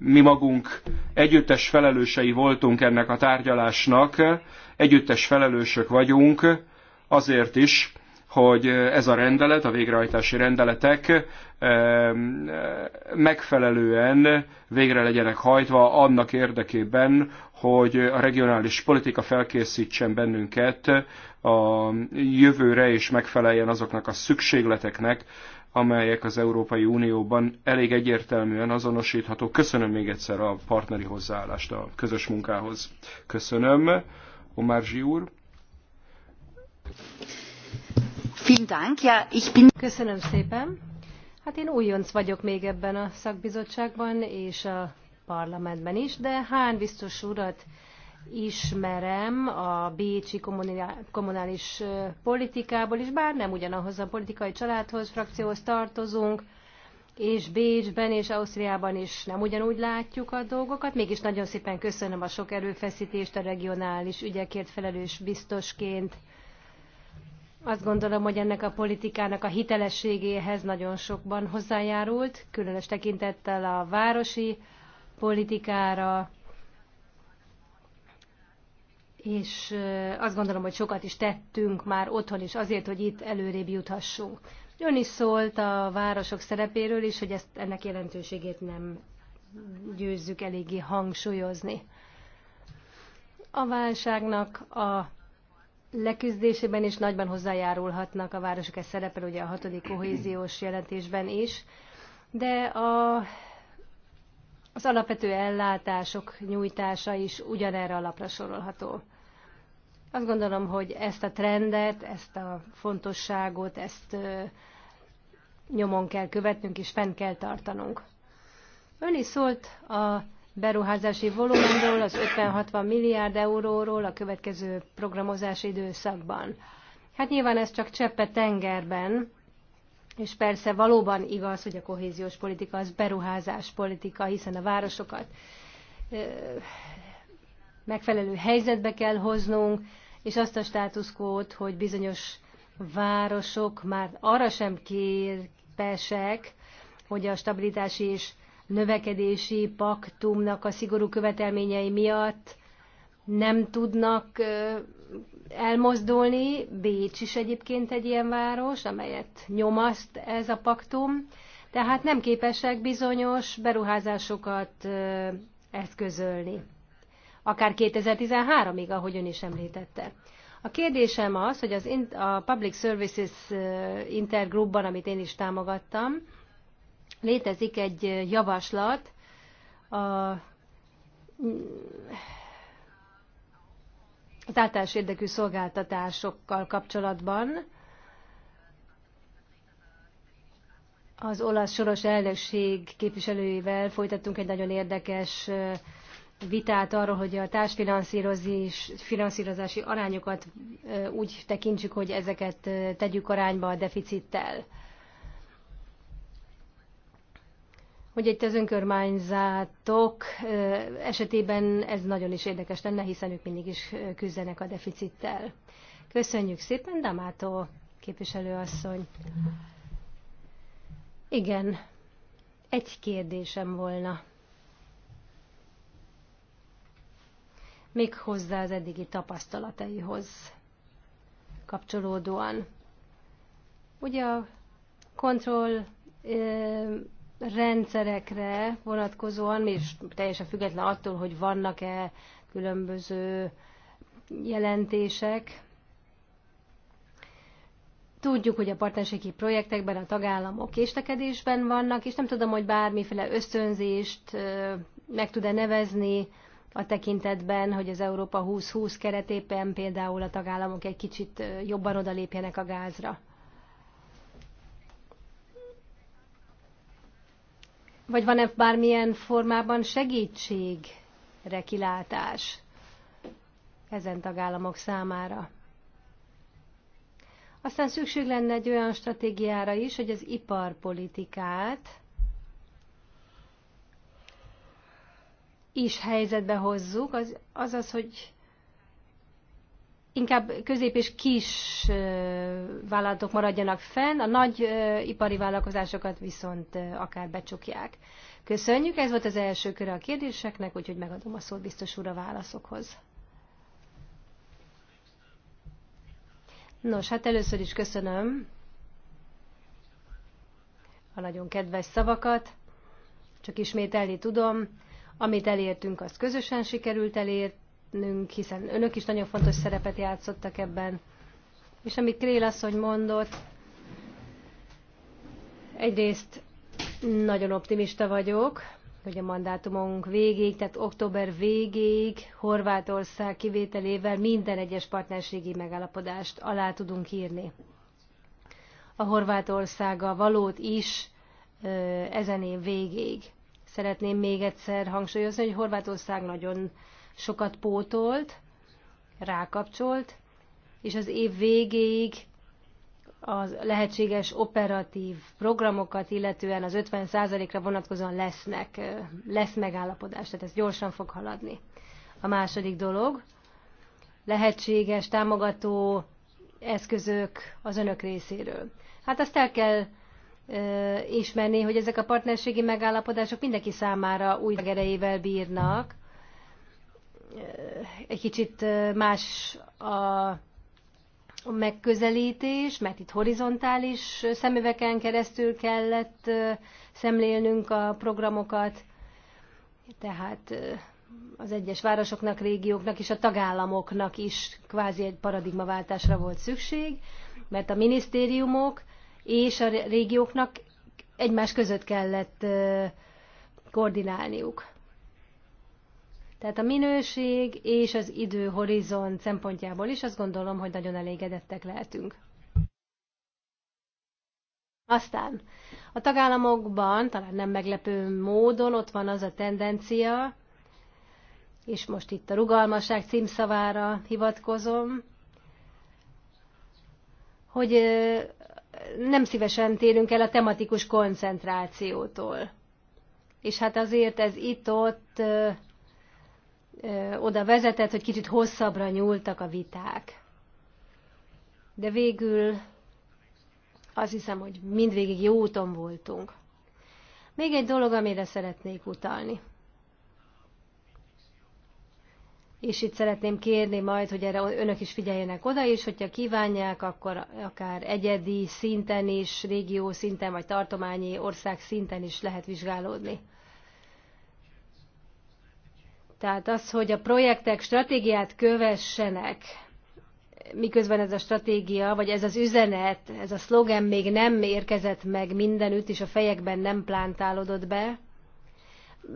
mi magunk együttes felelősei voltunk ennek a tárgyalásnak, együttes felelősök vagyunk, azért is, hogy ez a rendelet, a végrehajtási rendeletek megfelelően végre legyenek hajtva annak érdekében, hogy a regionális politika felkészítsen bennünket a jövőre és megfeleljen azoknak a szükségleteknek, amelyek az Európai Unióban elég egyértelműen azonosítható. Köszönöm még egyszer a partneri hozzáállást a közös munkához. Köszönöm, Omárzsi úr. Köszönöm szépen. Hát én újonc vagyok még ebben a szakbizottságban és a parlamentben is, de Hán biztos urat ismerem a bécsi kommunális politikából is, bár nem ugyanahoz a politikai családhoz, frakcióhoz tartozunk, és Bécsben és Ausztriában is nem ugyanúgy látjuk a dolgokat. Mégis nagyon szépen köszönöm a sok erőfeszítést a regionális ügyekért felelős biztosként azt gondolom, hogy ennek a politikának a hitelességéhez nagyon sokban hozzájárult, különös tekintettel a városi politikára, és azt gondolom, hogy sokat is tettünk már otthon is azért, hogy itt előrébb juthassunk. Ön is szólt a városok szerepéről is, hogy ezt, ennek jelentőségét nem győzzük eléggé hangsúlyozni. A válságnak a leküzdésében is nagyban hozzájárulhatnak a városok, ez szerepel ugye a hatodik kohéziós jelentésben is, de a, az alapvető ellátások nyújtása is ugyanerre alapra sorolható. Azt gondolom, hogy ezt a trendet, ezt a fontosságot, ezt nyomon kell követnünk és fenn kell tartanunk. Ön is szólt a beruházási volumenről, az 50-60 milliárd euróról a következő programozási időszakban. Hát nyilván ez csak cseppe tengerben, és persze valóban igaz, hogy a kohéziós politika az beruházás politika, hiszen a városokat megfelelő helyzetbe kell hoznunk, és azt a státuszkót, hogy bizonyos városok már arra sem képesek, hogy a stabilitási és növekedési paktumnak a szigorú követelményei miatt nem tudnak elmozdulni. Bécs is egyébként egy ilyen város, amelyet nyomaszt ez a paktum. Tehát nem képesek bizonyos beruházásokat eszközölni. Akár 2013-ig, ahogy ön is említette. A kérdésem az, hogy az a Public Services Intergroupban, amit én is támogattam, létezik egy javaslat a, az általános érdekű szolgáltatásokkal kapcsolatban. Az olasz soros elnökség képviselőivel folytattunk egy nagyon érdekes vitát arról, hogy a társfinanszírozási arányokat úgy tekintsük, hogy ezeket tegyük arányba a deficittel. hogy egy az önkormányzátok esetében ez nagyon is érdekes lenne, hiszen ők mindig is küzdenek a deficittel. Köszönjük szépen, Damátó képviselőasszony. Igen, egy kérdésem volna. Még hozzá az eddigi tapasztalataihoz kapcsolódóan. Ugye a kontroll rendszerekre vonatkozóan, és teljesen független attól, hogy vannak-e különböző jelentések, Tudjuk, hogy a partnerségi projektekben a tagállamok késtekedésben vannak, és nem tudom, hogy bármiféle ösztönzést meg tud-e nevezni a tekintetben, hogy az Európa 2020 keretében például a tagállamok egy kicsit jobban odalépjenek a gázra. vagy van-e bármilyen formában segítségre kilátás ezen tagállamok számára? Aztán szükség lenne egy olyan stratégiára is, hogy az iparpolitikát is helyzetbe hozzuk, az, azaz, hogy inkább közép és kis vállalatok maradjanak fenn, a nagy ipari vállalkozásokat viszont akár becsukják. Köszönjük, ez volt az első köre a kérdéseknek, úgyhogy megadom a szót biztos úr a válaszokhoz. Nos, hát először is köszönöm a nagyon kedves szavakat. Csak ismételni tudom, amit elértünk, azt közösen sikerült elért, lépnünk, hiszen önök is nagyon fontos szerepet játszottak ebben. És amit Krél asszony mondott, egyrészt nagyon optimista vagyok, hogy a mandátumunk végéig, tehát október végéig Horvátország kivételével minden egyes partnerségi megállapodást alá tudunk írni. A Horvátországa valót is ezen év végéig. Szeretném még egyszer hangsúlyozni, hogy Horvátország nagyon sokat pótolt, rákapcsolt, és az év végéig a lehetséges operatív programokat, illetően az 50%-ra vonatkozóan lesznek, lesz megállapodás, tehát ez gyorsan fog haladni. A második dolog, lehetséges támogató eszközök az önök részéről. Hát azt el kell ö, ismerni, hogy ezek a partnerségi megállapodások mindenki számára új erejével bírnak, egy kicsit más a megközelítés, mert itt horizontális szemüveken keresztül kellett szemlélnünk a programokat, tehát az egyes városoknak, régióknak és a tagállamoknak is kvázi egy paradigmaváltásra volt szükség, mert a minisztériumok és a régióknak egymás között kellett koordinálniuk. Tehát a minőség és az időhorizont szempontjából is azt gondolom, hogy nagyon elégedettek lehetünk. Aztán a tagállamokban, talán nem meglepő módon, ott van az a tendencia, és most itt a rugalmasság címszavára hivatkozom, hogy nem szívesen térünk el a tematikus koncentrációtól. És hát azért ez itt-ott oda vezetett, hogy kicsit hosszabbra nyúltak a viták. De végül azt hiszem, hogy mindvégig jó úton voltunk. Még egy dolog, amire szeretnék utalni. És itt szeretném kérni majd, hogy erre önök is figyeljenek oda, és hogyha kívánják, akkor akár egyedi szinten is, régió szinten, vagy tartományi ország szinten is lehet vizsgálódni. Tehát az, hogy a projektek stratégiát kövessenek, miközben ez a stratégia, vagy ez az üzenet, ez a szlogen még nem érkezett meg mindenütt, és a fejekben nem plántálódott be.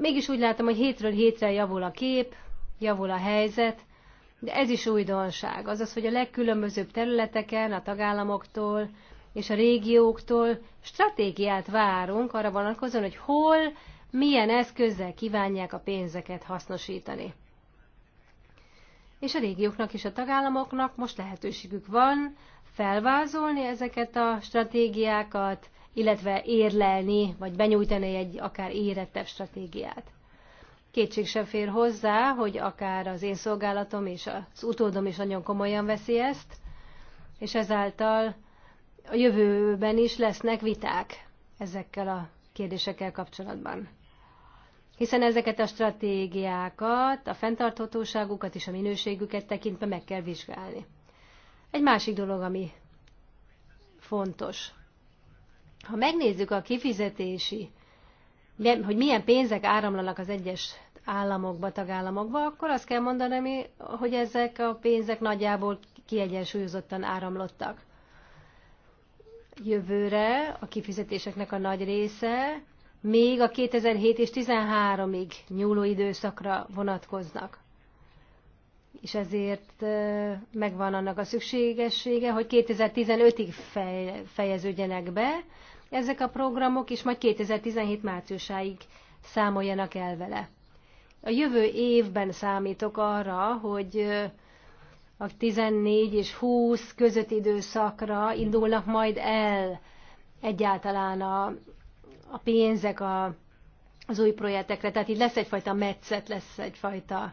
Mégis úgy látom, hogy hétről hétre javul a kép, javul a helyzet, de ez is újdonság. Azaz, hogy a legkülönbözőbb területeken, a tagállamoktól és a régióktól stratégiát várunk arra vonatkozóan, hogy hol milyen eszközzel kívánják a pénzeket hasznosítani. És a régióknak és a tagállamoknak most lehetőségük van felvázolni ezeket a stratégiákat, illetve érlelni, vagy benyújtani egy akár érettebb stratégiát. Kétség sem fér hozzá, hogy akár az én szolgálatom és az utódom is nagyon komolyan veszi ezt, és ezáltal a jövőben is lesznek viták ezekkel a kérdésekkel kapcsolatban hiszen ezeket a stratégiákat, a fenntarthatóságukat és a minőségüket tekintve meg kell vizsgálni. Egy másik dolog, ami fontos. Ha megnézzük a kifizetési, hogy milyen pénzek áramlanak az egyes államokba, tagállamokba, akkor azt kell mondanom, hogy ezek a pénzek nagyjából kiegyensúlyozottan áramlottak. Jövőre a kifizetéseknek a nagy része még a 2007 és 13-ig nyúló időszakra vonatkoznak. És ezért megvan annak a szükségessége, hogy 2015-ig fejeződjenek be ezek a programok, és majd 2017 márciusáig számoljanak el vele. A jövő évben számítok arra, hogy a 14 és 20 közötti időszakra indulnak majd el egyáltalán a, a pénzek a, az új projektekre, tehát így lesz egyfajta metszet, lesz egyfajta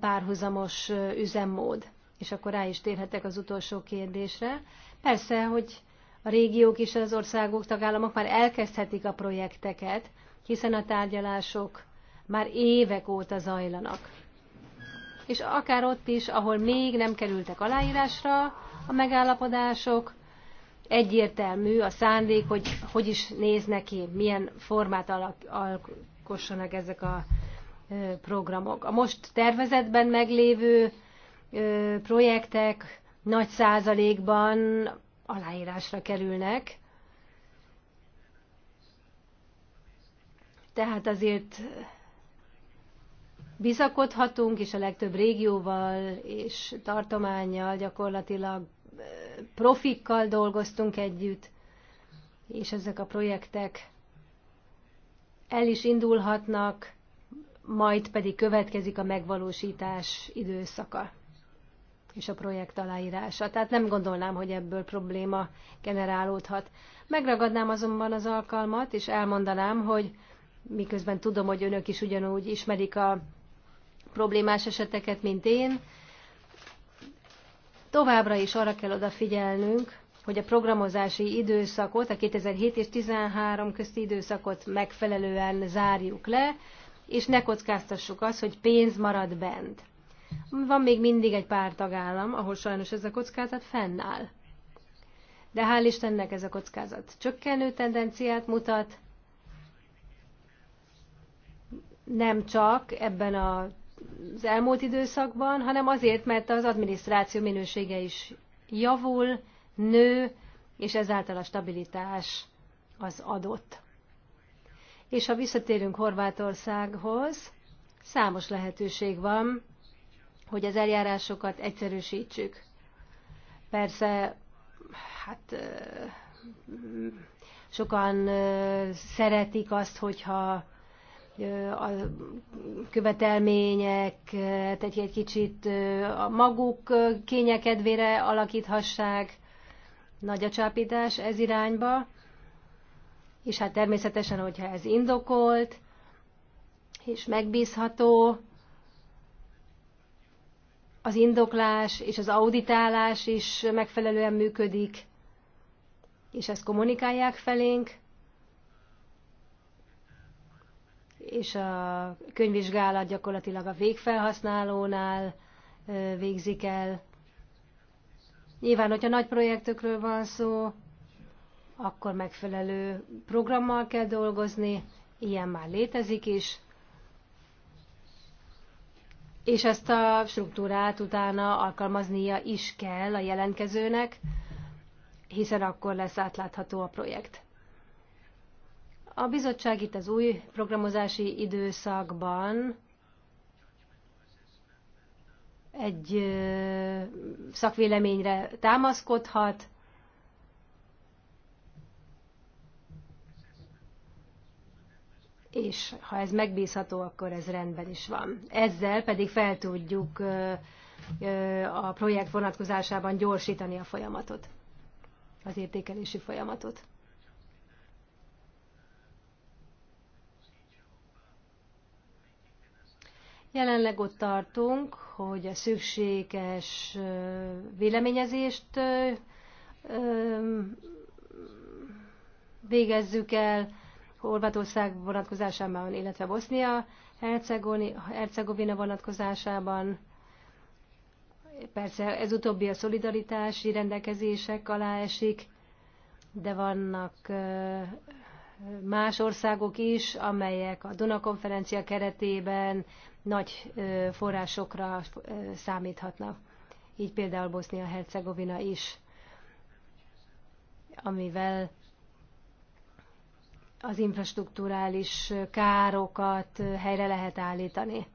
párhuzamos üzemmód. És akkor rá is térhetek az utolsó kérdésre. Persze, hogy a régiók és az országok, tagállamok már elkezdhetik a projekteket, hiszen a tárgyalások már évek óta zajlanak. És akár ott is, ahol még nem kerültek aláírásra a megállapodások, egyértelmű a szándék, hogy hogy is néznek ki, milyen formát alak, alkossanak ezek a programok. A most tervezetben meglévő projektek nagy százalékban aláírásra kerülnek, tehát azért bizakodhatunk, és a legtöbb régióval és tartományjal gyakorlatilag profikkal dolgoztunk együtt, és ezek a projektek el is indulhatnak, majd pedig következik a megvalósítás időszaka és a projekt aláírása. Tehát nem gondolnám, hogy ebből probléma generálódhat. Megragadnám azonban az alkalmat, és elmondanám, hogy miközben tudom, hogy önök is ugyanúgy ismerik a problémás eseteket, mint én, Továbbra is arra kell odafigyelnünk, hogy a programozási időszakot, a 2007 és 2013 közti időszakot megfelelően zárjuk le, és ne kockáztassuk azt, hogy pénz marad bent. Van még mindig egy pár tagállam, ahol sajnos ez a kockázat fennáll. De hál' Istennek ez a kockázat csökkenő tendenciát mutat, nem csak ebben a az elmúlt időszakban, hanem azért, mert az adminisztráció minősége is javul, nő, és ezáltal a stabilitás az adott. És ha visszatérünk Horvátországhoz, számos lehetőség van, hogy az eljárásokat egyszerűsítsük. Persze, hát sokan szeretik azt, hogyha a követelmények, tehát egy kicsit a maguk kényekedvére alakíthassák. Nagy a csápítás ez irányba, és hát természetesen, hogyha ez indokolt, és megbízható, az indoklás és az auditálás is megfelelően működik, és ezt kommunikálják felénk, és a könyvvizsgálat gyakorlatilag a végfelhasználónál végzik el. Nyilván, hogyha nagy projektekről van szó, akkor megfelelő programmal kell dolgozni, ilyen már létezik is, és ezt a struktúrát utána alkalmaznia is kell a jelentkezőnek, hiszen akkor lesz átlátható a projekt. A bizottság itt az új programozási időszakban egy szakvéleményre támaszkodhat, és ha ez megbízható, akkor ez rendben is van. Ezzel pedig fel tudjuk a projekt vonatkozásában gyorsítani a folyamatot, az értékelési folyamatot. Jelenleg ott tartunk, hogy a szükséges véleményezést végezzük el Horvátország vonatkozásában, illetve Bosznia Hercegovina vonatkozásában. Persze ez utóbbi a szolidaritási rendelkezések alá esik, de vannak más országok is, amelyek a Duna konferencia keretében nagy forrásokra számíthatnak. Így például Bosznia-Hercegovina is, amivel az infrastruktúrális károkat helyre lehet állítani,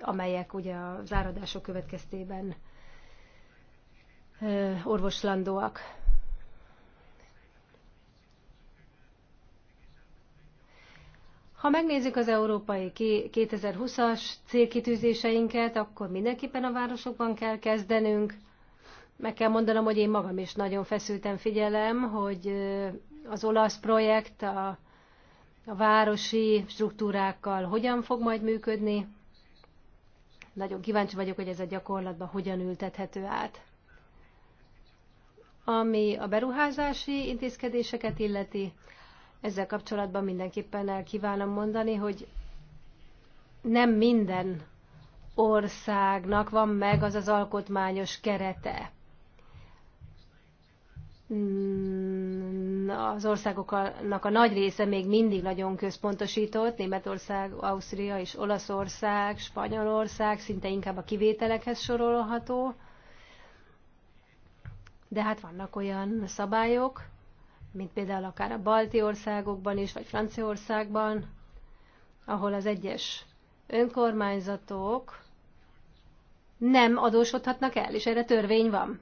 amelyek ugye a záradások következtében orvoslandóak. Ha megnézzük az európai 2020-as célkitűzéseinket, akkor mindenképpen a városokban kell kezdenünk. Meg kell mondanom, hogy én magam is nagyon feszülten figyelem, hogy az olasz projekt a, a városi struktúrákkal hogyan fog majd működni. Nagyon kíváncsi vagyok, hogy ez a gyakorlatban hogyan ültethető át. Ami a beruházási intézkedéseket illeti, ezzel kapcsolatban mindenképpen el kívánom mondani, hogy nem minden országnak van meg az az alkotmányos kerete. Mm, az országoknak a nagy része még mindig nagyon központosított, Németország, Ausztria és Olaszország, Spanyolország szinte inkább a kivételekhez sorolható. De hát vannak olyan szabályok, mint például akár a balti országokban is, vagy Franciaországban, ahol az egyes önkormányzatok nem adósodhatnak el, és erre törvény van.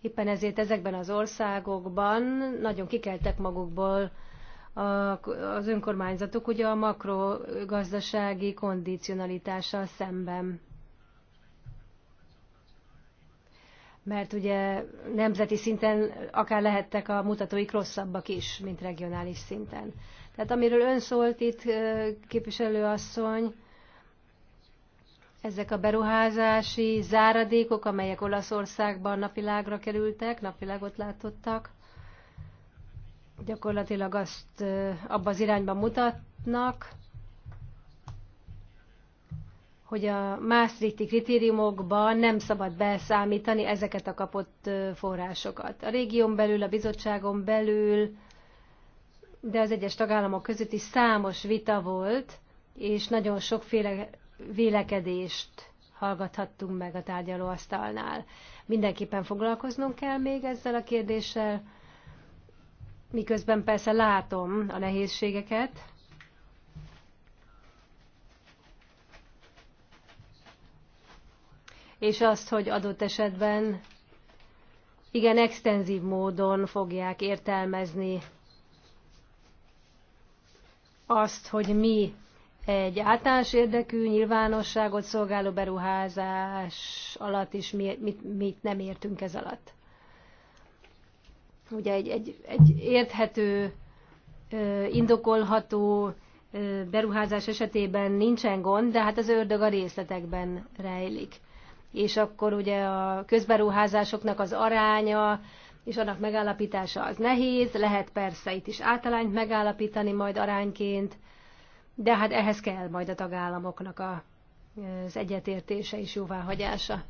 Éppen ezért ezekben az országokban nagyon kikeltek magukból az önkormányzatok ugye a makrogazdasági kondicionalitással szemben. mert ugye nemzeti szinten akár lehettek a mutatóik rosszabbak is, mint regionális szinten. Tehát amiről ön szólt itt, képviselőasszony, ezek a beruházási záradékok, amelyek Olaszországban napvilágra kerültek, napvilágot látottak, gyakorlatilag azt abba az irányba mutatnak, hogy a Maastrichti kritériumokba nem szabad beszámítani ezeket a kapott forrásokat. A régión belül, a bizottságon belül, de az egyes tagállamok között is számos vita volt, és nagyon sokféle vélekedést hallgathattunk meg a tárgyalóasztalnál. Mindenképpen foglalkoznunk kell még ezzel a kérdéssel, miközben persze látom a nehézségeket, és azt, hogy adott esetben igen extenzív módon fogják értelmezni azt, hogy mi egy általános érdekű nyilvánosságot szolgáló beruházás alatt is mi, mit, mit nem értünk ez alatt. Ugye egy, egy, egy érthető, indokolható beruházás esetében nincsen gond, de hát az ördög a részletekben rejlik és akkor ugye a közberuházásoknak az aránya, és annak megállapítása az nehéz, lehet persze itt is általányt megállapítani majd arányként, de hát ehhez kell majd a tagállamoknak a, az egyetértése és jóváhagyása.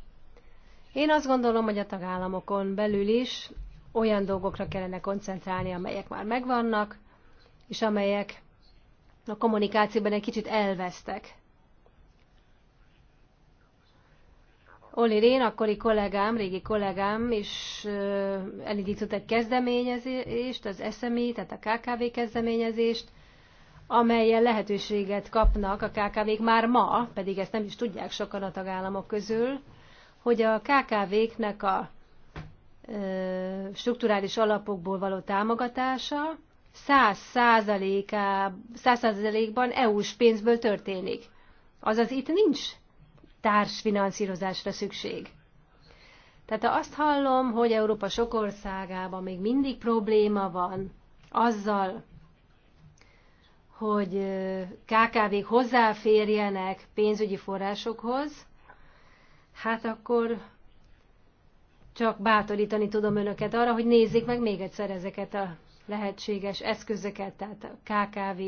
Én azt gondolom, hogy a tagállamokon belül is olyan dolgokra kellene koncentrálni, amelyek már megvannak, és amelyek a kommunikációban egy kicsit elvesztek. Olli Rén, akkori kollégám, régi kollégám is elindított egy kezdeményezést, az SMI, tehát a KKV kezdeményezést, amelyen lehetőséget kapnak a KKV-k már ma, pedig ezt nem is tudják sokan a tagállamok közül, hogy a KKV-knek a strukturális alapokból való támogatása 100%-ban 100 EU-s pénzből történik. Azaz itt nincs társfinanszírozásra szükség. Tehát azt hallom, hogy Európa sok országában még mindig probléma van azzal, hogy KKV-k hozzáférjenek pénzügyi forrásokhoz, hát akkor csak bátorítani tudom önöket arra, hogy nézzék meg még egyszer ezeket a lehetséges eszközöket, tehát a KKV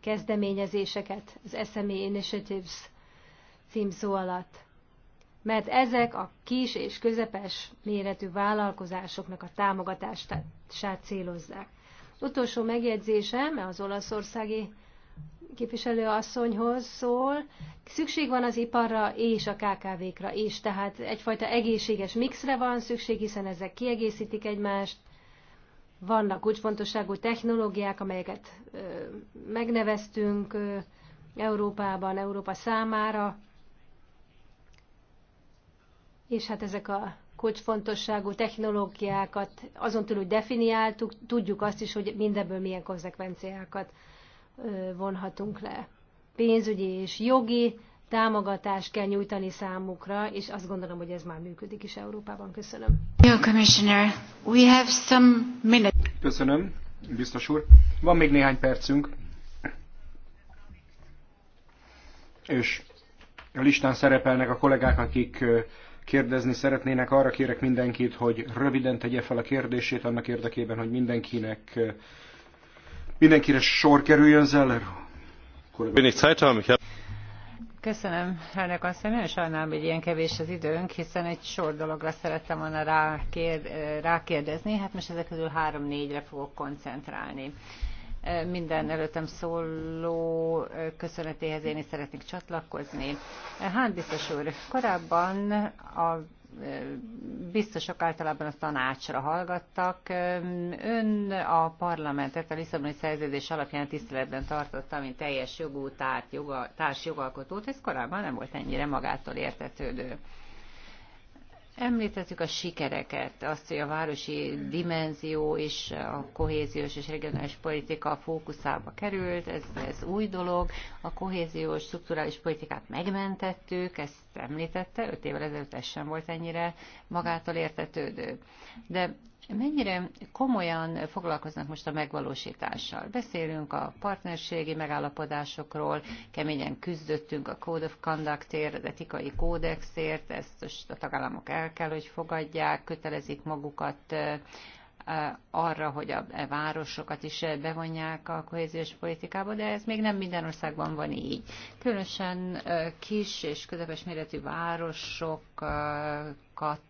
kezdeményezéseket, az SME Initiatives címszó alatt. Mert ezek a kis és közepes méretű vállalkozásoknak a támogatását célozzák. Utolsó megjegyzésem az olaszországi képviselőasszonyhoz szól. Szükség van az iparra és a KKV-kra és tehát egyfajta egészséges mixre van szükség, hiszen ezek kiegészítik egymást. Vannak úgy fontosságú technológiák, amelyeket ö, megneveztünk ö, Európában, Európa számára, és hát ezek a kulcsfontosságú technológiákat azon túl, hogy definiáltuk, tudjuk azt is, hogy mindebből milyen konzekvenciákat vonhatunk le. Pénzügyi és jogi támogatást kell nyújtani számukra, és azt gondolom, hogy ez már működik is Európában. Köszönöm. Köszönöm, biztos úr. Van még néhány percünk. És a listán szerepelnek a kollégák, akik kérdezni szeretnének, arra kérek mindenkit, hogy röviden tegye fel a kérdését annak érdekében, hogy mindenkinek mindenkire sor kerüljön Zeller. Köszönöm, elnök asszony. Nagyon sajnálom, hogy ilyen kevés az időnk, hiszen egy sor dologra szerettem volna rákér, rákérdezni. Hát most ezek közül három-négyre fogok koncentrálni. Minden előttem szóló köszönetéhez én is szeretnék csatlakozni. Hán biztos úr, korábban a biztosok általában a tanácsra hallgattak. Ön a parlamentet a Lisszaboni szerződés alapján tiszteletben tartotta, mint teljes jogú tárt, joga, társ jogalkotót. Ez korábban nem volt ennyire magától értetődő. Említettük a sikereket, azt, hogy a városi dimenzió és a kohéziós és regionális politika fókuszába került, ez, ez új dolog. A kohéziós strukturális politikát megmentettük, ezt említette, öt évvel ezelőtt ez sem volt ennyire magától értetődő. De Mennyire komolyan foglalkoznak most a megvalósítással? Beszélünk a partnerségi megállapodásokról, keményen küzdöttünk a Code of Conductért, az etikai kódexért, ezt most a tagállamok el kell, hogy fogadják, kötelezik magukat arra, hogy a városokat is bevonják a kohéziós politikába, de ez még nem minden országban van így. Különösen kis és közepes méretű városokat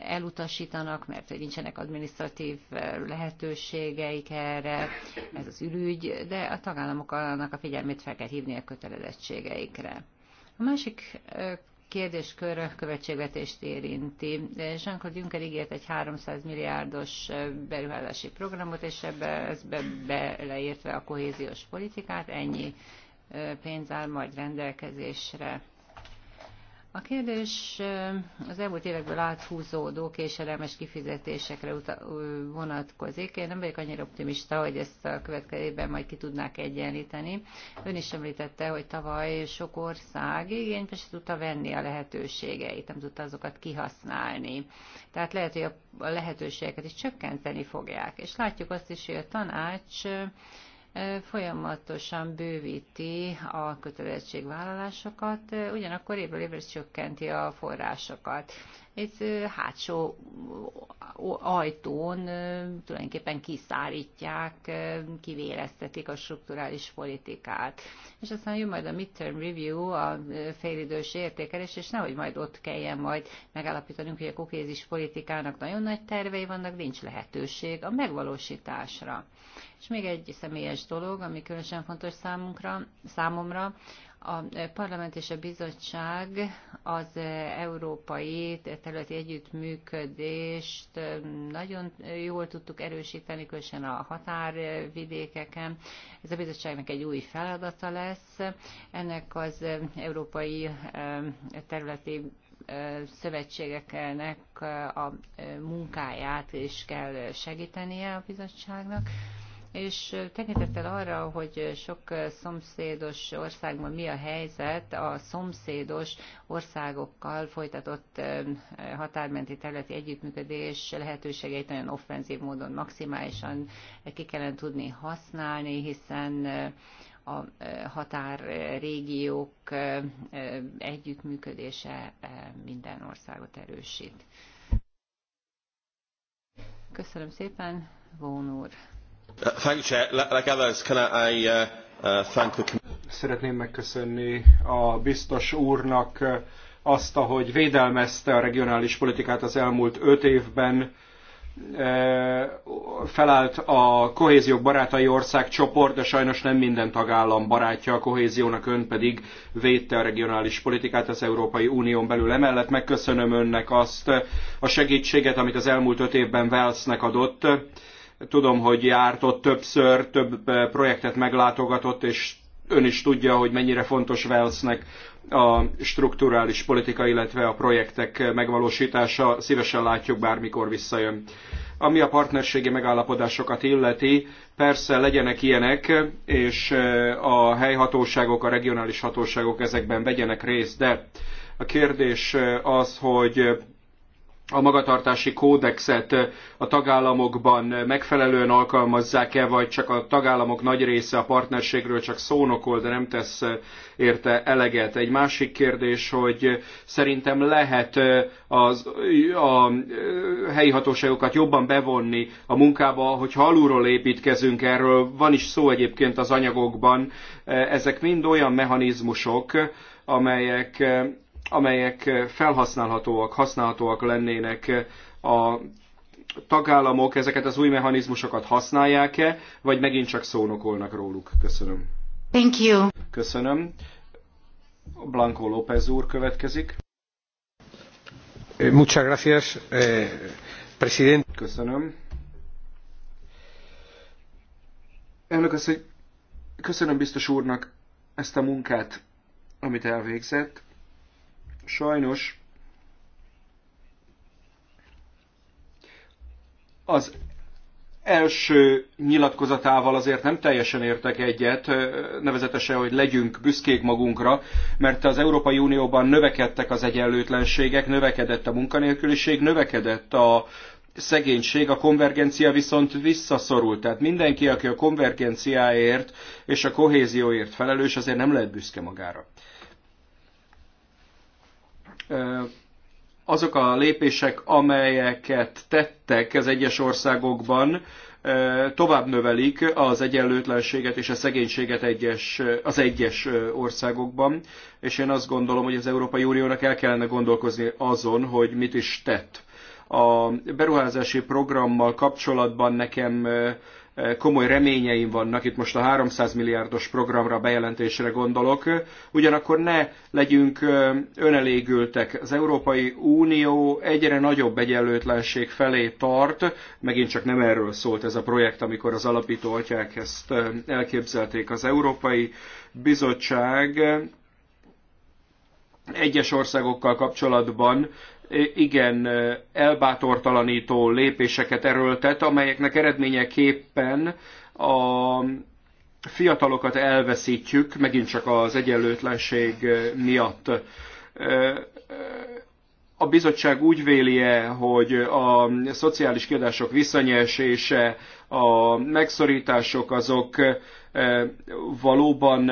elutasítanak, mert hogy nincsenek adminisztratív eh, lehetőségeik erre, ez az ürügy, de a tagállamoknak a figyelmét fel kell hívni a kötelezettségeikre. A másik eh, kérdéskör a követségvetést érinti. Jean-Claude Juncker ígért egy 300 milliárdos eh, beruházási programot, és ebbe ez be, beleértve a kohéziós politikát, ennyi pénz áll majd rendelkezésre. A kérdés az elmúlt évekből áthúzódó késedelmes kifizetésekre vonatkozik. Én nem vagyok annyira optimista, hogy ezt a következő évben majd ki tudnák egyenlíteni. Ön is említette, hogy tavaly sok ország igénybe se tudta venni a lehetőségeit, nem tudta azokat kihasználni. Tehát lehet, hogy a lehetőségeket is csökkenteni fogják. És látjuk azt is, hogy a tanács folyamatosan bővíti a kötelezettségvállalásokat, ugyanakkor évről évre csökkenti a forrásokat egy hátsó ajtón tulajdonképpen kiszárítják, kivéreztetik a strukturális politikát. És aztán jön majd a midterm review, a félidős értékelés, és nehogy majd ott kelljen majd megállapítanunk, hogy a kokézis politikának nagyon nagy tervei vannak, nincs lehetőség a megvalósításra. És még egy személyes dolog, ami különösen fontos számunkra, számomra, a parlament és a bizottság az európai területi együttműködést nagyon jól tudtuk erősíteni, különösen a határvidékeken. Ez a bizottságnak egy új feladata lesz. Ennek az európai területi szövetségeknek a munkáját is kell segítenie a bizottságnak és tekintettel arra, hogy sok szomszédos országban mi a helyzet, a szomszédos országokkal folytatott határmenti területi együttműködés lehetőségeit nagyon offenzív módon maximálisan ki kellene tudni használni, hiszen a határrégiók együttműködése minden országot erősít. Köszönöm szépen, Vón úr! Szeretném megköszönni a biztos úrnak uh, azt, hogy védelmezte a regionális politikát az elmúlt öt évben, uh, felállt a kohéziók barátai ország csoport, de sajnos nem minden tagállam barátja a kohéziónak, ön pedig védte a regionális politikát az Európai Unión belül. Emellett megköszönöm önnek azt a segítséget, amit az elmúlt öt évben Walesnek adott Tudom, hogy járt ott többször, több eh, projektet meglátogatott, és ön is tudja, hogy mennyire fontos Velsznek a strukturális politika, illetve a projektek megvalósítása. Szívesen látjuk bármikor visszajön. Ami a partnerségi megállapodásokat illeti, persze legyenek ilyenek, és eh, a helyhatóságok, a regionális hatóságok ezekben vegyenek részt, de a kérdés eh, az, hogy a magatartási kódexet a tagállamokban megfelelően alkalmazzák-e, vagy csak a tagállamok nagy része a partnerségről csak szónokol, de nem tesz érte eleget. Egy másik kérdés, hogy szerintem lehet az, a helyi hatóságokat jobban bevonni a munkába, hogyha alulról építkezünk erről, van is szó egyébként az anyagokban. Ezek mind olyan mechanizmusok, amelyek amelyek eh, felhasználhatóak, használhatóak lennének eh, a tagállamok ezeket az új mechanizmusokat használják-e, vagy megint csak szónokolnak róluk? Köszönöm. Thank you. Köszönöm. Blanco López úr következik. Eh, muchas gracias, eh, president. Köszönöm. Elnök az, köszönöm biztos úrnak ezt a munkát, amit elvégzett. Sajnos az első nyilatkozatával azért nem teljesen értek egyet, nevezetesen, hogy legyünk büszkék magunkra, mert az Európai Unióban növekedtek az egyenlőtlenségek, növekedett a munkanélküliség, növekedett a szegénység, a konvergencia viszont visszaszorult. Tehát mindenki, aki a konvergenciáért és a kohézióért felelős, azért nem lehet büszke magára azok a lépések, amelyeket tettek az egyes országokban, tovább növelik az egyenlőtlenséget és a szegénységet egyes, az egyes országokban, és én azt gondolom, hogy az Európai Uniónak el kellene gondolkozni azon, hogy mit is tett. A beruházási programmal kapcsolatban nekem komoly reményeim vannak, itt most a 300 milliárdos programra bejelentésre gondolok, ugyanakkor ne legyünk önelégültek. Az Európai Unió egyre nagyobb egyenlőtlenség felé tart, megint csak nem erről szólt ez a projekt, amikor az alapító atyák ezt elképzelték. Az Európai Bizottság egyes országokkal kapcsolatban igen elbátortalanító lépéseket erőltet, amelyeknek eredményeképpen a fiatalokat elveszítjük, megint csak az egyenlőtlenség miatt. A bizottság úgy véli-e, hogy a szociális kiadások visszanyesése, a megszorítások azok valóban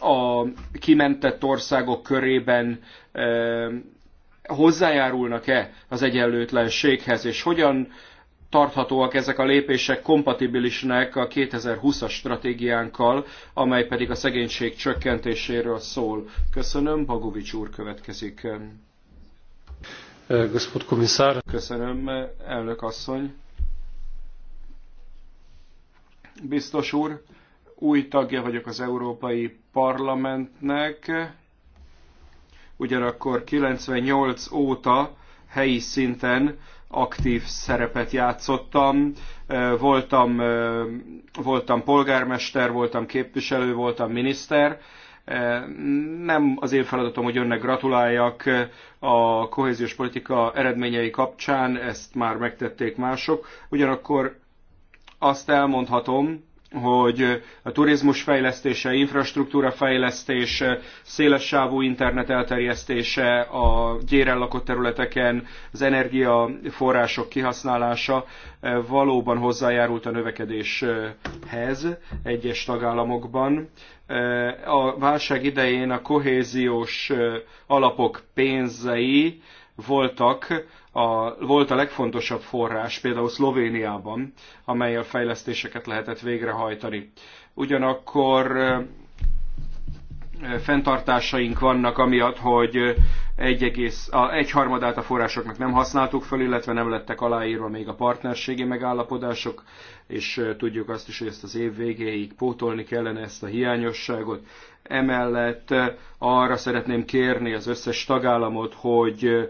a kimentett országok körében hozzájárulnak-e az egyenlőtlenséghez, és hogyan tarthatóak ezek a lépések kompatibilisnek a 2020-as stratégiánkkal, amely pedig a szegénység csökkentéséről szól. Köszönöm, Bagovics úr következik. Gospod komisár. Köszönöm, elnök asszony. Biztos úr, új tagja vagyok az Európai Parlamentnek ugyanakkor 98 óta helyi szinten aktív szerepet játszottam. Voltam, voltam polgármester, voltam képviselő, voltam miniszter. Nem az én feladatom, hogy önnek gratuláljak a kohéziós politika eredményei kapcsán, ezt már megtették mások. Ugyanakkor azt elmondhatom, hogy a turizmus fejlesztése, infrastruktúra fejlesztése, szélessávú internet elterjesztése, a gyéren lakott területeken, az energiaforrások kihasználása eh, valóban hozzájárult a növekedéshez egyes tagállamokban. Eh, a válság idején a kohéziós eh, alapok pénzei voltak a, volt a legfontosabb forrás, például Szlovéniában, amelyel fejlesztéseket lehetett végrehajtani. Ugyanakkor fenntartásaink vannak amiatt, hogy egy, egész, a, egy harmadát a forrásoknak nem használtuk föl, illetve nem lettek aláírva még a partnerségi megállapodások, és tudjuk azt is, hogy ezt az év végéig pótolni kellene ezt a hiányosságot. Emellett arra szeretném kérni az összes tagállamot, hogy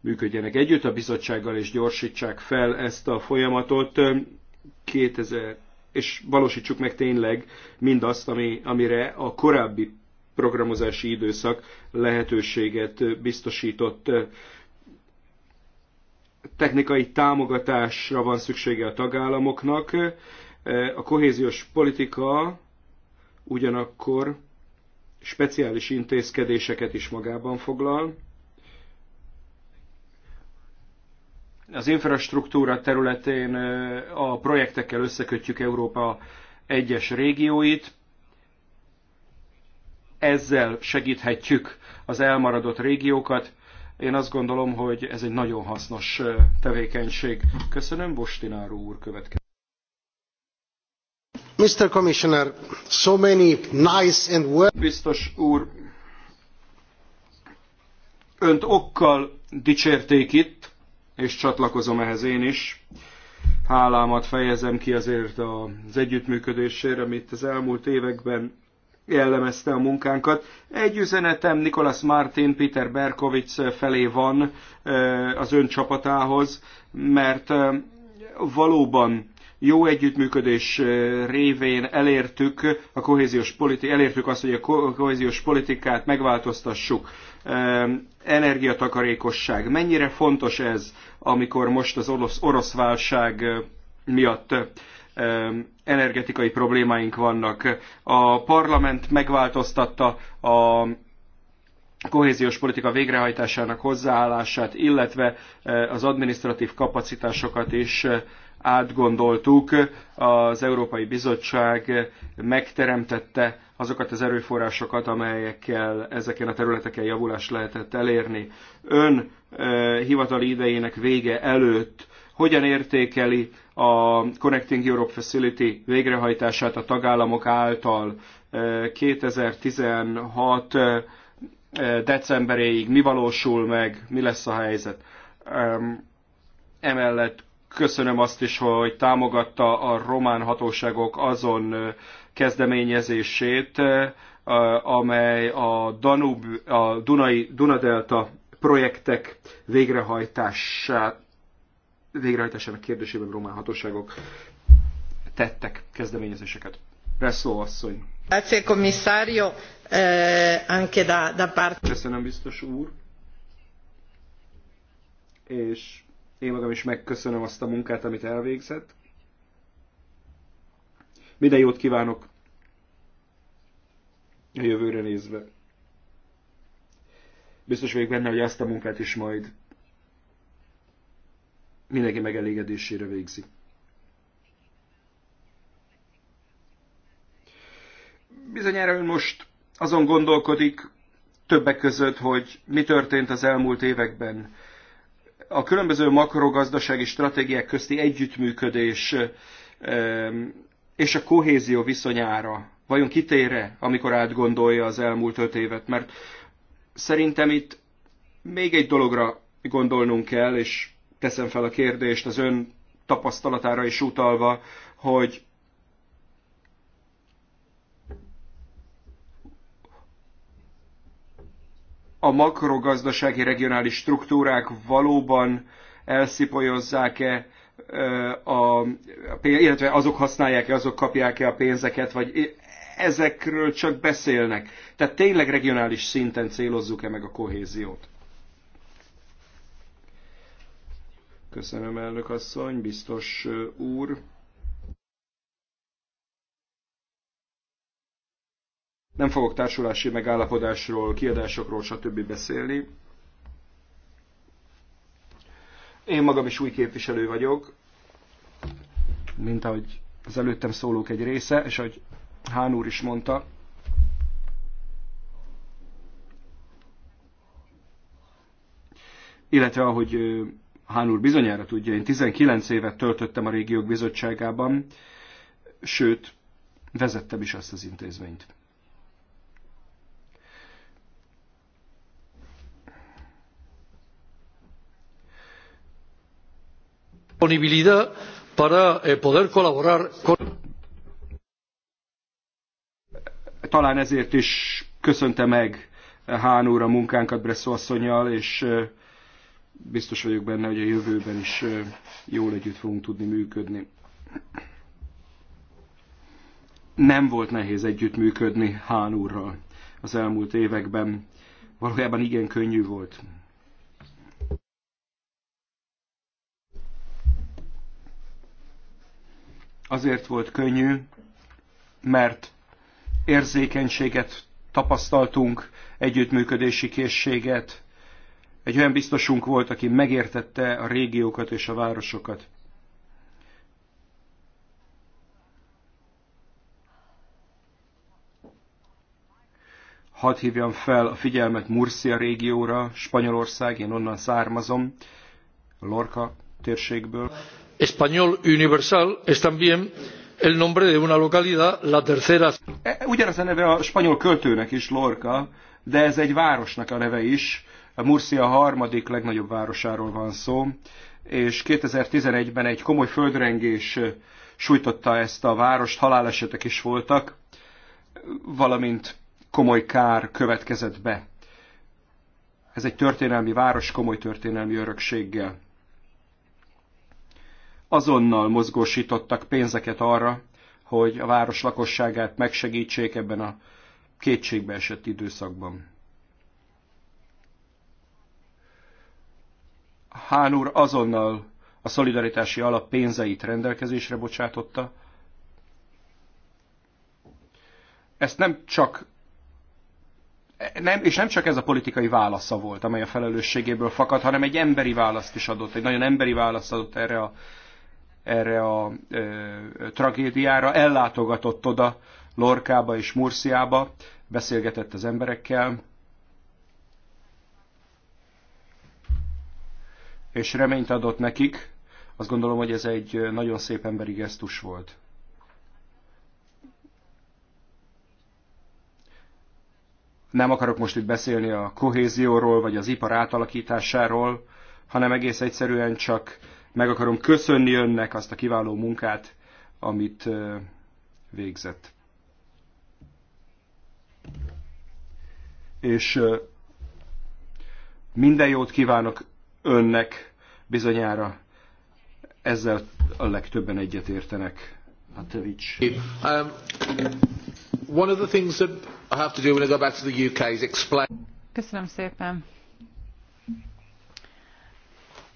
működjenek együtt a bizottsággal, és gyorsítsák fel ezt a folyamatot 2000, és valósítsuk meg tényleg mindazt, ami, amire a korábbi programozási időszak lehetőséget biztosított technikai támogatásra van szüksége a tagállamoknak. A kohéziós politika ugyanakkor speciális intézkedéseket is magában foglal, Az infrastruktúra területén a projektekkel összekötjük Európa egyes régióit, ezzel segíthetjük az elmaradott régiókat. Én azt gondolom, hogy ez egy nagyon hasznos tevékenység. Köszönöm, Bostináró úr következő. Mr. Commissioner, so many nice and well... Biztos úr, önt okkal dicsérték itt, és csatlakozom ehhez én is. Hálámat fejezem ki azért az együttműködésére, amit az elmúlt években jellemezte a munkánkat. Egy üzenetem Nikolas Martin, Peter Berkovic felé van az ön csapatához, mert valóban jó együttműködés révén elértük, a kohéziós politi- elértük azt, hogy a kohéziós politikát megváltoztassuk energiatakarékosság. Mennyire fontos ez, amikor most az orosz, orosz válság miatt energetikai problémáink vannak. A parlament megváltoztatta a kohéziós politika végrehajtásának hozzáállását, illetve az administratív kapacitásokat is átgondoltuk. Az Európai Bizottság megteremtette azokat az erőforrásokat, amelyekkel ezeken a területeken javulást lehetett elérni. Ön eh, hivatali idejének vége előtt hogyan értékeli a Connecting Europe Facility végrehajtását a tagállamok által 2016 eh, eh, decemberéig, mi valósul meg, mi lesz a helyzet. Emellett Köszönöm azt is, hogy támogatta a román hatóságok azon kezdeményezését, amely a, Danub, a Dunai, Dunadelta projektek végrehajtását, végrehajtásának kérdésében román hatóságok tettek kezdeményezéseket. Presszó asszony. Grazie commissario, eh, anche da, da parte. Köszönöm biztos úr. És én magam is megköszönöm azt a munkát, amit elvégzett. Minden jót kívánok a jövőre nézve. Biztos vagyok benne, hogy ezt a munkát is majd mindenki megelégedésére végzi. Bizonyára ön most azon gondolkodik többek között, hogy mi történt az elmúlt években, a különböző makrogazdasági stratégiák közti együttműködés és a kohézió viszonyára vajon kitére, amikor átgondolja az elmúlt öt évet, mert szerintem itt még egy dologra gondolnunk kell, és teszem fel a kérdést az ön tapasztalatára is utalva, hogy a makrogazdasági regionális struktúrák valóban elszipolyozzák-e a, illetve azok használják-e, azok kapják-e a pénzeket, vagy ezekről csak beszélnek. Tehát tényleg regionális szinten célozzuk-e meg a kohéziót? Köszönöm, elnök asszony, biztos úr. Nem fogok társulási megállapodásról, kiadásokról, stb. beszélni. Én magam is új képviselő vagyok, mint ahogy az előttem szólók egy része, és ahogy Hán úr is mondta, illetve ahogy Hán úr bizonyára tudja, én 19 évet töltöttem a régiók bizottságában, sőt, vezettem is azt az intézményt. disponibilidad para eh, poder colaborar con... Talán ezért is köszönte meg Hán úr a munkánkat Bresszó asszonyjal, és eh, biztos vagyok benne, hogy a jövőben is eh, jól együtt fogunk tudni működni. Nem volt nehéz együttműködni Hán úrral az elmúlt években. Valójában igen könnyű volt. azért volt könnyű, mert érzékenységet tapasztaltunk, együttműködési készséget. Egy olyan biztosunk volt, aki megértette a régiókat és a városokat. Hadd hívjam fel a figyelmet Murcia régióra, Spanyolország, én onnan származom, Lorca térségből español universal es también el nombre de una localidad, la tercera. E, Ugyanez a neve a spanyol költőnek is, Lorca, de ez egy városnak a neve is. A Murcia harmadik legnagyobb városáról van szó, és 2011-ben egy komoly földrengés sújtotta ezt a várost, halálesetek is voltak, valamint komoly kár következett be. Ez egy történelmi város komoly történelmi örökséggel azonnal mozgósítottak pénzeket arra, hogy a város lakosságát megsegítsék ebben a kétségbe esett időszakban. Hán úr azonnal a szolidaritási alap pénzeit rendelkezésre bocsátotta. Ezt nem csak nem, és nem csak ez a politikai válasza volt, amely a felelősségéből fakad, hanem egy emberi választ is adott, egy nagyon emberi választ adott erre a erre a ö, tragédiára, ellátogatott oda Lorkába és Murciába, beszélgetett az emberekkel, és reményt adott nekik. Azt gondolom, hogy ez egy nagyon szép emberi gesztus volt. Nem akarok most itt beszélni a kohézióról, vagy az ipar átalakításáról, hanem egész egyszerűen csak meg akarom köszönni önnek azt a kiváló munkát, amit végzett. És minden jót kívánok önnek, bizonyára ezzel a legtöbben egyetértenek. Hát Tevics. Um, one of the things that I have to do when I go back to the UK is explain. Köszönöm szépen.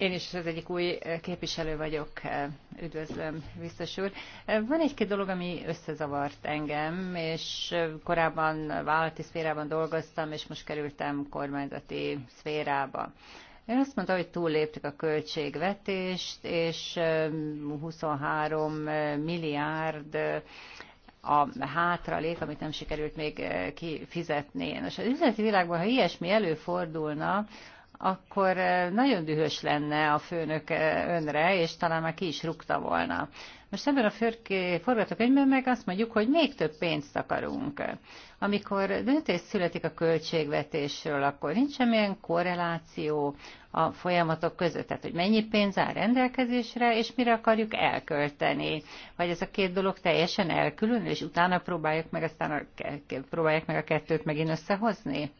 Én is az egyik új képviselő vagyok, üdvözlöm, biztos úr. Van egy-két dolog, ami összezavart engem, és korábban vállalati szférában dolgoztam, és most kerültem kormányzati szférába. Én azt mondta, hogy túlléptük a költségvetést, és 23 um, milliárd a hátralék, amit nem sikerült még eh, kifizetni. Nos, az üzleti világban, ha ilyesmi előfordulna, akkor eh, nagyon dühös lenne a főnök eh, önre, és talán már ki is rúgta volna. Most ebben a forgatókönyvben meg azt mondjuk, hogy még több pénzt akarunk. Amikor döntés születik a költségvetésről, akkor nincs semmilyen korreláció a folyamatok között, tehát hogy mennyi pénz áll rendelkezésre, és mire akarjuk elkölteni. Vagy ez a két dolog teljesen elkülönül, és utána próbáljuk meg, aztán a, próbálják meg a kettőt megint összehozni?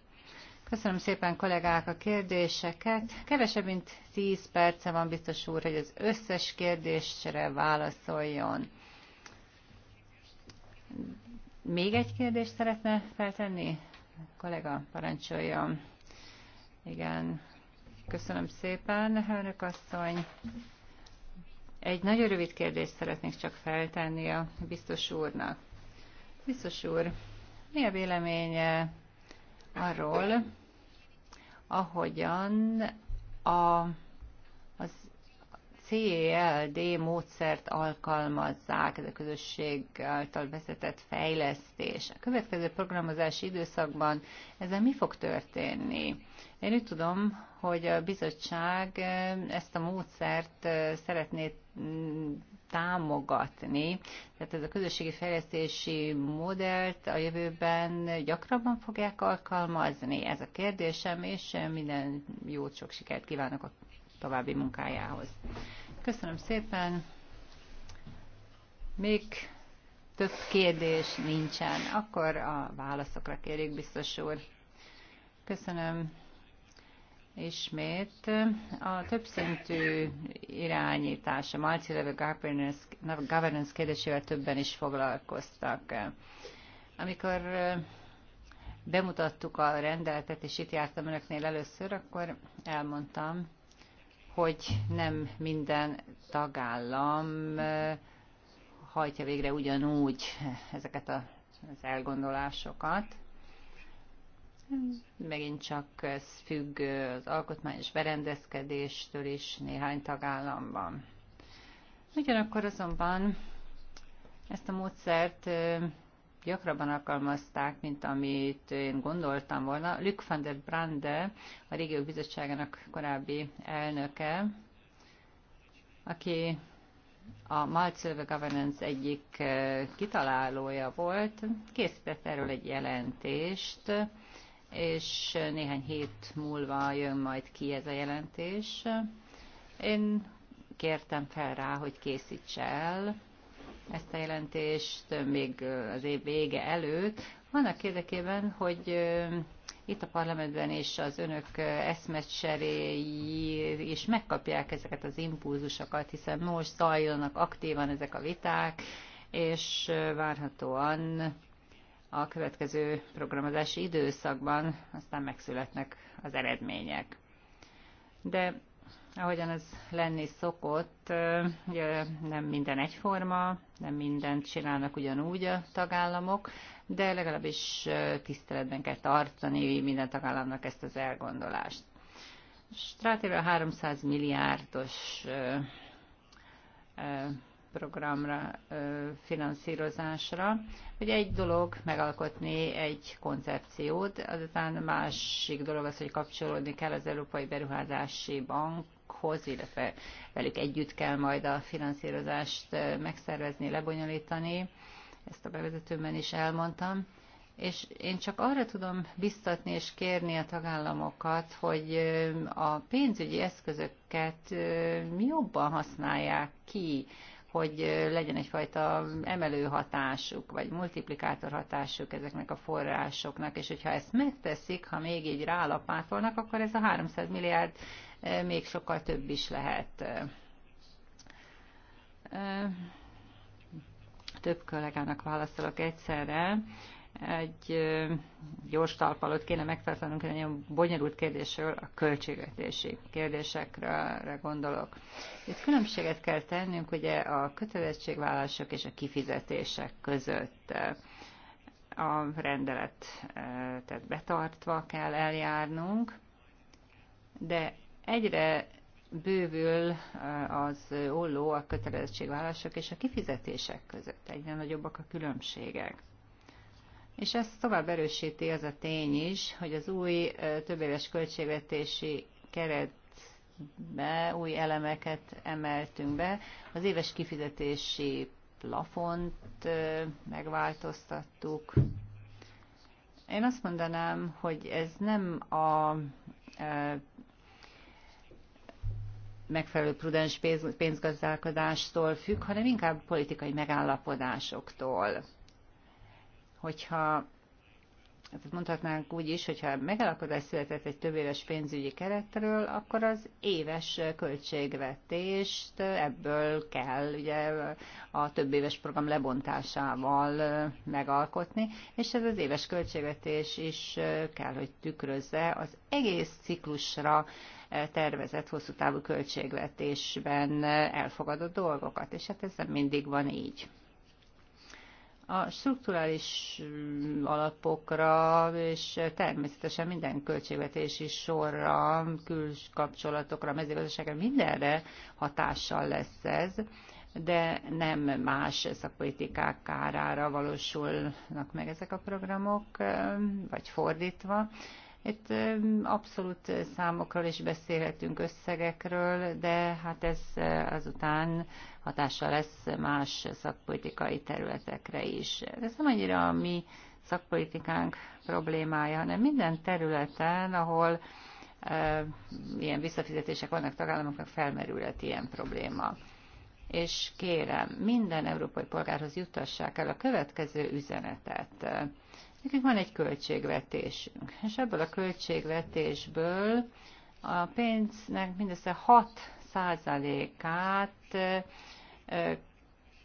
Köszönöm szépen kollégák a kérdéseket. Kevesebb, mint 10 perce van biztos úr, hogy az összes kérdésre válaszoljon. Még egy kérdést szeretne feltenni? Kollega, parancsoljon. Igen. Köszönöm szépen, elnök asszony. Egy nagyon rövid kérdést szeretnék csak feltenni a biztos úrnak. Biztos úr, mi a véleménye arról, ahogyan a, az CLD e módszert alkalmazzák, ez a közösség által vezetett fejlesztés. A következő programozási időszakban ezzel mi fog történni? Én úgy tudom, hogy a bizottság ezt a módszert szeretné támogatni. Tehát ez a közösségi fejlesztési modellt a jövőben gyakrabban fogják alkalmazni? Ez a kérdésem, és minden jót, sok sikert kívánok a további munkájához. Köszönöm szépen. Még több kérdés nincsen. Akkor a válaszokra kérjük biztos úr. Köszönöm ismét a többszintű irányítás, a multi-level governance, governance kérdésével többen is foglalkoztak. Amikor bemutattuk a rendeletet, és itt jártam önöknél először, akkor elmondtam, hogy nem minden tagállam hajtja végre ugyanúgy ezeket az elgondolásokat megint csak ez függ az alkotmányos berendezkedéstől is néhány tagállamban. Ugyanakkor azonban ezt a módszert gyakrabban alkalmazták, mint amit én gondoltam volna. Luc van der Brande, a Régiók Bizottságának korábbi elnöke, aki a Malcilve Governance egyik kitalálója volt, készített erről egy jelentést, és néhány hét múlva jön majd ki ez a jelentés. Én kértem fel rá, hogy készítse el ezt a jelentést még az év vége előtt, Vannak érdekében, hogy itt a parlamentben és az önök eszmecseréi is megkapják ezeket az impulzusokat, hiszen most zajlanak aktívan ezek a viták, és várhatóan a következő programozási időszakban aztán megszületnek az eredmények. De ahogyan az lenni szokott, ugye nem minden egyforma, nem mindent csinálnak ugyanúgy a tagállamok, de legalábbis tiszteletben kell tartani minden tagállamnak ezt az elgondolást. Stratéria 300 milliárdos programra, finanszírozásra, hogy egy dolog megalkotni egy koncepciót, azután másik dolog az, hogy kapcsolódni kell az Európai Beruházási Bank hoz, illetve velük együtt kell majd a finanszírozást megszervezni, lebonyolítani. Ezt a bevezetőben is elmondtam. És én csak arra tudom biztatni és kérni a tagállamokat, hogy a pénzügyi eszközöket jobban használják ki, hogy legyen egyfajta emelő hatásuk, vagy multiplikátor hatásuk ezeknek a forrásoknak, és hogyha ezt megteszik, ha még így rálapátolnak, akkor ez a 300 milliárd még sokkal több is lehet. Több kollégának válaszolok egyszerre egy gyors talpalót kéne megtartanunk egy nagyon bonyolult kérdésről, a költségvetési kérdésekre gondolok. Itt különbséget kell tennünk ugye a kötelezettségvállások és a kifizetések között a rendeletet betartva kell eljárnunk, de egyre bővül az olló a kötelezettségvállások és a kifizetések között. Egyre nagyobbak a különbségek. És ezt tovább erősíti az a tény is, hogy az új többéves költségvetési keretbe új elemeket emeltünk be. Az éves kifizetési plafont megváltoztattuk. Én azt mondanám, hogy ez nem a megfelelő prudens pénzgazdálkodástól függ, hanem inkább politikai megállapodásoktól hogyha mondhatnánk úgy is, hogyha megalakodás született egy több éves pénzügyi keretről, akkor az éves költségvetést ebből kell ugye a több éves program lebontásával megalkotni, és ez az éves költségvetés is kell, hogy tükrözze az egész ciklusra tervezett hosszú távú költségvetésben elfogadott dolgokat, és hát ez nem mindig van így. A strukturális mm, alapokra és természetesen minden költségvetési sorra, kapcsolatokra, mezőgazdaságra, mindenre hatással lesz ez de nem más szakpolitikák kárára valósulnak meg ezek a programok, mm, vagy fordítva. Itt mm, abszolút számokról is beszélhetünk, összegekről, de hát ez azután hatással lesz más szakpolitikai területekre is. Ez nem annyira a mi szakpolitikánk problémája, hanem minden területen, ahol e, ilyen visszafizetések vannak tagállamoknak, felmerülhet ilyen probléma. És kérem, minden európai polgárhoz jutassák el a következő üzenetet. Nekünk van egy költségvetésünk, és ebből a költségvetésből a pénznek mindössze 6 százalékát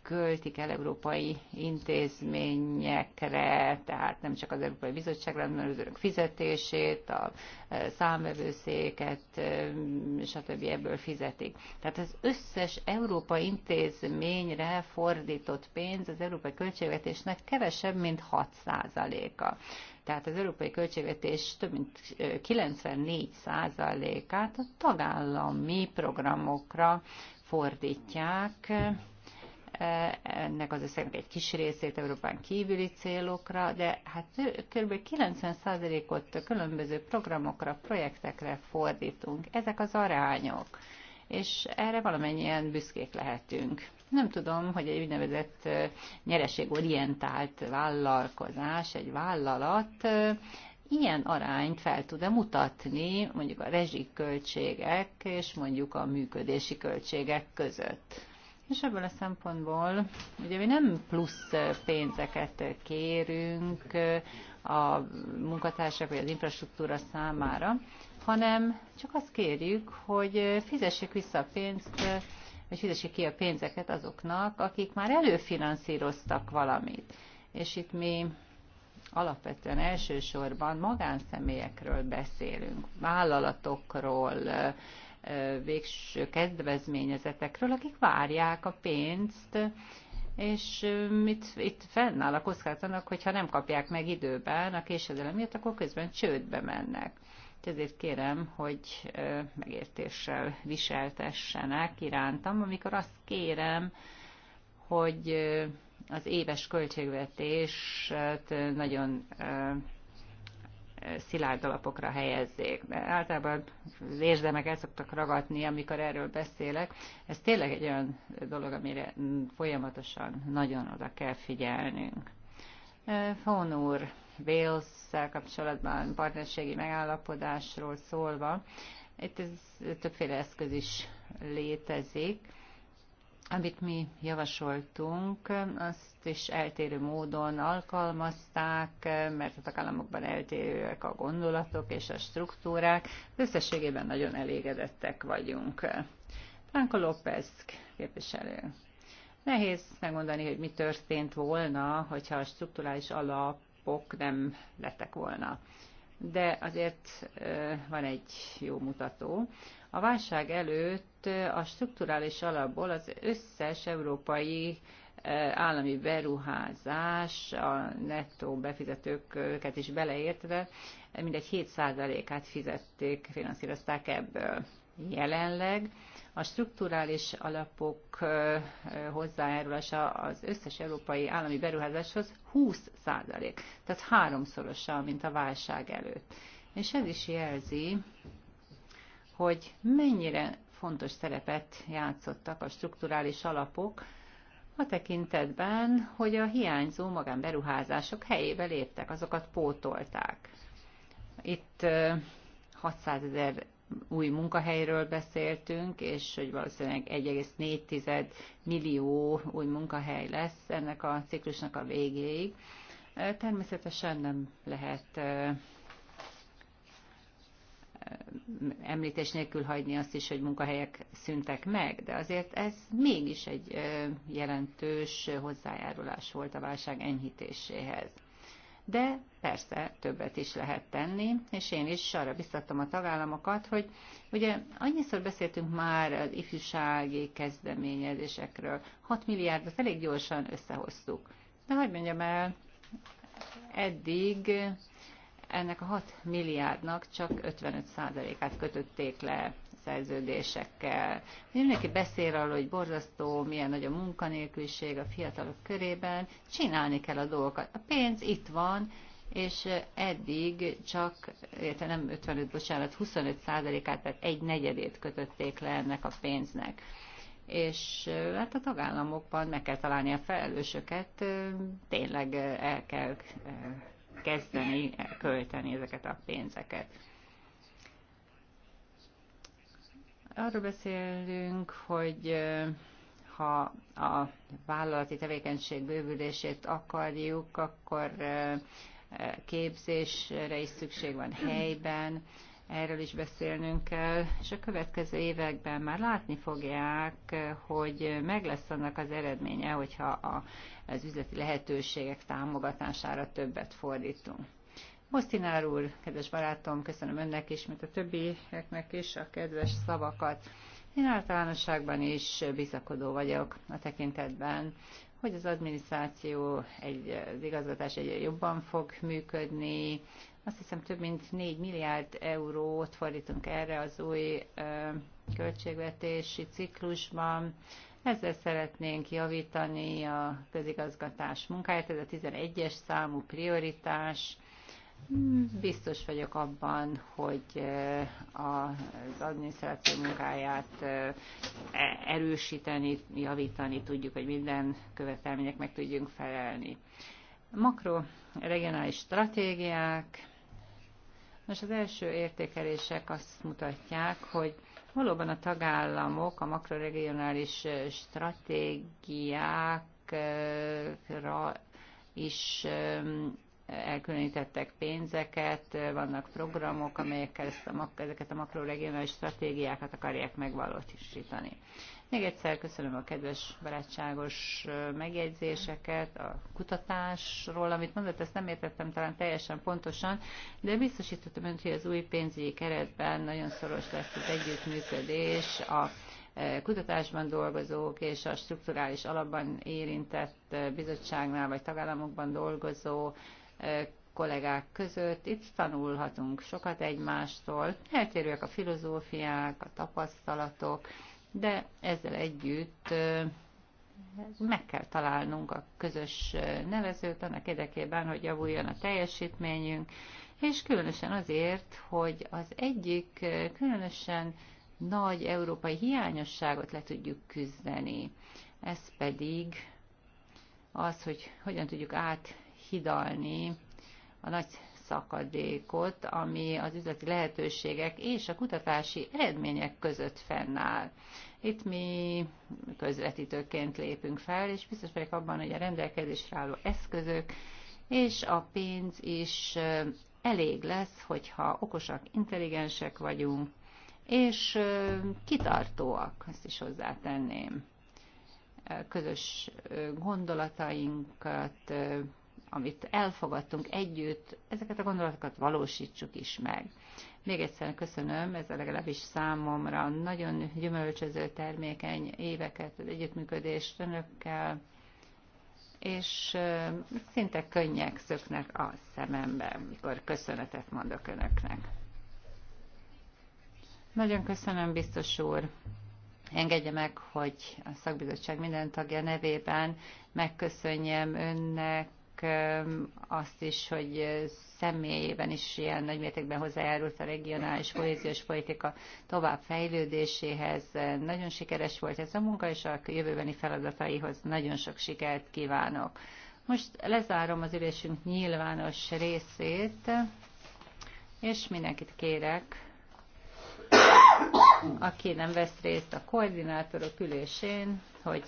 költik el európai intézményekre, tehát nem csak az Európai Bizottságra, hanem az örök fizetését, a számvevőszéket, stb. ebből fizetik. Tehát az összes európai intézményre fordított pénz az európai költségvetésnek kevesebb, mint 6%-a. Tehát az európai költségvetés több mint 94%-át a tagállami programokra fordítják, ennek az összegnek egy kis részét Európán kívüli célokra, de hát kb. 90%-ot különböző programokra, projektekre fordítunk. Ezek az arányok, és erre valamennyien büszkék lehetünk. Nem tudom, hogy egy úgynevezett nyereségorientált vállalkozás, egy vállalat ilyen arányt fel tud-e mutatni mondjuk a rezsiköltségek és mondjuk a működési költségek között. És ebből a szempontból ugye mi nem plusz pénzeket kérünk a munkatársak vagy az infrastruktúra számára, hanem csak azt kérjük, hogy fizessék vissza a pénzt hogy fizessék ki a pénzeket azoknak, akik már előfinanszíroztak valamit. És itt mi alapvetően elsősorban magánszemélyekről beszélünk, vállalatokról, végső kedvezményezetekről, akik várják a pénzt, és mit, itt fennáll a kockázatnak, hogyha nem kapják meg időben a késedelem miatt, akkor közben csődbe mennek ezért kérem, hogy megértéssel viseltessenek irántam, amikor azt kérem, hogy az éves költségvetést nagyon szilárd alapokra helyezzék. De általában az érzemek el szoktak ragadni, amikor erről beszélek. Ez tényleg egy olyan dolog, amire folyamatosan nagyon oda kell figyelnünk. Fón úr, Wales-szel kapcsolatban, partnerségi megállapodásról szólva. Itt ez, többféle eszköz is létezik. Amit mi javasoltunk, azt is eltérő módon alkalmazták, mert hát a tagállamokban eltérőek a gondolatok és a struktúrák. Összességében nagyon elégedettek vagyunk. Franco López képviselő. Nehéz megmondani, hogy mi történt volna, hogyha a struktúrális alap ok nem lettek volna. De azért van egy jó mutató. A válság előtt a strukturális alapból az összes európai állami beruházás, a nettó befizetőket is beleértve, mindegy 7%-át fizették, finanszírozták ebből jelenleg. A strukturális alapok hozzájárulása az összes európai állami beruházáshoz 20 százalék, tehát háromszorosa, mint a válság előtt. És ez is jelzi, hogy mennyire fontos szerepet játszottak a strukturális alapok a tekintetben, hogy a hiányzó magánberuházások helyébe léptek, azokat pótolták. Itt 600 ezer új munkahelyről beszéltünk, és hogy valószínűleg 1,4 millió új munkahely lesz ennek a ciklusnak a végéig. Természetesen nem lehet említés nélkül hagyni azt is, hogy munkahelyek szüntek meg, de azért ez mégis egy jelentős hozzájárulás volt a válság enyhítéséhez de persze többet is lehet tenni, és én is arra biztattam a tagállamokat, hogy ugye annyiszor beszéltünk már az ifjúsági kezdeményezésekről, 6 milliárdot elég gyorsan összehoztuk. De hogy mondjam el, eddig ennek a 6 milliárdnak csak 55%-át kötötték le szerződésekkel. Mindenki beszél arról, hogy borzasztó, milyen nagy a munkanélküliség a fiatalok körében, csinálni kell a dolgokat. A pénz itt van, és eddig csak, érte nem 55, bocsánat, 25 százalékát, tehát egy negyedét kötötték le ennek a pénznek. És hát a tagállamokban meg kell találni a felelősöket, tényleg el kell eh, kezdeni költeni ezeket a pénzeket. Arról beszélünk, hogy ha a vállalati tevékenység bővülését akarjuk, akkor képzésre is szükség van helyben, erről is beszélnünk kell, és a következő években már látni fogják, hogy meg lesz annak az eredménye, hogyha az üzleti lehetőségek támogatására többet fordítunk. Mosztinár úr, kedves barátom, köszönöm önnek is, mint a többieknek is a kedves szavakat. Én általánosságban is bizakodó vagyok a tekintetben, hogy az adminisztráció, egy, az igazgatás egyre jobban fog működni. Azt hiszem több mint 4 milliárd eurót fordítunk erre az új ö, költségvetési ciklusban. Ezzel szeretnénk javítani a közigazgatás munkáját, ez a 11-es számú prioritás Biztos vagyok abban, hogy eh, az adminisztráció munkáját eh, erősíteni, javítani tudjuk, hogy minden követelmények meg tudjunk felelni. Makro regionális stratégiák. Most az első értékelések azt mutatják, hogy valóban a tagállamok a makroregionális eh, stratégiákra is elkülönítettek pénzeket, vannak programok, amelyekkel ezt a, ezeket a makroregionális stratégiákat akarják megvalósítani. Még egyszer köszönöm a kedves barátságos megjegyzéseket, a kutatásról, amit mondott, ezt nem értettem talán teljesen pontosan, de biztosítottam önt, hogy az új pénzügyi keretben nagyon szoros lesz az együttműködés a e, kutatásban dolgozók és a strukturális alapban érintett e, bizottságnál vagy tagállamokban dolgozó kollégák között. Itt tanulhatunk sokat egymástól, eltérőek a filozófiák, a tapasztalatok, de ezzel együtt meg kell találnunk a közös nevezőt annak érdekében, hogy javuljon a teljesítményünk, és különösen azért, hogy az egyik különösen nagy európai hiányosságot le tudjuk küzdeni. Ez pedig az, hogy hogyan tudjuk át hidalni a nagy szakadékot, ami az üzleti lehetőségek és a kutatási eredmények között fennáll. Itt mi közvetítőként lépünk fel, és biztos vagyok abban, hogy a rendelkezésre álló eszközök és a pénz is eh, elég lesz, hogyha okosak, intelligensek vagyunk, és eh, kitartóak, ezt is hozzátenném. Eh, közös gondolatainkat amit elfogadtunk együtt, ezeket a gondolatokat valósítsuk is meg. Még egyszer köszönöm, ez a legalábbis számomra nagyon gyümölcsöző, termékeny éveket, az együttműködést önökkel, és szinte könnyek szöknek a szemembe, mikor köszönetet mondok önöknek. Nagyon köszönöm, biztos úr. Engedje meg, hogy a szakbizottság minden tagja nevében megköszönjem önnek azt is, hogy személyében is ilyen nagymértékben hozzájárult a regionális kohéziós politika fejlődéséhez. Nagyon sikeres volt ez a munka, és a jövőbeni feladataihoz nagyon sok sikert kívánok. Most lezárom az ülésünk nyilvános részét, és mindenkit kérek, aki nem vesz részt a koordinátorok ülésén, hogy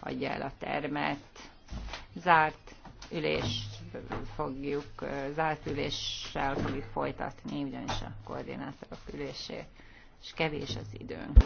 adja el a termet. Zárt ülést fogjuk, zárt üléssel fogjuk folytatni, ugyanis a koordinátorok ülését, és kevés az időnk.